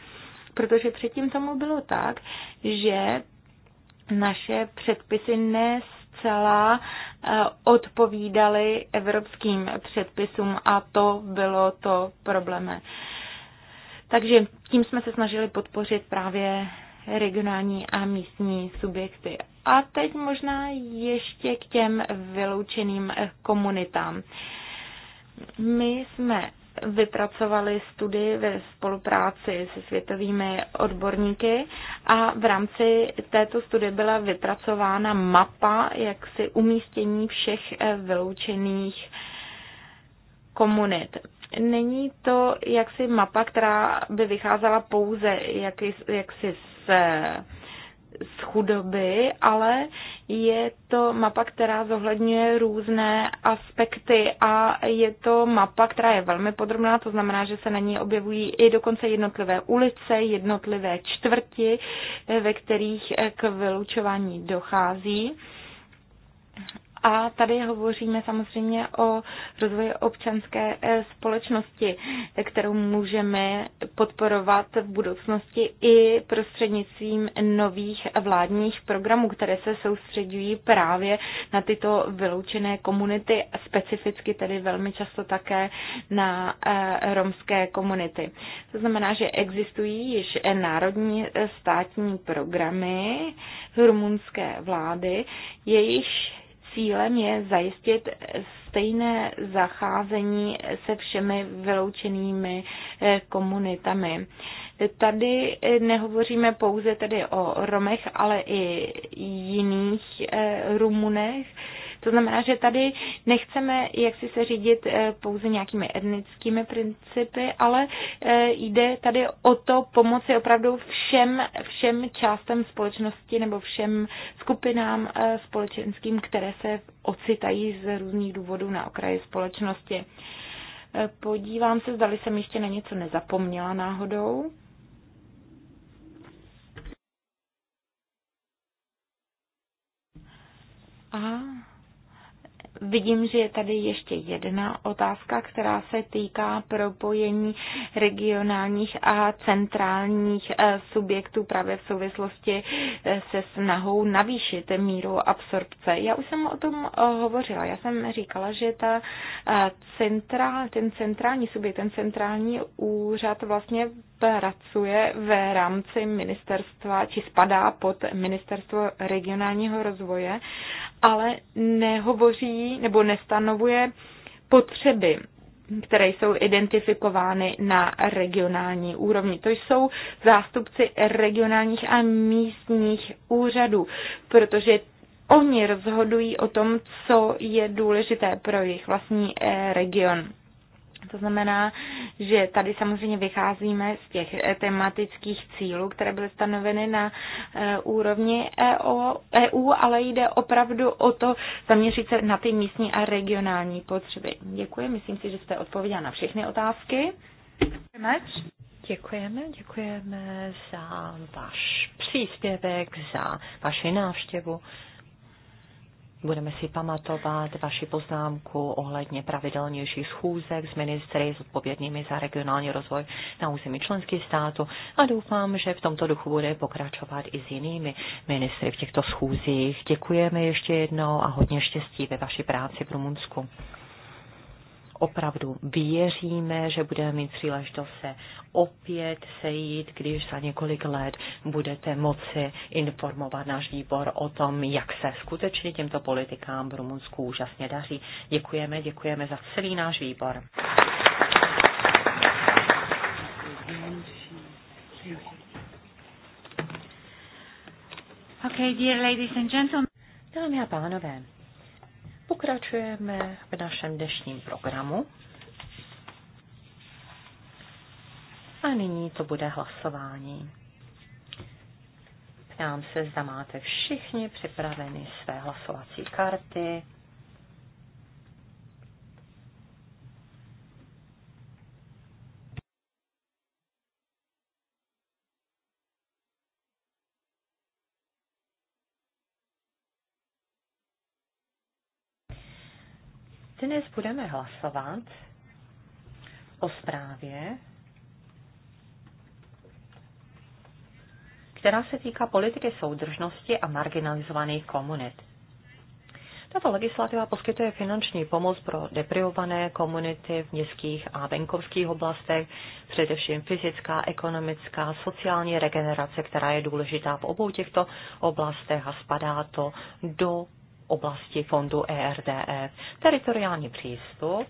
Protože předtím tomu bylo tak, že naše předpisy ne zcela eh, odpovídaly evropským předpisům a to bylo to problémem. Takže tím jsme se snažili podpořit právě regionální a místní subjekty. A teď možná ještě k těm vyloučeným komunitám. My jsme vypracovali studii ve spolupráci se světovými odborníky a v rámci této studie byla vypracována mapa jaksi umístění všech eh, vyloučených komunit. Není to jaksi mapa, která by vycházela pouze jaksi, z z chudoby, ale je to mapa, která zohledňuje různé aspekty a je to mapa, která je velmi podrobná, to znamená, že se na ní objevují i dokonce jednotlivé ulice, jednotlivé čtvrti, ve kterých k vylučování dochází a tady hovoříme samozřejmě o rozvoji občanské eh, společnosti, kterou můžeme podporovat v budoucnosti i prostřednictvím nových vládních programů, které se soustředují právě na tyto vyloučené komunity, specificky tedy velmi často také na eh, romské komunity. To znamená, že existují již národní eh, státní programy rumunské vlády, jejichž cílem je zajistit stejné zacházení se všemi vyloučenými eh, komunitami. Tady eh, nehovoříme pouze tedy o Romech, ale i jiných eh, Rumunech, to znamená, že tady nechceme jak si se řídit eh, pouze nějakými etnickými principy, ale eh, jde tady o to pomoci opravdu všem, všem částem společnosti nebo všem skupinám eh, společenským, které se ocitají z různých důvodů na okraji společnosti. Podívám se, zdali jsem ještě na něco nezapomněla náhodou. A Vidím, že je tady ještě jedna otázka, která se týká propojení regionálních a centrálních eh, subjektů právě v souvislosti eh, se snahou navýšit míru absorpce. Já už jsem o tom eh, hovořila. Já jsem říkala, že ta centrál, ten centrální subjekt, ten centrální úřad vlastně pracuje v rámci ministerstva, či spadá pod ministerstvo regionálního rozvoje ale nehovoří nebo nestanovuje potřeby které jsou identifikovány na regionální úrovni. To jsou zástupci regionálních a místních úřadů, protože oni rozhodují o tom, co je důležité pro jejich vlastní eh, region. To znamená, že tady samozřejmě vycházíme z těch eh, tematických cílů, které byly stanoveny na eh, úrovni EU, e ale jde opravdu o to zaměřit se na ty místní a regionální potřeby. Děkuji, myslím si, že jste odpověděla na všechny otázky. Děkujeme, děkujeme za váš příspěvek, za vaši návštěvu. Budeme si pamatovat vaši poznámku ohledně pravidelnějších schůzek s ministry zodpovědnými za regionální rozvoj na území členských států a doufám, že v tomto duchu bude pokračovat i s jinými ministry v těchto schůzích. Děkujeme ještě jednou a hodně štěstí ve vaší práci v Rumunsku opravdu věříme, že budeme mít příležitost se opět sejít, když za několik let budete moci informovat náš výbor o tom, jak se skutečně těmto politikám v Rumunsku úžasně daří. Děkujeme, děkujeme za celý náš výbor. Okay, dear ladies and gentlemen. Dámy a pánové, Pokračujeme v našem dnešním programu. A nyní to bude hlasování. Ptám se, zda máte všichni připraveny své hlasovací karty. Dnes budeme hlasovat o zprávě, která se týká politiky soudržnosti a marginalizovaných komunit. Tato legislativa poskytuje finanční pomoc pro deprivované komunity v městských a venkovských oblastech, především fyzická, ekonomická, sociální regenerace, která je důležitá v obou těchto oblastech a spadá to do oblasti fondu ERDF. E. Teritoriální přístup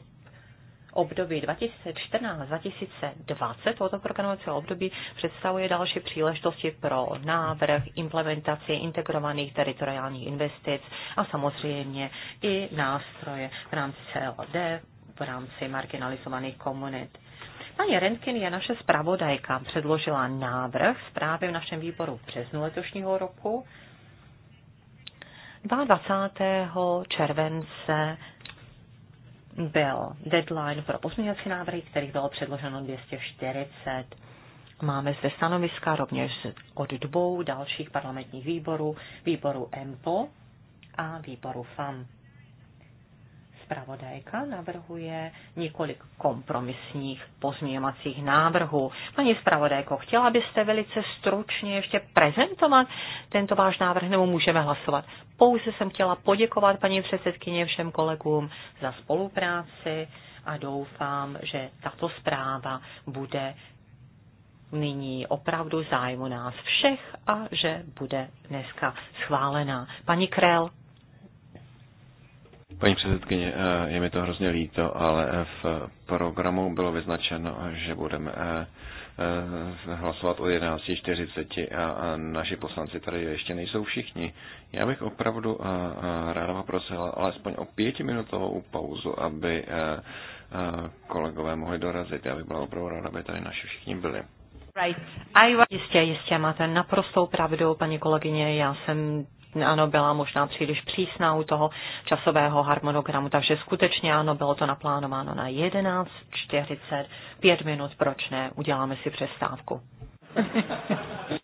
období 2014-2020 tohoto programovacího období představuje další příležitosti pro návrh, implementaci integrovaných teritoriálních investic a samozřejmě i nástroje v rámci CLD, v rámci marginalizovaných komunit. Paní Rentkin je naše zpravodajka, předložila návrh zprávy v našem výboru v březnu letošního roku 22. července byl deadline pro pozměňovací návrhy, kterých bylo předloženo 240. Máme zde stanoviska rovněž od dvou dalších parlamentních výborů, výboru EMPO a výboru FAM. Spravodajka navrhuje několik kompromisních pozměňovacích návrhů. Paní zpravodajko, chtěla byste velice stručně ještě prezentovat tento váš návrh, nebo můžeme hlasovat? Pouze jsem chtěla poděkovat paní předsedkyně všem kolegům za spolupráci a doufám, že tato zpráva bude nyní opravdu zájmu nás všech a že bude dneska schválená. Paní Krell, Paní předsedkyně, eh, je mi to hrozně líto, ale eh, v programu bylo vyznačeno, že budeme eh, hlasovat o 11.40 a naši poslanci tady ještě nejsou všichni. Já bych opravdu ráda poprosila alespoň o pětiminutovou pauzu, aby kolegové mohli dorazit. Já bych byla opravdu ráda, aby tady naši všichni byli. Right. I... Jistě, jistě, máte naprostou pravdu, paní kolegyně. Já jsem ano, byla možná příliš přísná u toho časového harmonogramu, takže skutečně ano, bylo to naplánováno na 11.45 minut, proč ne, uděláme si přestávku.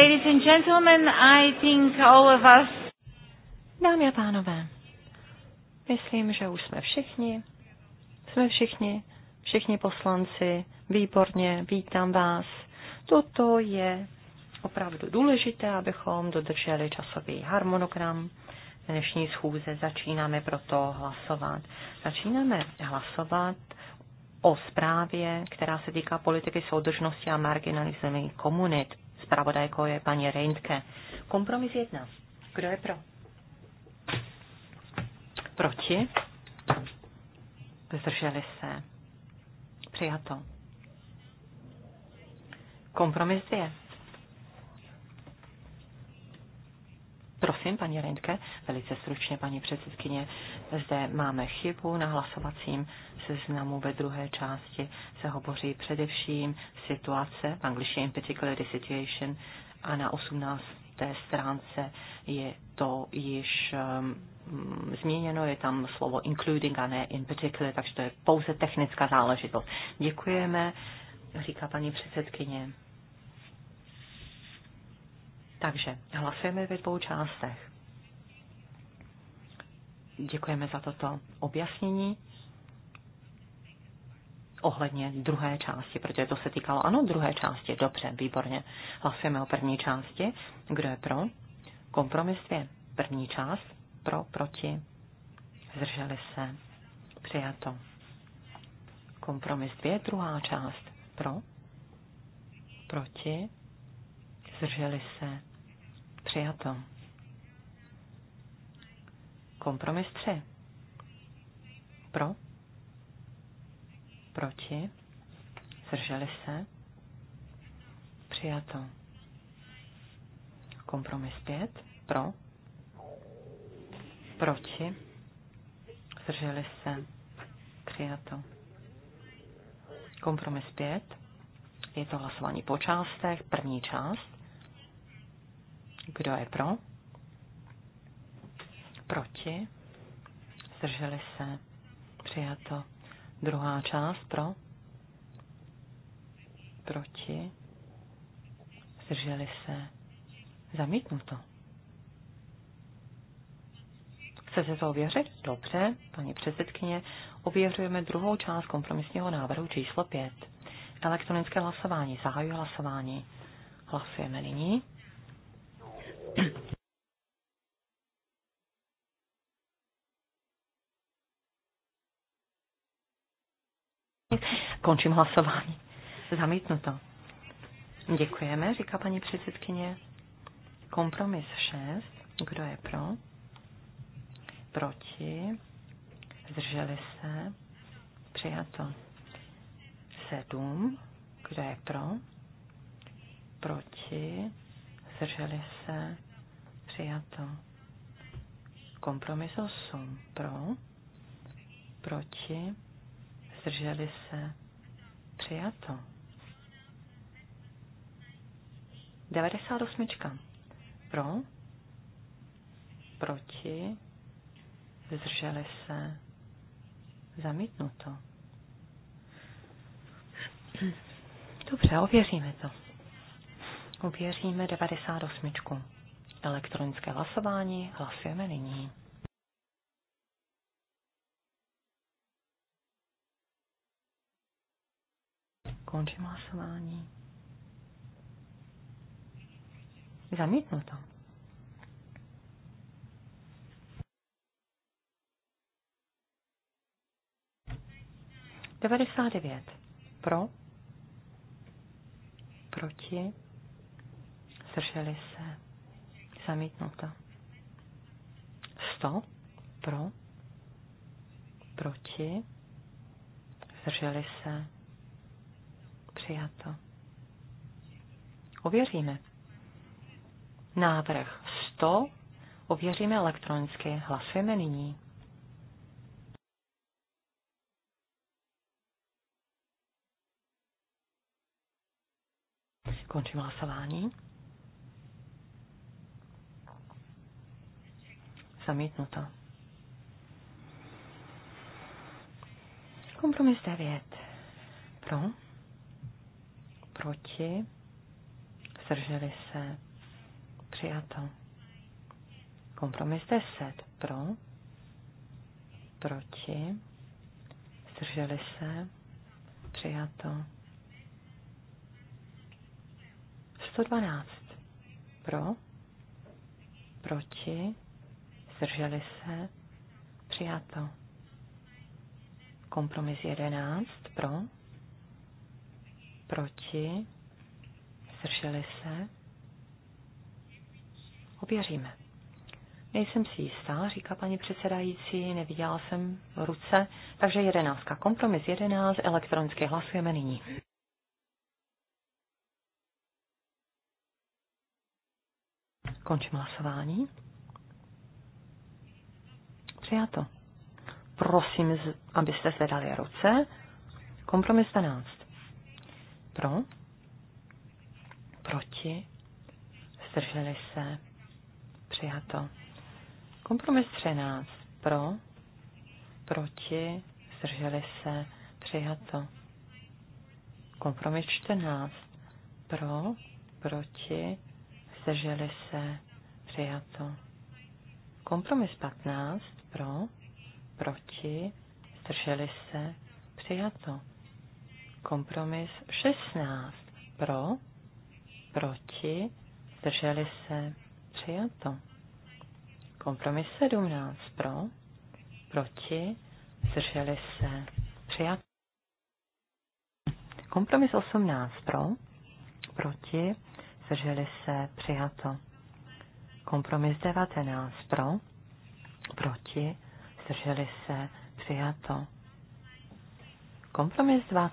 Ladies and gentlemen, I think all of us... Dámy a pánové, myslím, že už jsme všichni. Jsme všichni, všichni poslanci. Výborně, vítám vás. Toto je opravdu důležité, abychom dodrželi časový harmonogram. Dnešní schůze začínáme proto hlasovat. Začínáme hlasovat o zprávě, která se týká politiky soudržnosti a marginalizovaných komunit zpravodajkou je paní Reintke. Kompromis jedna. Kdo je pro? Proti? Zdrželi se. Přijato. Kompromis dvě. Prosím, paní Rindke, velice stručně, paní předsedkyně, zde máme chybu na hlasovacím seznamu ve druhé části. Se hovoří především situace, v angličtině in particular the situation, a na 18. stránce je to již um, změněno, je tam slovo including a ne in particular, takže to je pouze technická záležitost. Děkujeme, říká paní předsedkyně. Takže hlasujeme ve dvou částech. Děkujeme za toto objasnění ohledně druhé části, protože to se týkalo, ano, druhé části, dobře, výborně. Hlasujeme o první části. Kdo je pro? Kompromis dvě. První část. Pro, proti. Zdrželi se. Přijato. Kompromis dvě, druhá část. Pro. Proti zdrželi se, přijato. Kompromis 3. Pro, proti, zdrželi se, přijato. Kompromis 5. Pro, proti, zdrželi se, přijato. Kompromis 5. Je to hlasování po částech. První část kdo je pro? Proti? Zdrželi se? Přijato. Druhá část pro? Proti? Zdrželi se? Zamítnuto. Chcete to ověřit? Dobře, paní předsedkyně. Ověřujeme druhou část kompromisního návrhu číslo 5. Elektronické hlasování. Zahajuji hlasování. Hlasujeme nyní. Končím hlasování. Zamítnuto. Děkujeme, říká paní předsedkyně. Kompromis 6. Kdo je pro? Proti? Zdrželi se? Přijato. 7. Kdo je pro? Proti? Zdrželi se? Přijato. Kompromis 8 pro, proti, zdrželi se, přijato. 98. Pro, proti, zdrželi se, zamítnuto. Dobře, ověříme to. Ověříme 98. Elektronické hlasování. Hlasujeme nyní. Končím hlasování. Zamítnuto. Devadesát devět. Pro. Proti. Zdrželi se zamítnuta. Sto pro, proti, zdrželi se, přijato. Ověříme. Návrh 100 ověříme elektronicky. Hlasujeme nyní. Končím hlasování. Zamítnuto. Kompromis 9. Pro. Proti. Zdrželi se. Přijato. Kompromis 10. Pro. Proti. Zdrželi se. Přijato. 112. Pro. Proti zdrželi se, přijato. Kompromis 11 pro, proti, zdrželi se, ověříme. Nejsem si jistá, říká paní předsedající, neviděla jsem ruce, takže jedenáctka. Kompromis 11, elektronicky hlasujeme nyní. Končím hlasování. Přijato. Prosím, abyste zvedali ruce. Kompromis 12. Pro. Proti. Zdrželi se. Přijato. Kompromis 13. Pro. Proti. Zdrželi se. Přijato. Kompromis 14. Pro. Proti. Zdrželi se. Přijato. Kompromis 15 pro, proti, zdrželi se, přijato. Kompromis 16 pro, proti, zdrželi se, přijato. Kompromis 17 pro, proti, zdrželi se, přijato. Kompromis 18 pro, proti, zdrželi se, přijato. Kompromis 19 pro, proti, zdrželi se, přijato. Kompromis 20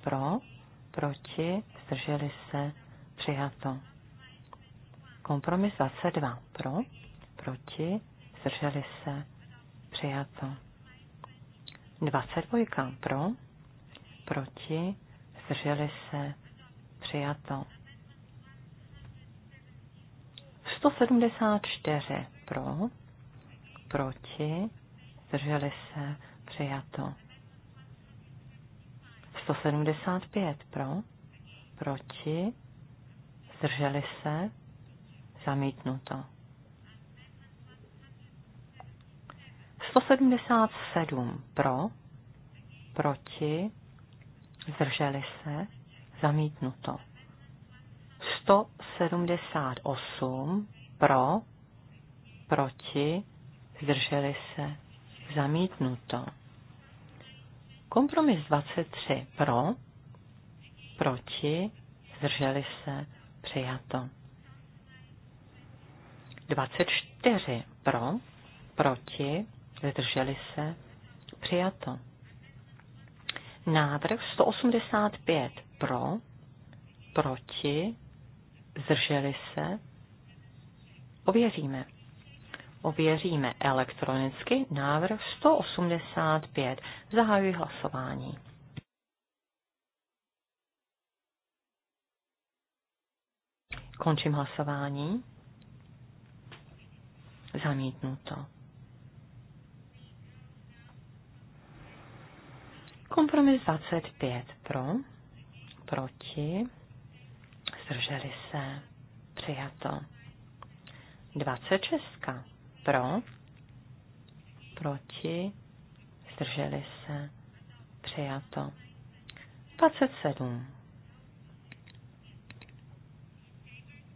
pro, proti, zdrželi se, přijato. Kompromis 22 pro, proti, zdrželi se, přijato. 22 pro, proti, zdrželi se, přijato. 174 pro, proti, zdrželi se, přijato. 175 pro, proti, zdrželi se, zamítnuto. 177 pro, proti, zdrželi se, zamítnuto. 178 pro, proti, zdrželi se, zamítnuto. Kompromis 23 pro, proti, zdrželi se, přijato. 24 pro, proti, zdrželi se, přijato. Návrh 185 pro, proti, zdrželi se, ověříme ověříme elektronicky návrh 185. Zahajuji hlasování. Končím hlasování. Zamítnuto. Kompromis 25 pro, proti, zdrželi se, přijato. 26 pro, proti, zdrželi se, přijato. 27.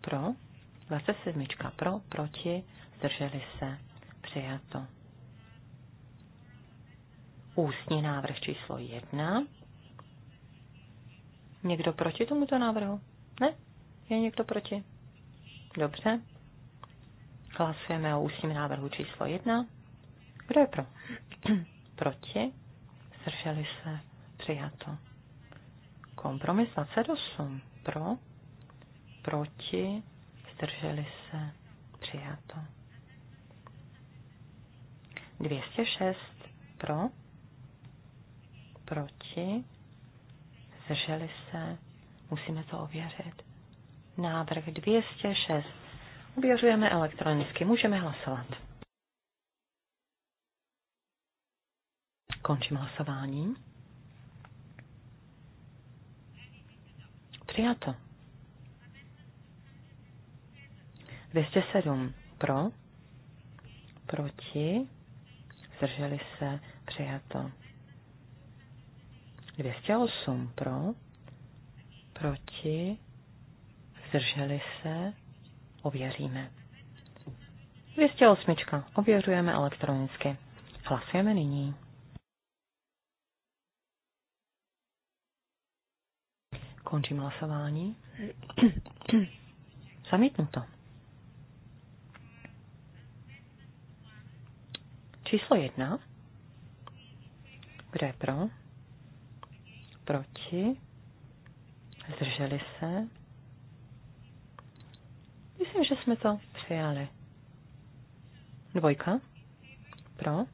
Pro, 27. pro, proti, zdrželi se, přijato. Ústní návrh číslo 1. Někdo proti tomuto návrhu? Ne? Je někdo proti? Dobře. Hlasujeme o ústním návrhu číslo 1. Kdo je pro? Proti? Zdrželi se? Přijato. Kompromis 28. Pro? Proti? Zdrželi se? Přijato. 206. Pro? Proti? Zdrželi se? Musíme to ověřit. Návrh 206 Ověřujeme elektronicky. Můžeme hlasovat. Končím hlasování. Přijato. 207 pro, proti, zdrželi se, přijato. 208 pro, proti, zdrželi se, ověříme. 208. Ověřujeme elektronicky. Hlasujeme nyní. Končím hlasování. Zamítnuto. Číslo jedna. Kdo je pro? Proti? Zdrželi se? Myslím, že jsme to přijali. Dvojka. Pro.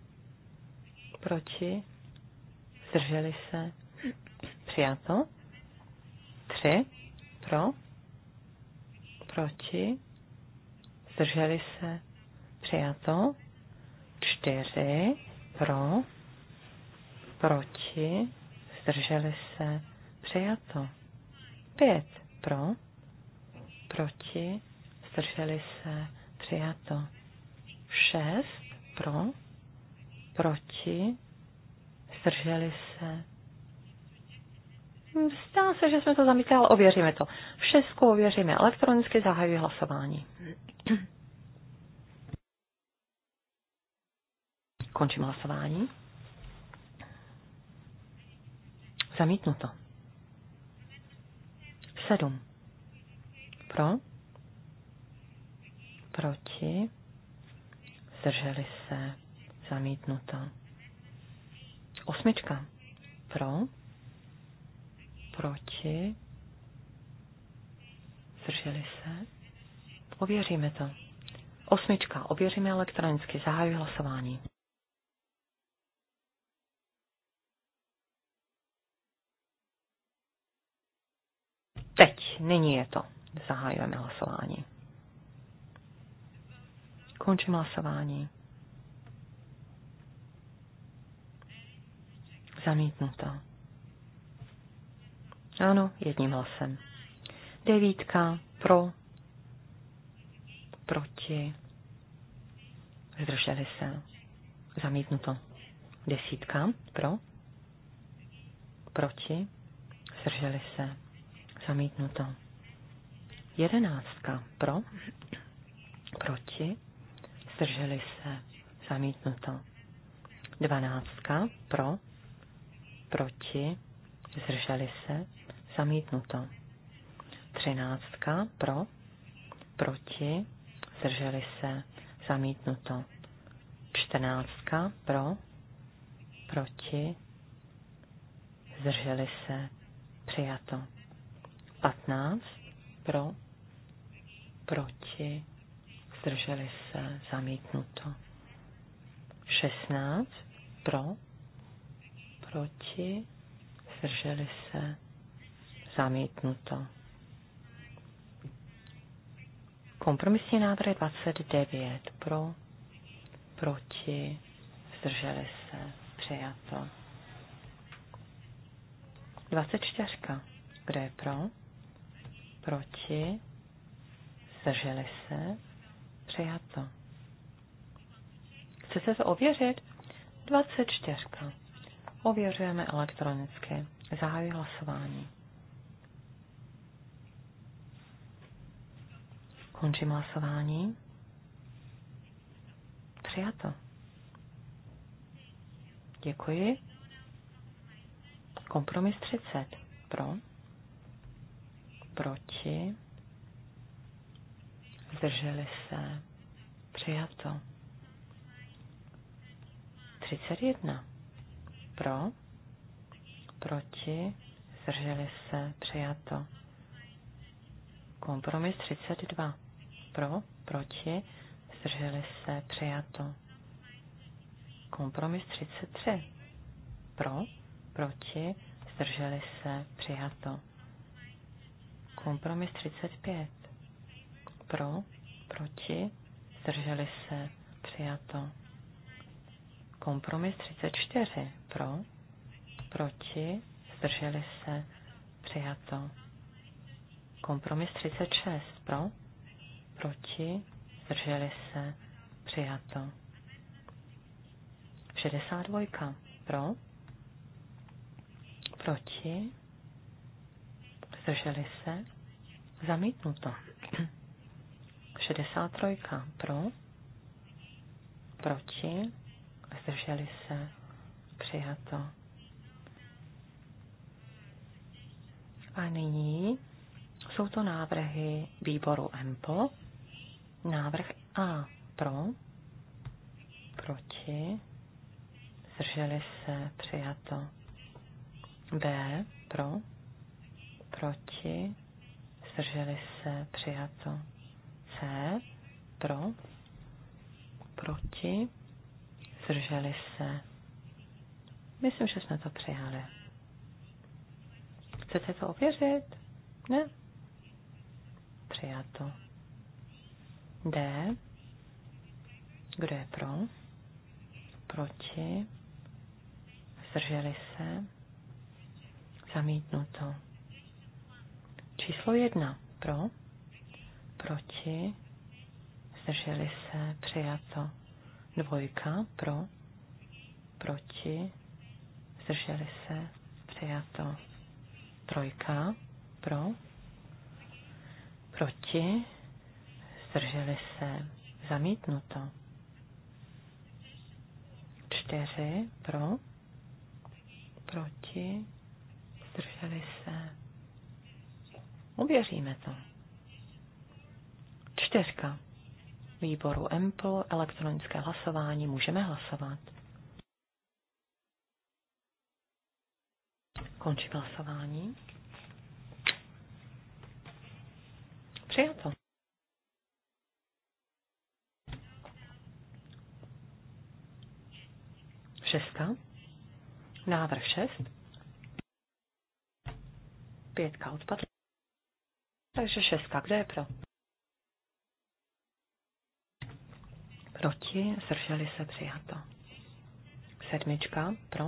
Proti. Zdrželi se. Přijato. Tři. Pro. Proti. Zdrželi se. Přijato. Čtyři. Pro. Proti. Zdrželi se. Přijato. Pět. Pro. Proti zdrželi se, přijato. šest pro, proti, zdrželi se. Zdá se, že jsme to zamítli, ale ověříme to. V šestku ověříme elektronicky, zahajuji hlasování. Končím hlasování. Zamítnuto. Sedm. Pro proti, zdrželi se, zamítnuto. Osmička, pro, proti, zdrželi se, ověříme to. Osmička, ověříme elektronicky, zahájí hlasování. Teď, nyní je to. Zahajujeme hlasování ukončím hlasování. Zamítnuto. Ano, jedním hlasem. Devítka pro, proti, zdrželi se. Zamítnuto. Desítka pro, proti, zdrželi se. Zamítnuto. Jedenáctka pro, proti, zdrželi se, zamítnuto. Dvanáctka pro, proti, zdrželi se, zamítnuto. Třináctka pro, proti, zdrželi se, zamítnuto. Čtrnáctka pro, proti, zdrželi se, přijato. Patnáct pro, proti, zdrželi se, zamítnuto. 16 pro, proti, zdrželi se, zamítnuto. Kompromisní návrh 29 pro, proti, zdrželi se, přijato. 24. Kde je pro? Proti? Zdrželi se? Přijato. Chcete to ověřit? 24. Ověřujeme elektronicky. Zahájí hlasování. Končím hlasování. Přijato. Děkuji. Kompromis 30. Pro. Proti. Zdrželi se. Přijato. 31. Pro. Proti. Zdrželi se. Přijato. Kompromis 32. Pro. Proti. Zdrželi se. Přijato. Kompromis 33. Pro. Proti. Zdrželi se. Přijato. Kompromis 35. Pro. Proti zdrželi se, přijato. Kompromis 34 pro, proti, zdrželi se, přijato. Kompromis 36 pro, proti, zdrželi se, přijato. 62 pro, proti, zdrželi se, zamítnuto. 63 pro, proti, zdrželi se, přijato. A nyní jsou to návrhy výboru EMPO. Návrh A pro, proti, zdrželi se, přijato. B pro, proti, zdrželi se, přijato se pro, proti, zdrželi se. Myslím, že jsme to přijali. Chcete to ověřit? Ne? Přijato. D. Kdo je pro? Proti? Zdrželi se? Zamítnuto. Číslo jedna. Pro? proti, zdrželi se, přijato. Dvojka pro, proti, zdrželi se, přijato. Trojka pro, proti, zdrželi se, zamítnuto. Čtyři pro, proti, zdrželi se. Uvěříme to. Čtyřka. Výboru EMPL, elektronické hlasování, můžeme hlasovat. Končí hlasování. Přijato. Šestka. Návrh šest. Pětka odpadla. Takže šestka. Kde je pro? proti, zdrželi se přijato. Sedmička pro,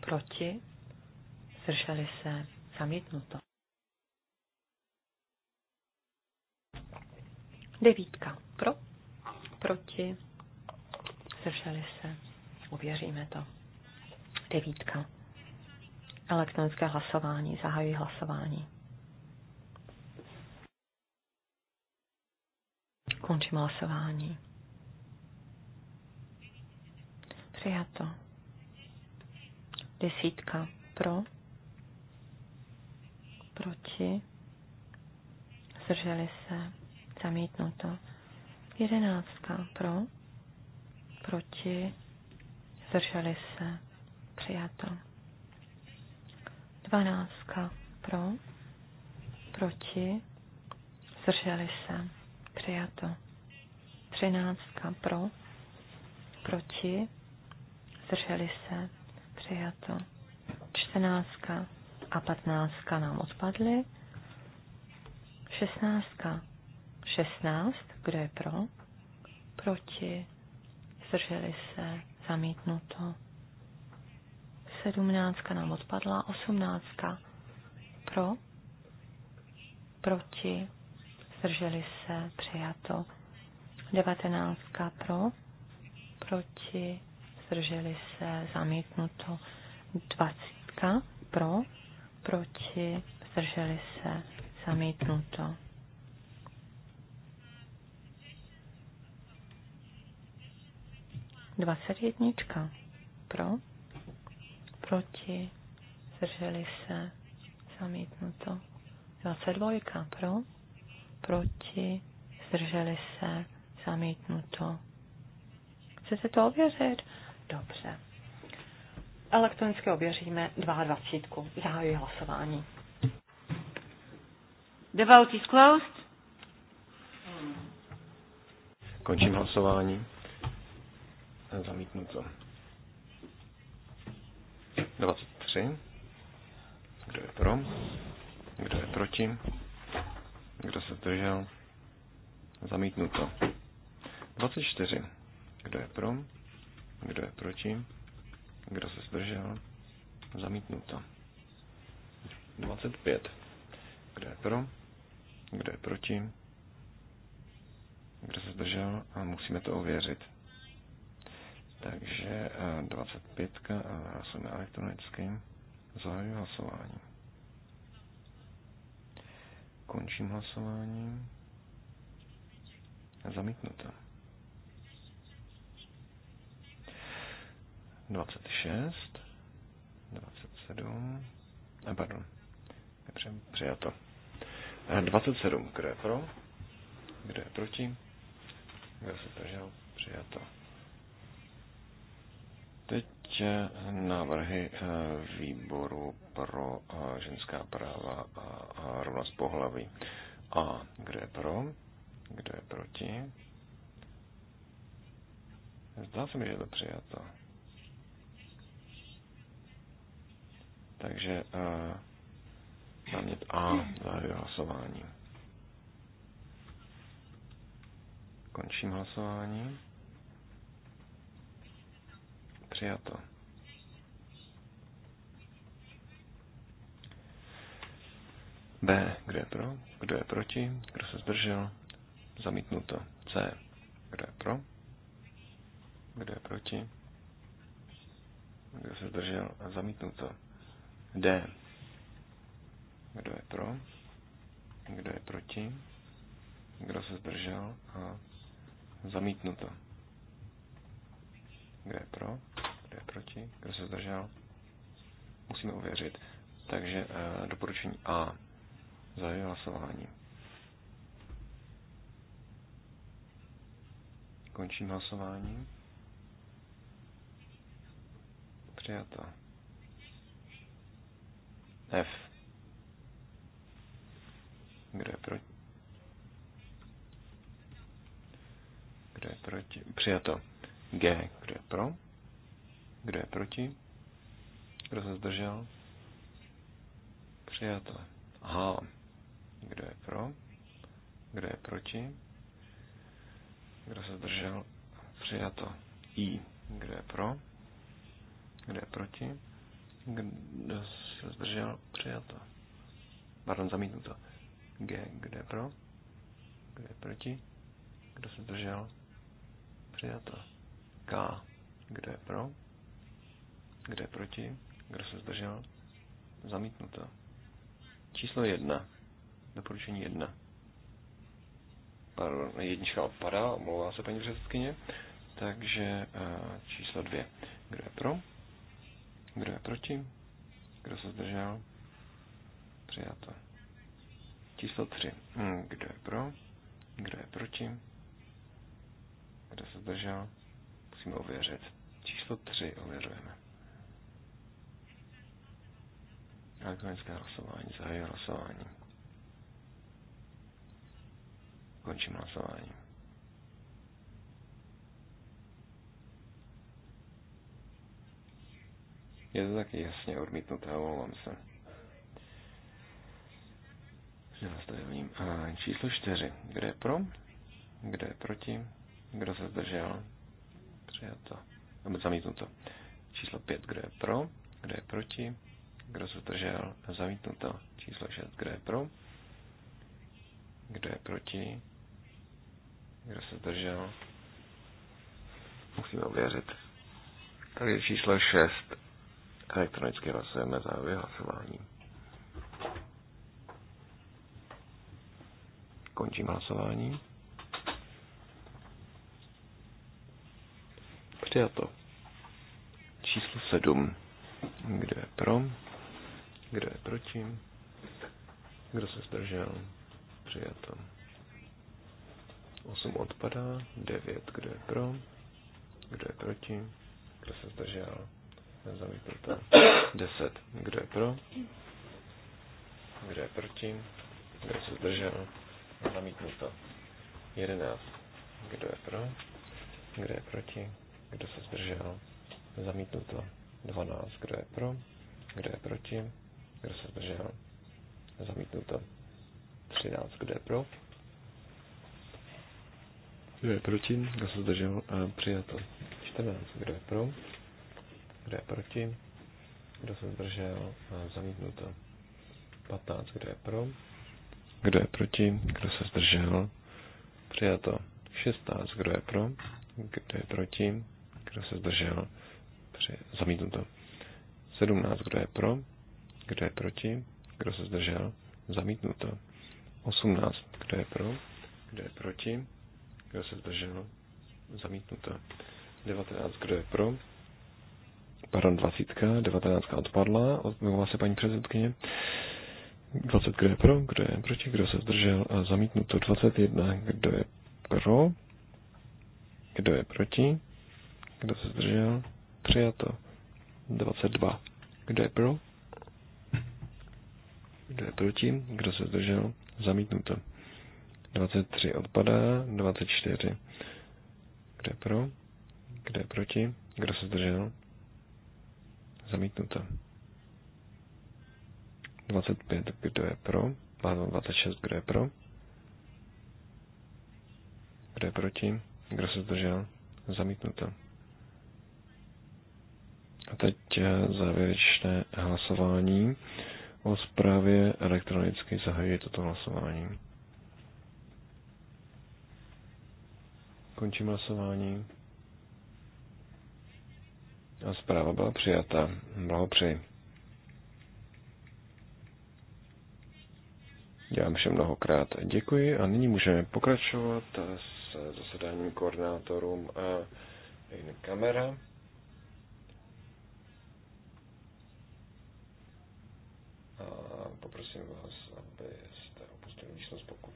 proti, zdrželi se zamítnuto. Devítka pro, proti, zdrželi se, uvěříme to. Devítka. Elektronické hlasování, zahajují hlasování. Končím hlasování. Přijato. Desítka pro. Proti. Zdrželi se. Zamítnuto. Jedenáctka pro. Proti. Zdrželi se. Přijato. Dvanáctka pro. Proti. Zdrželi se Přijato. Třináctka pro. Proti. Zdrželi se. Přijato. Čtrnáctka a patnáctka nám odpadly. Šestnáctka. Šestnáct. Kdo je pro? Proti. Zdrželi se. Zamítnuto. Sedmnáctka nám odpadla. Osmnáctka. Pro. Proti zdrželi se, přijato. 19 pro, proti, zdrželi se, zamítnuto. 20 pro, proti, zdrželi se, zamítnuto. Dvacet jednička. Pro. Proti. Zdrželi se. Zamítnuto. Dvacet dvojka. Pro proti, zdrželi se, zamítnuto. Chcete to ověřit? Dobře. Elektronicky ověříme 22. Zahajuji hlasování. The vote is closed. Končím hlasování. Zamítnuto. 23. Kdo je pro? Kdo je proti? Kdo se zdržel? Zamítnuto. 24. Kdo je pro? Kdo je proti? Kdo se zdržel? Zamítnuto. 25. Kdo je pro? Kdo je proti? Kdo se zdržel? A musíme to ověřit. Takže 25. Eh, eh, hlasujeme elektronicky. Zahajuji hlasování. Končím hlasování. Zamítnuto. 26, 27, a pardon, Dobře, přijato. 27, eh, kdo je pro, kdo je proti, kdo se držel, přijato. Teď eh, návrhy eh, výboru pro eh, ženská práva a rovnost pohlaví. A kdo je pro? Kdo je proti? Zdá se mi, že je to přijato. Takže uh, námět A za hlasování. Končím hlasování přijato. B. Kdo je pro? Kdo je proti? Kdo se zdržel? Zamítnuto. C. Kdo je pro? Kdo je proti? Kdo se zdržel? Zamítnuto. D. Kdo je pro? Kdo je proti? Kdo se zdržel? A zamítnuto. Kdo je pro? kdo je proti, kdo se zdržel. Musíme uvěřit. Takže eh, doporučení A. Zahajuji hlasování. Končím hlasování. Přijato. F. Kdo je proti? Kdo je proti? Přijato. G. Kdo je pro? Kdo je proti? Kdo se zdržel? Přijato. Aha. Kdo je pro? Kdo je proti? Kdo se zdržel? Přijato. I. Kdo je pro? Kdo je proti? Kdo se zdržel? Přijato. Pardon, zamítnuto. G. Kdo je pro? Kdo je proti? Kdo se zdržel? Přijato. K. Kdo je pro? Kde je proti? Kdo se zdržel? Zamítnuto. Číslo jedna. Doporučení jedna. Pardon, jednička odpadá, omlouvá se paní předsedkyně. Takže eh, číslo dvě. Kdo je pro? Kdo je proti? Kdo se zdržel? Přijato. Číslo tři. Hm, kdo je pro? Kdo je proti? Kdo se zdržel? Musíme ověřit. Číslo tři ověřujeme. Elektronické hlasování. Zahajuji hlasování. Končím hlasování. Je to taky jasně odmítnuté, omlouvám se. Já tady A číslo čtyři. Kde je pro? Kde je proti? Kdo se zdržel? Přijato. Nebo zamítnuto. Číslo pět. Kde je pro? Kde je proti? Kdo se zdržel? Zamítnuto. Číslo 6. Kdo je pro? Kdo je proti? Kdo se zdržel? Musíme ověřit. je číslo 6. Elektronicky hlasujeme za vyhlasování. Končím hlasování. Přijato. Číslo 7. Kdo je pro? Kdo je proti? Kdo se zdržel? Přijato. 8 odpadá, 9, kdo je pro, kdo je proti, kdo se zdržel, zamítnuto. 10, kdo je pro, kdo je proti, kdo se zdržel, zamítnuto. 11, kdo je pro, kdo je proti, kdo se zdržel, zamítnuto. 12, kdo je pro, kdo je proti, kdo se zdržel? Zamítnu to. 13. Kdo je pro? Kdo je proti? Kdo se zdržel? A přijato. 14. Kdo je pro? Kdo je proti? Kdo se zdržel? A zamítnu to. 15. Kdo je pro? Kdo je proti? Kdo se zdržel? Přijato. 16. Kdo je pro? Kdo je proti? Kdo se zdržel? Při... to. 17. Kdo je pro? Kdo je proti? Kdo se zdržel? Zamítnuto. 18. Kdo je pro? Kdo je proti? Kdo se zdržel? Zamítnuto. 19. Kdo je pro? Pardon, 20. 19. odpadla. Odmluvila se paní předsedkyně. 20. Kdo je pro? Kdo je proti? Kdo se zdržel? A zamítnuto. 21. Kdo je pro? Kdo je proti? Kdo se zdržel? Přijato. 22. Kdo je pro? Kdo je proti? Kdo se zdržel? Zamítnuto. 23 odpadá. 24. Kdo je pro? Kdo je proti? Kdo se zdržel? Zamítnuto. 25. Kdo je pro? 26. Kdo je pro? Kdo je proti? Kdo se zdržel? Zamítnuto. A teď eh, závěrečné hlasování o zprávě elektronicky zahajuji toto hlasování. Končím hlasování. A zpráva byla přijata. Blahopřeji. Dělám vám všem mnohokrát děkuji a nyní můžeme pokračovat s zasedáním koordinátorům in kamera. poprosím vás, abyste opustili místnost, pokud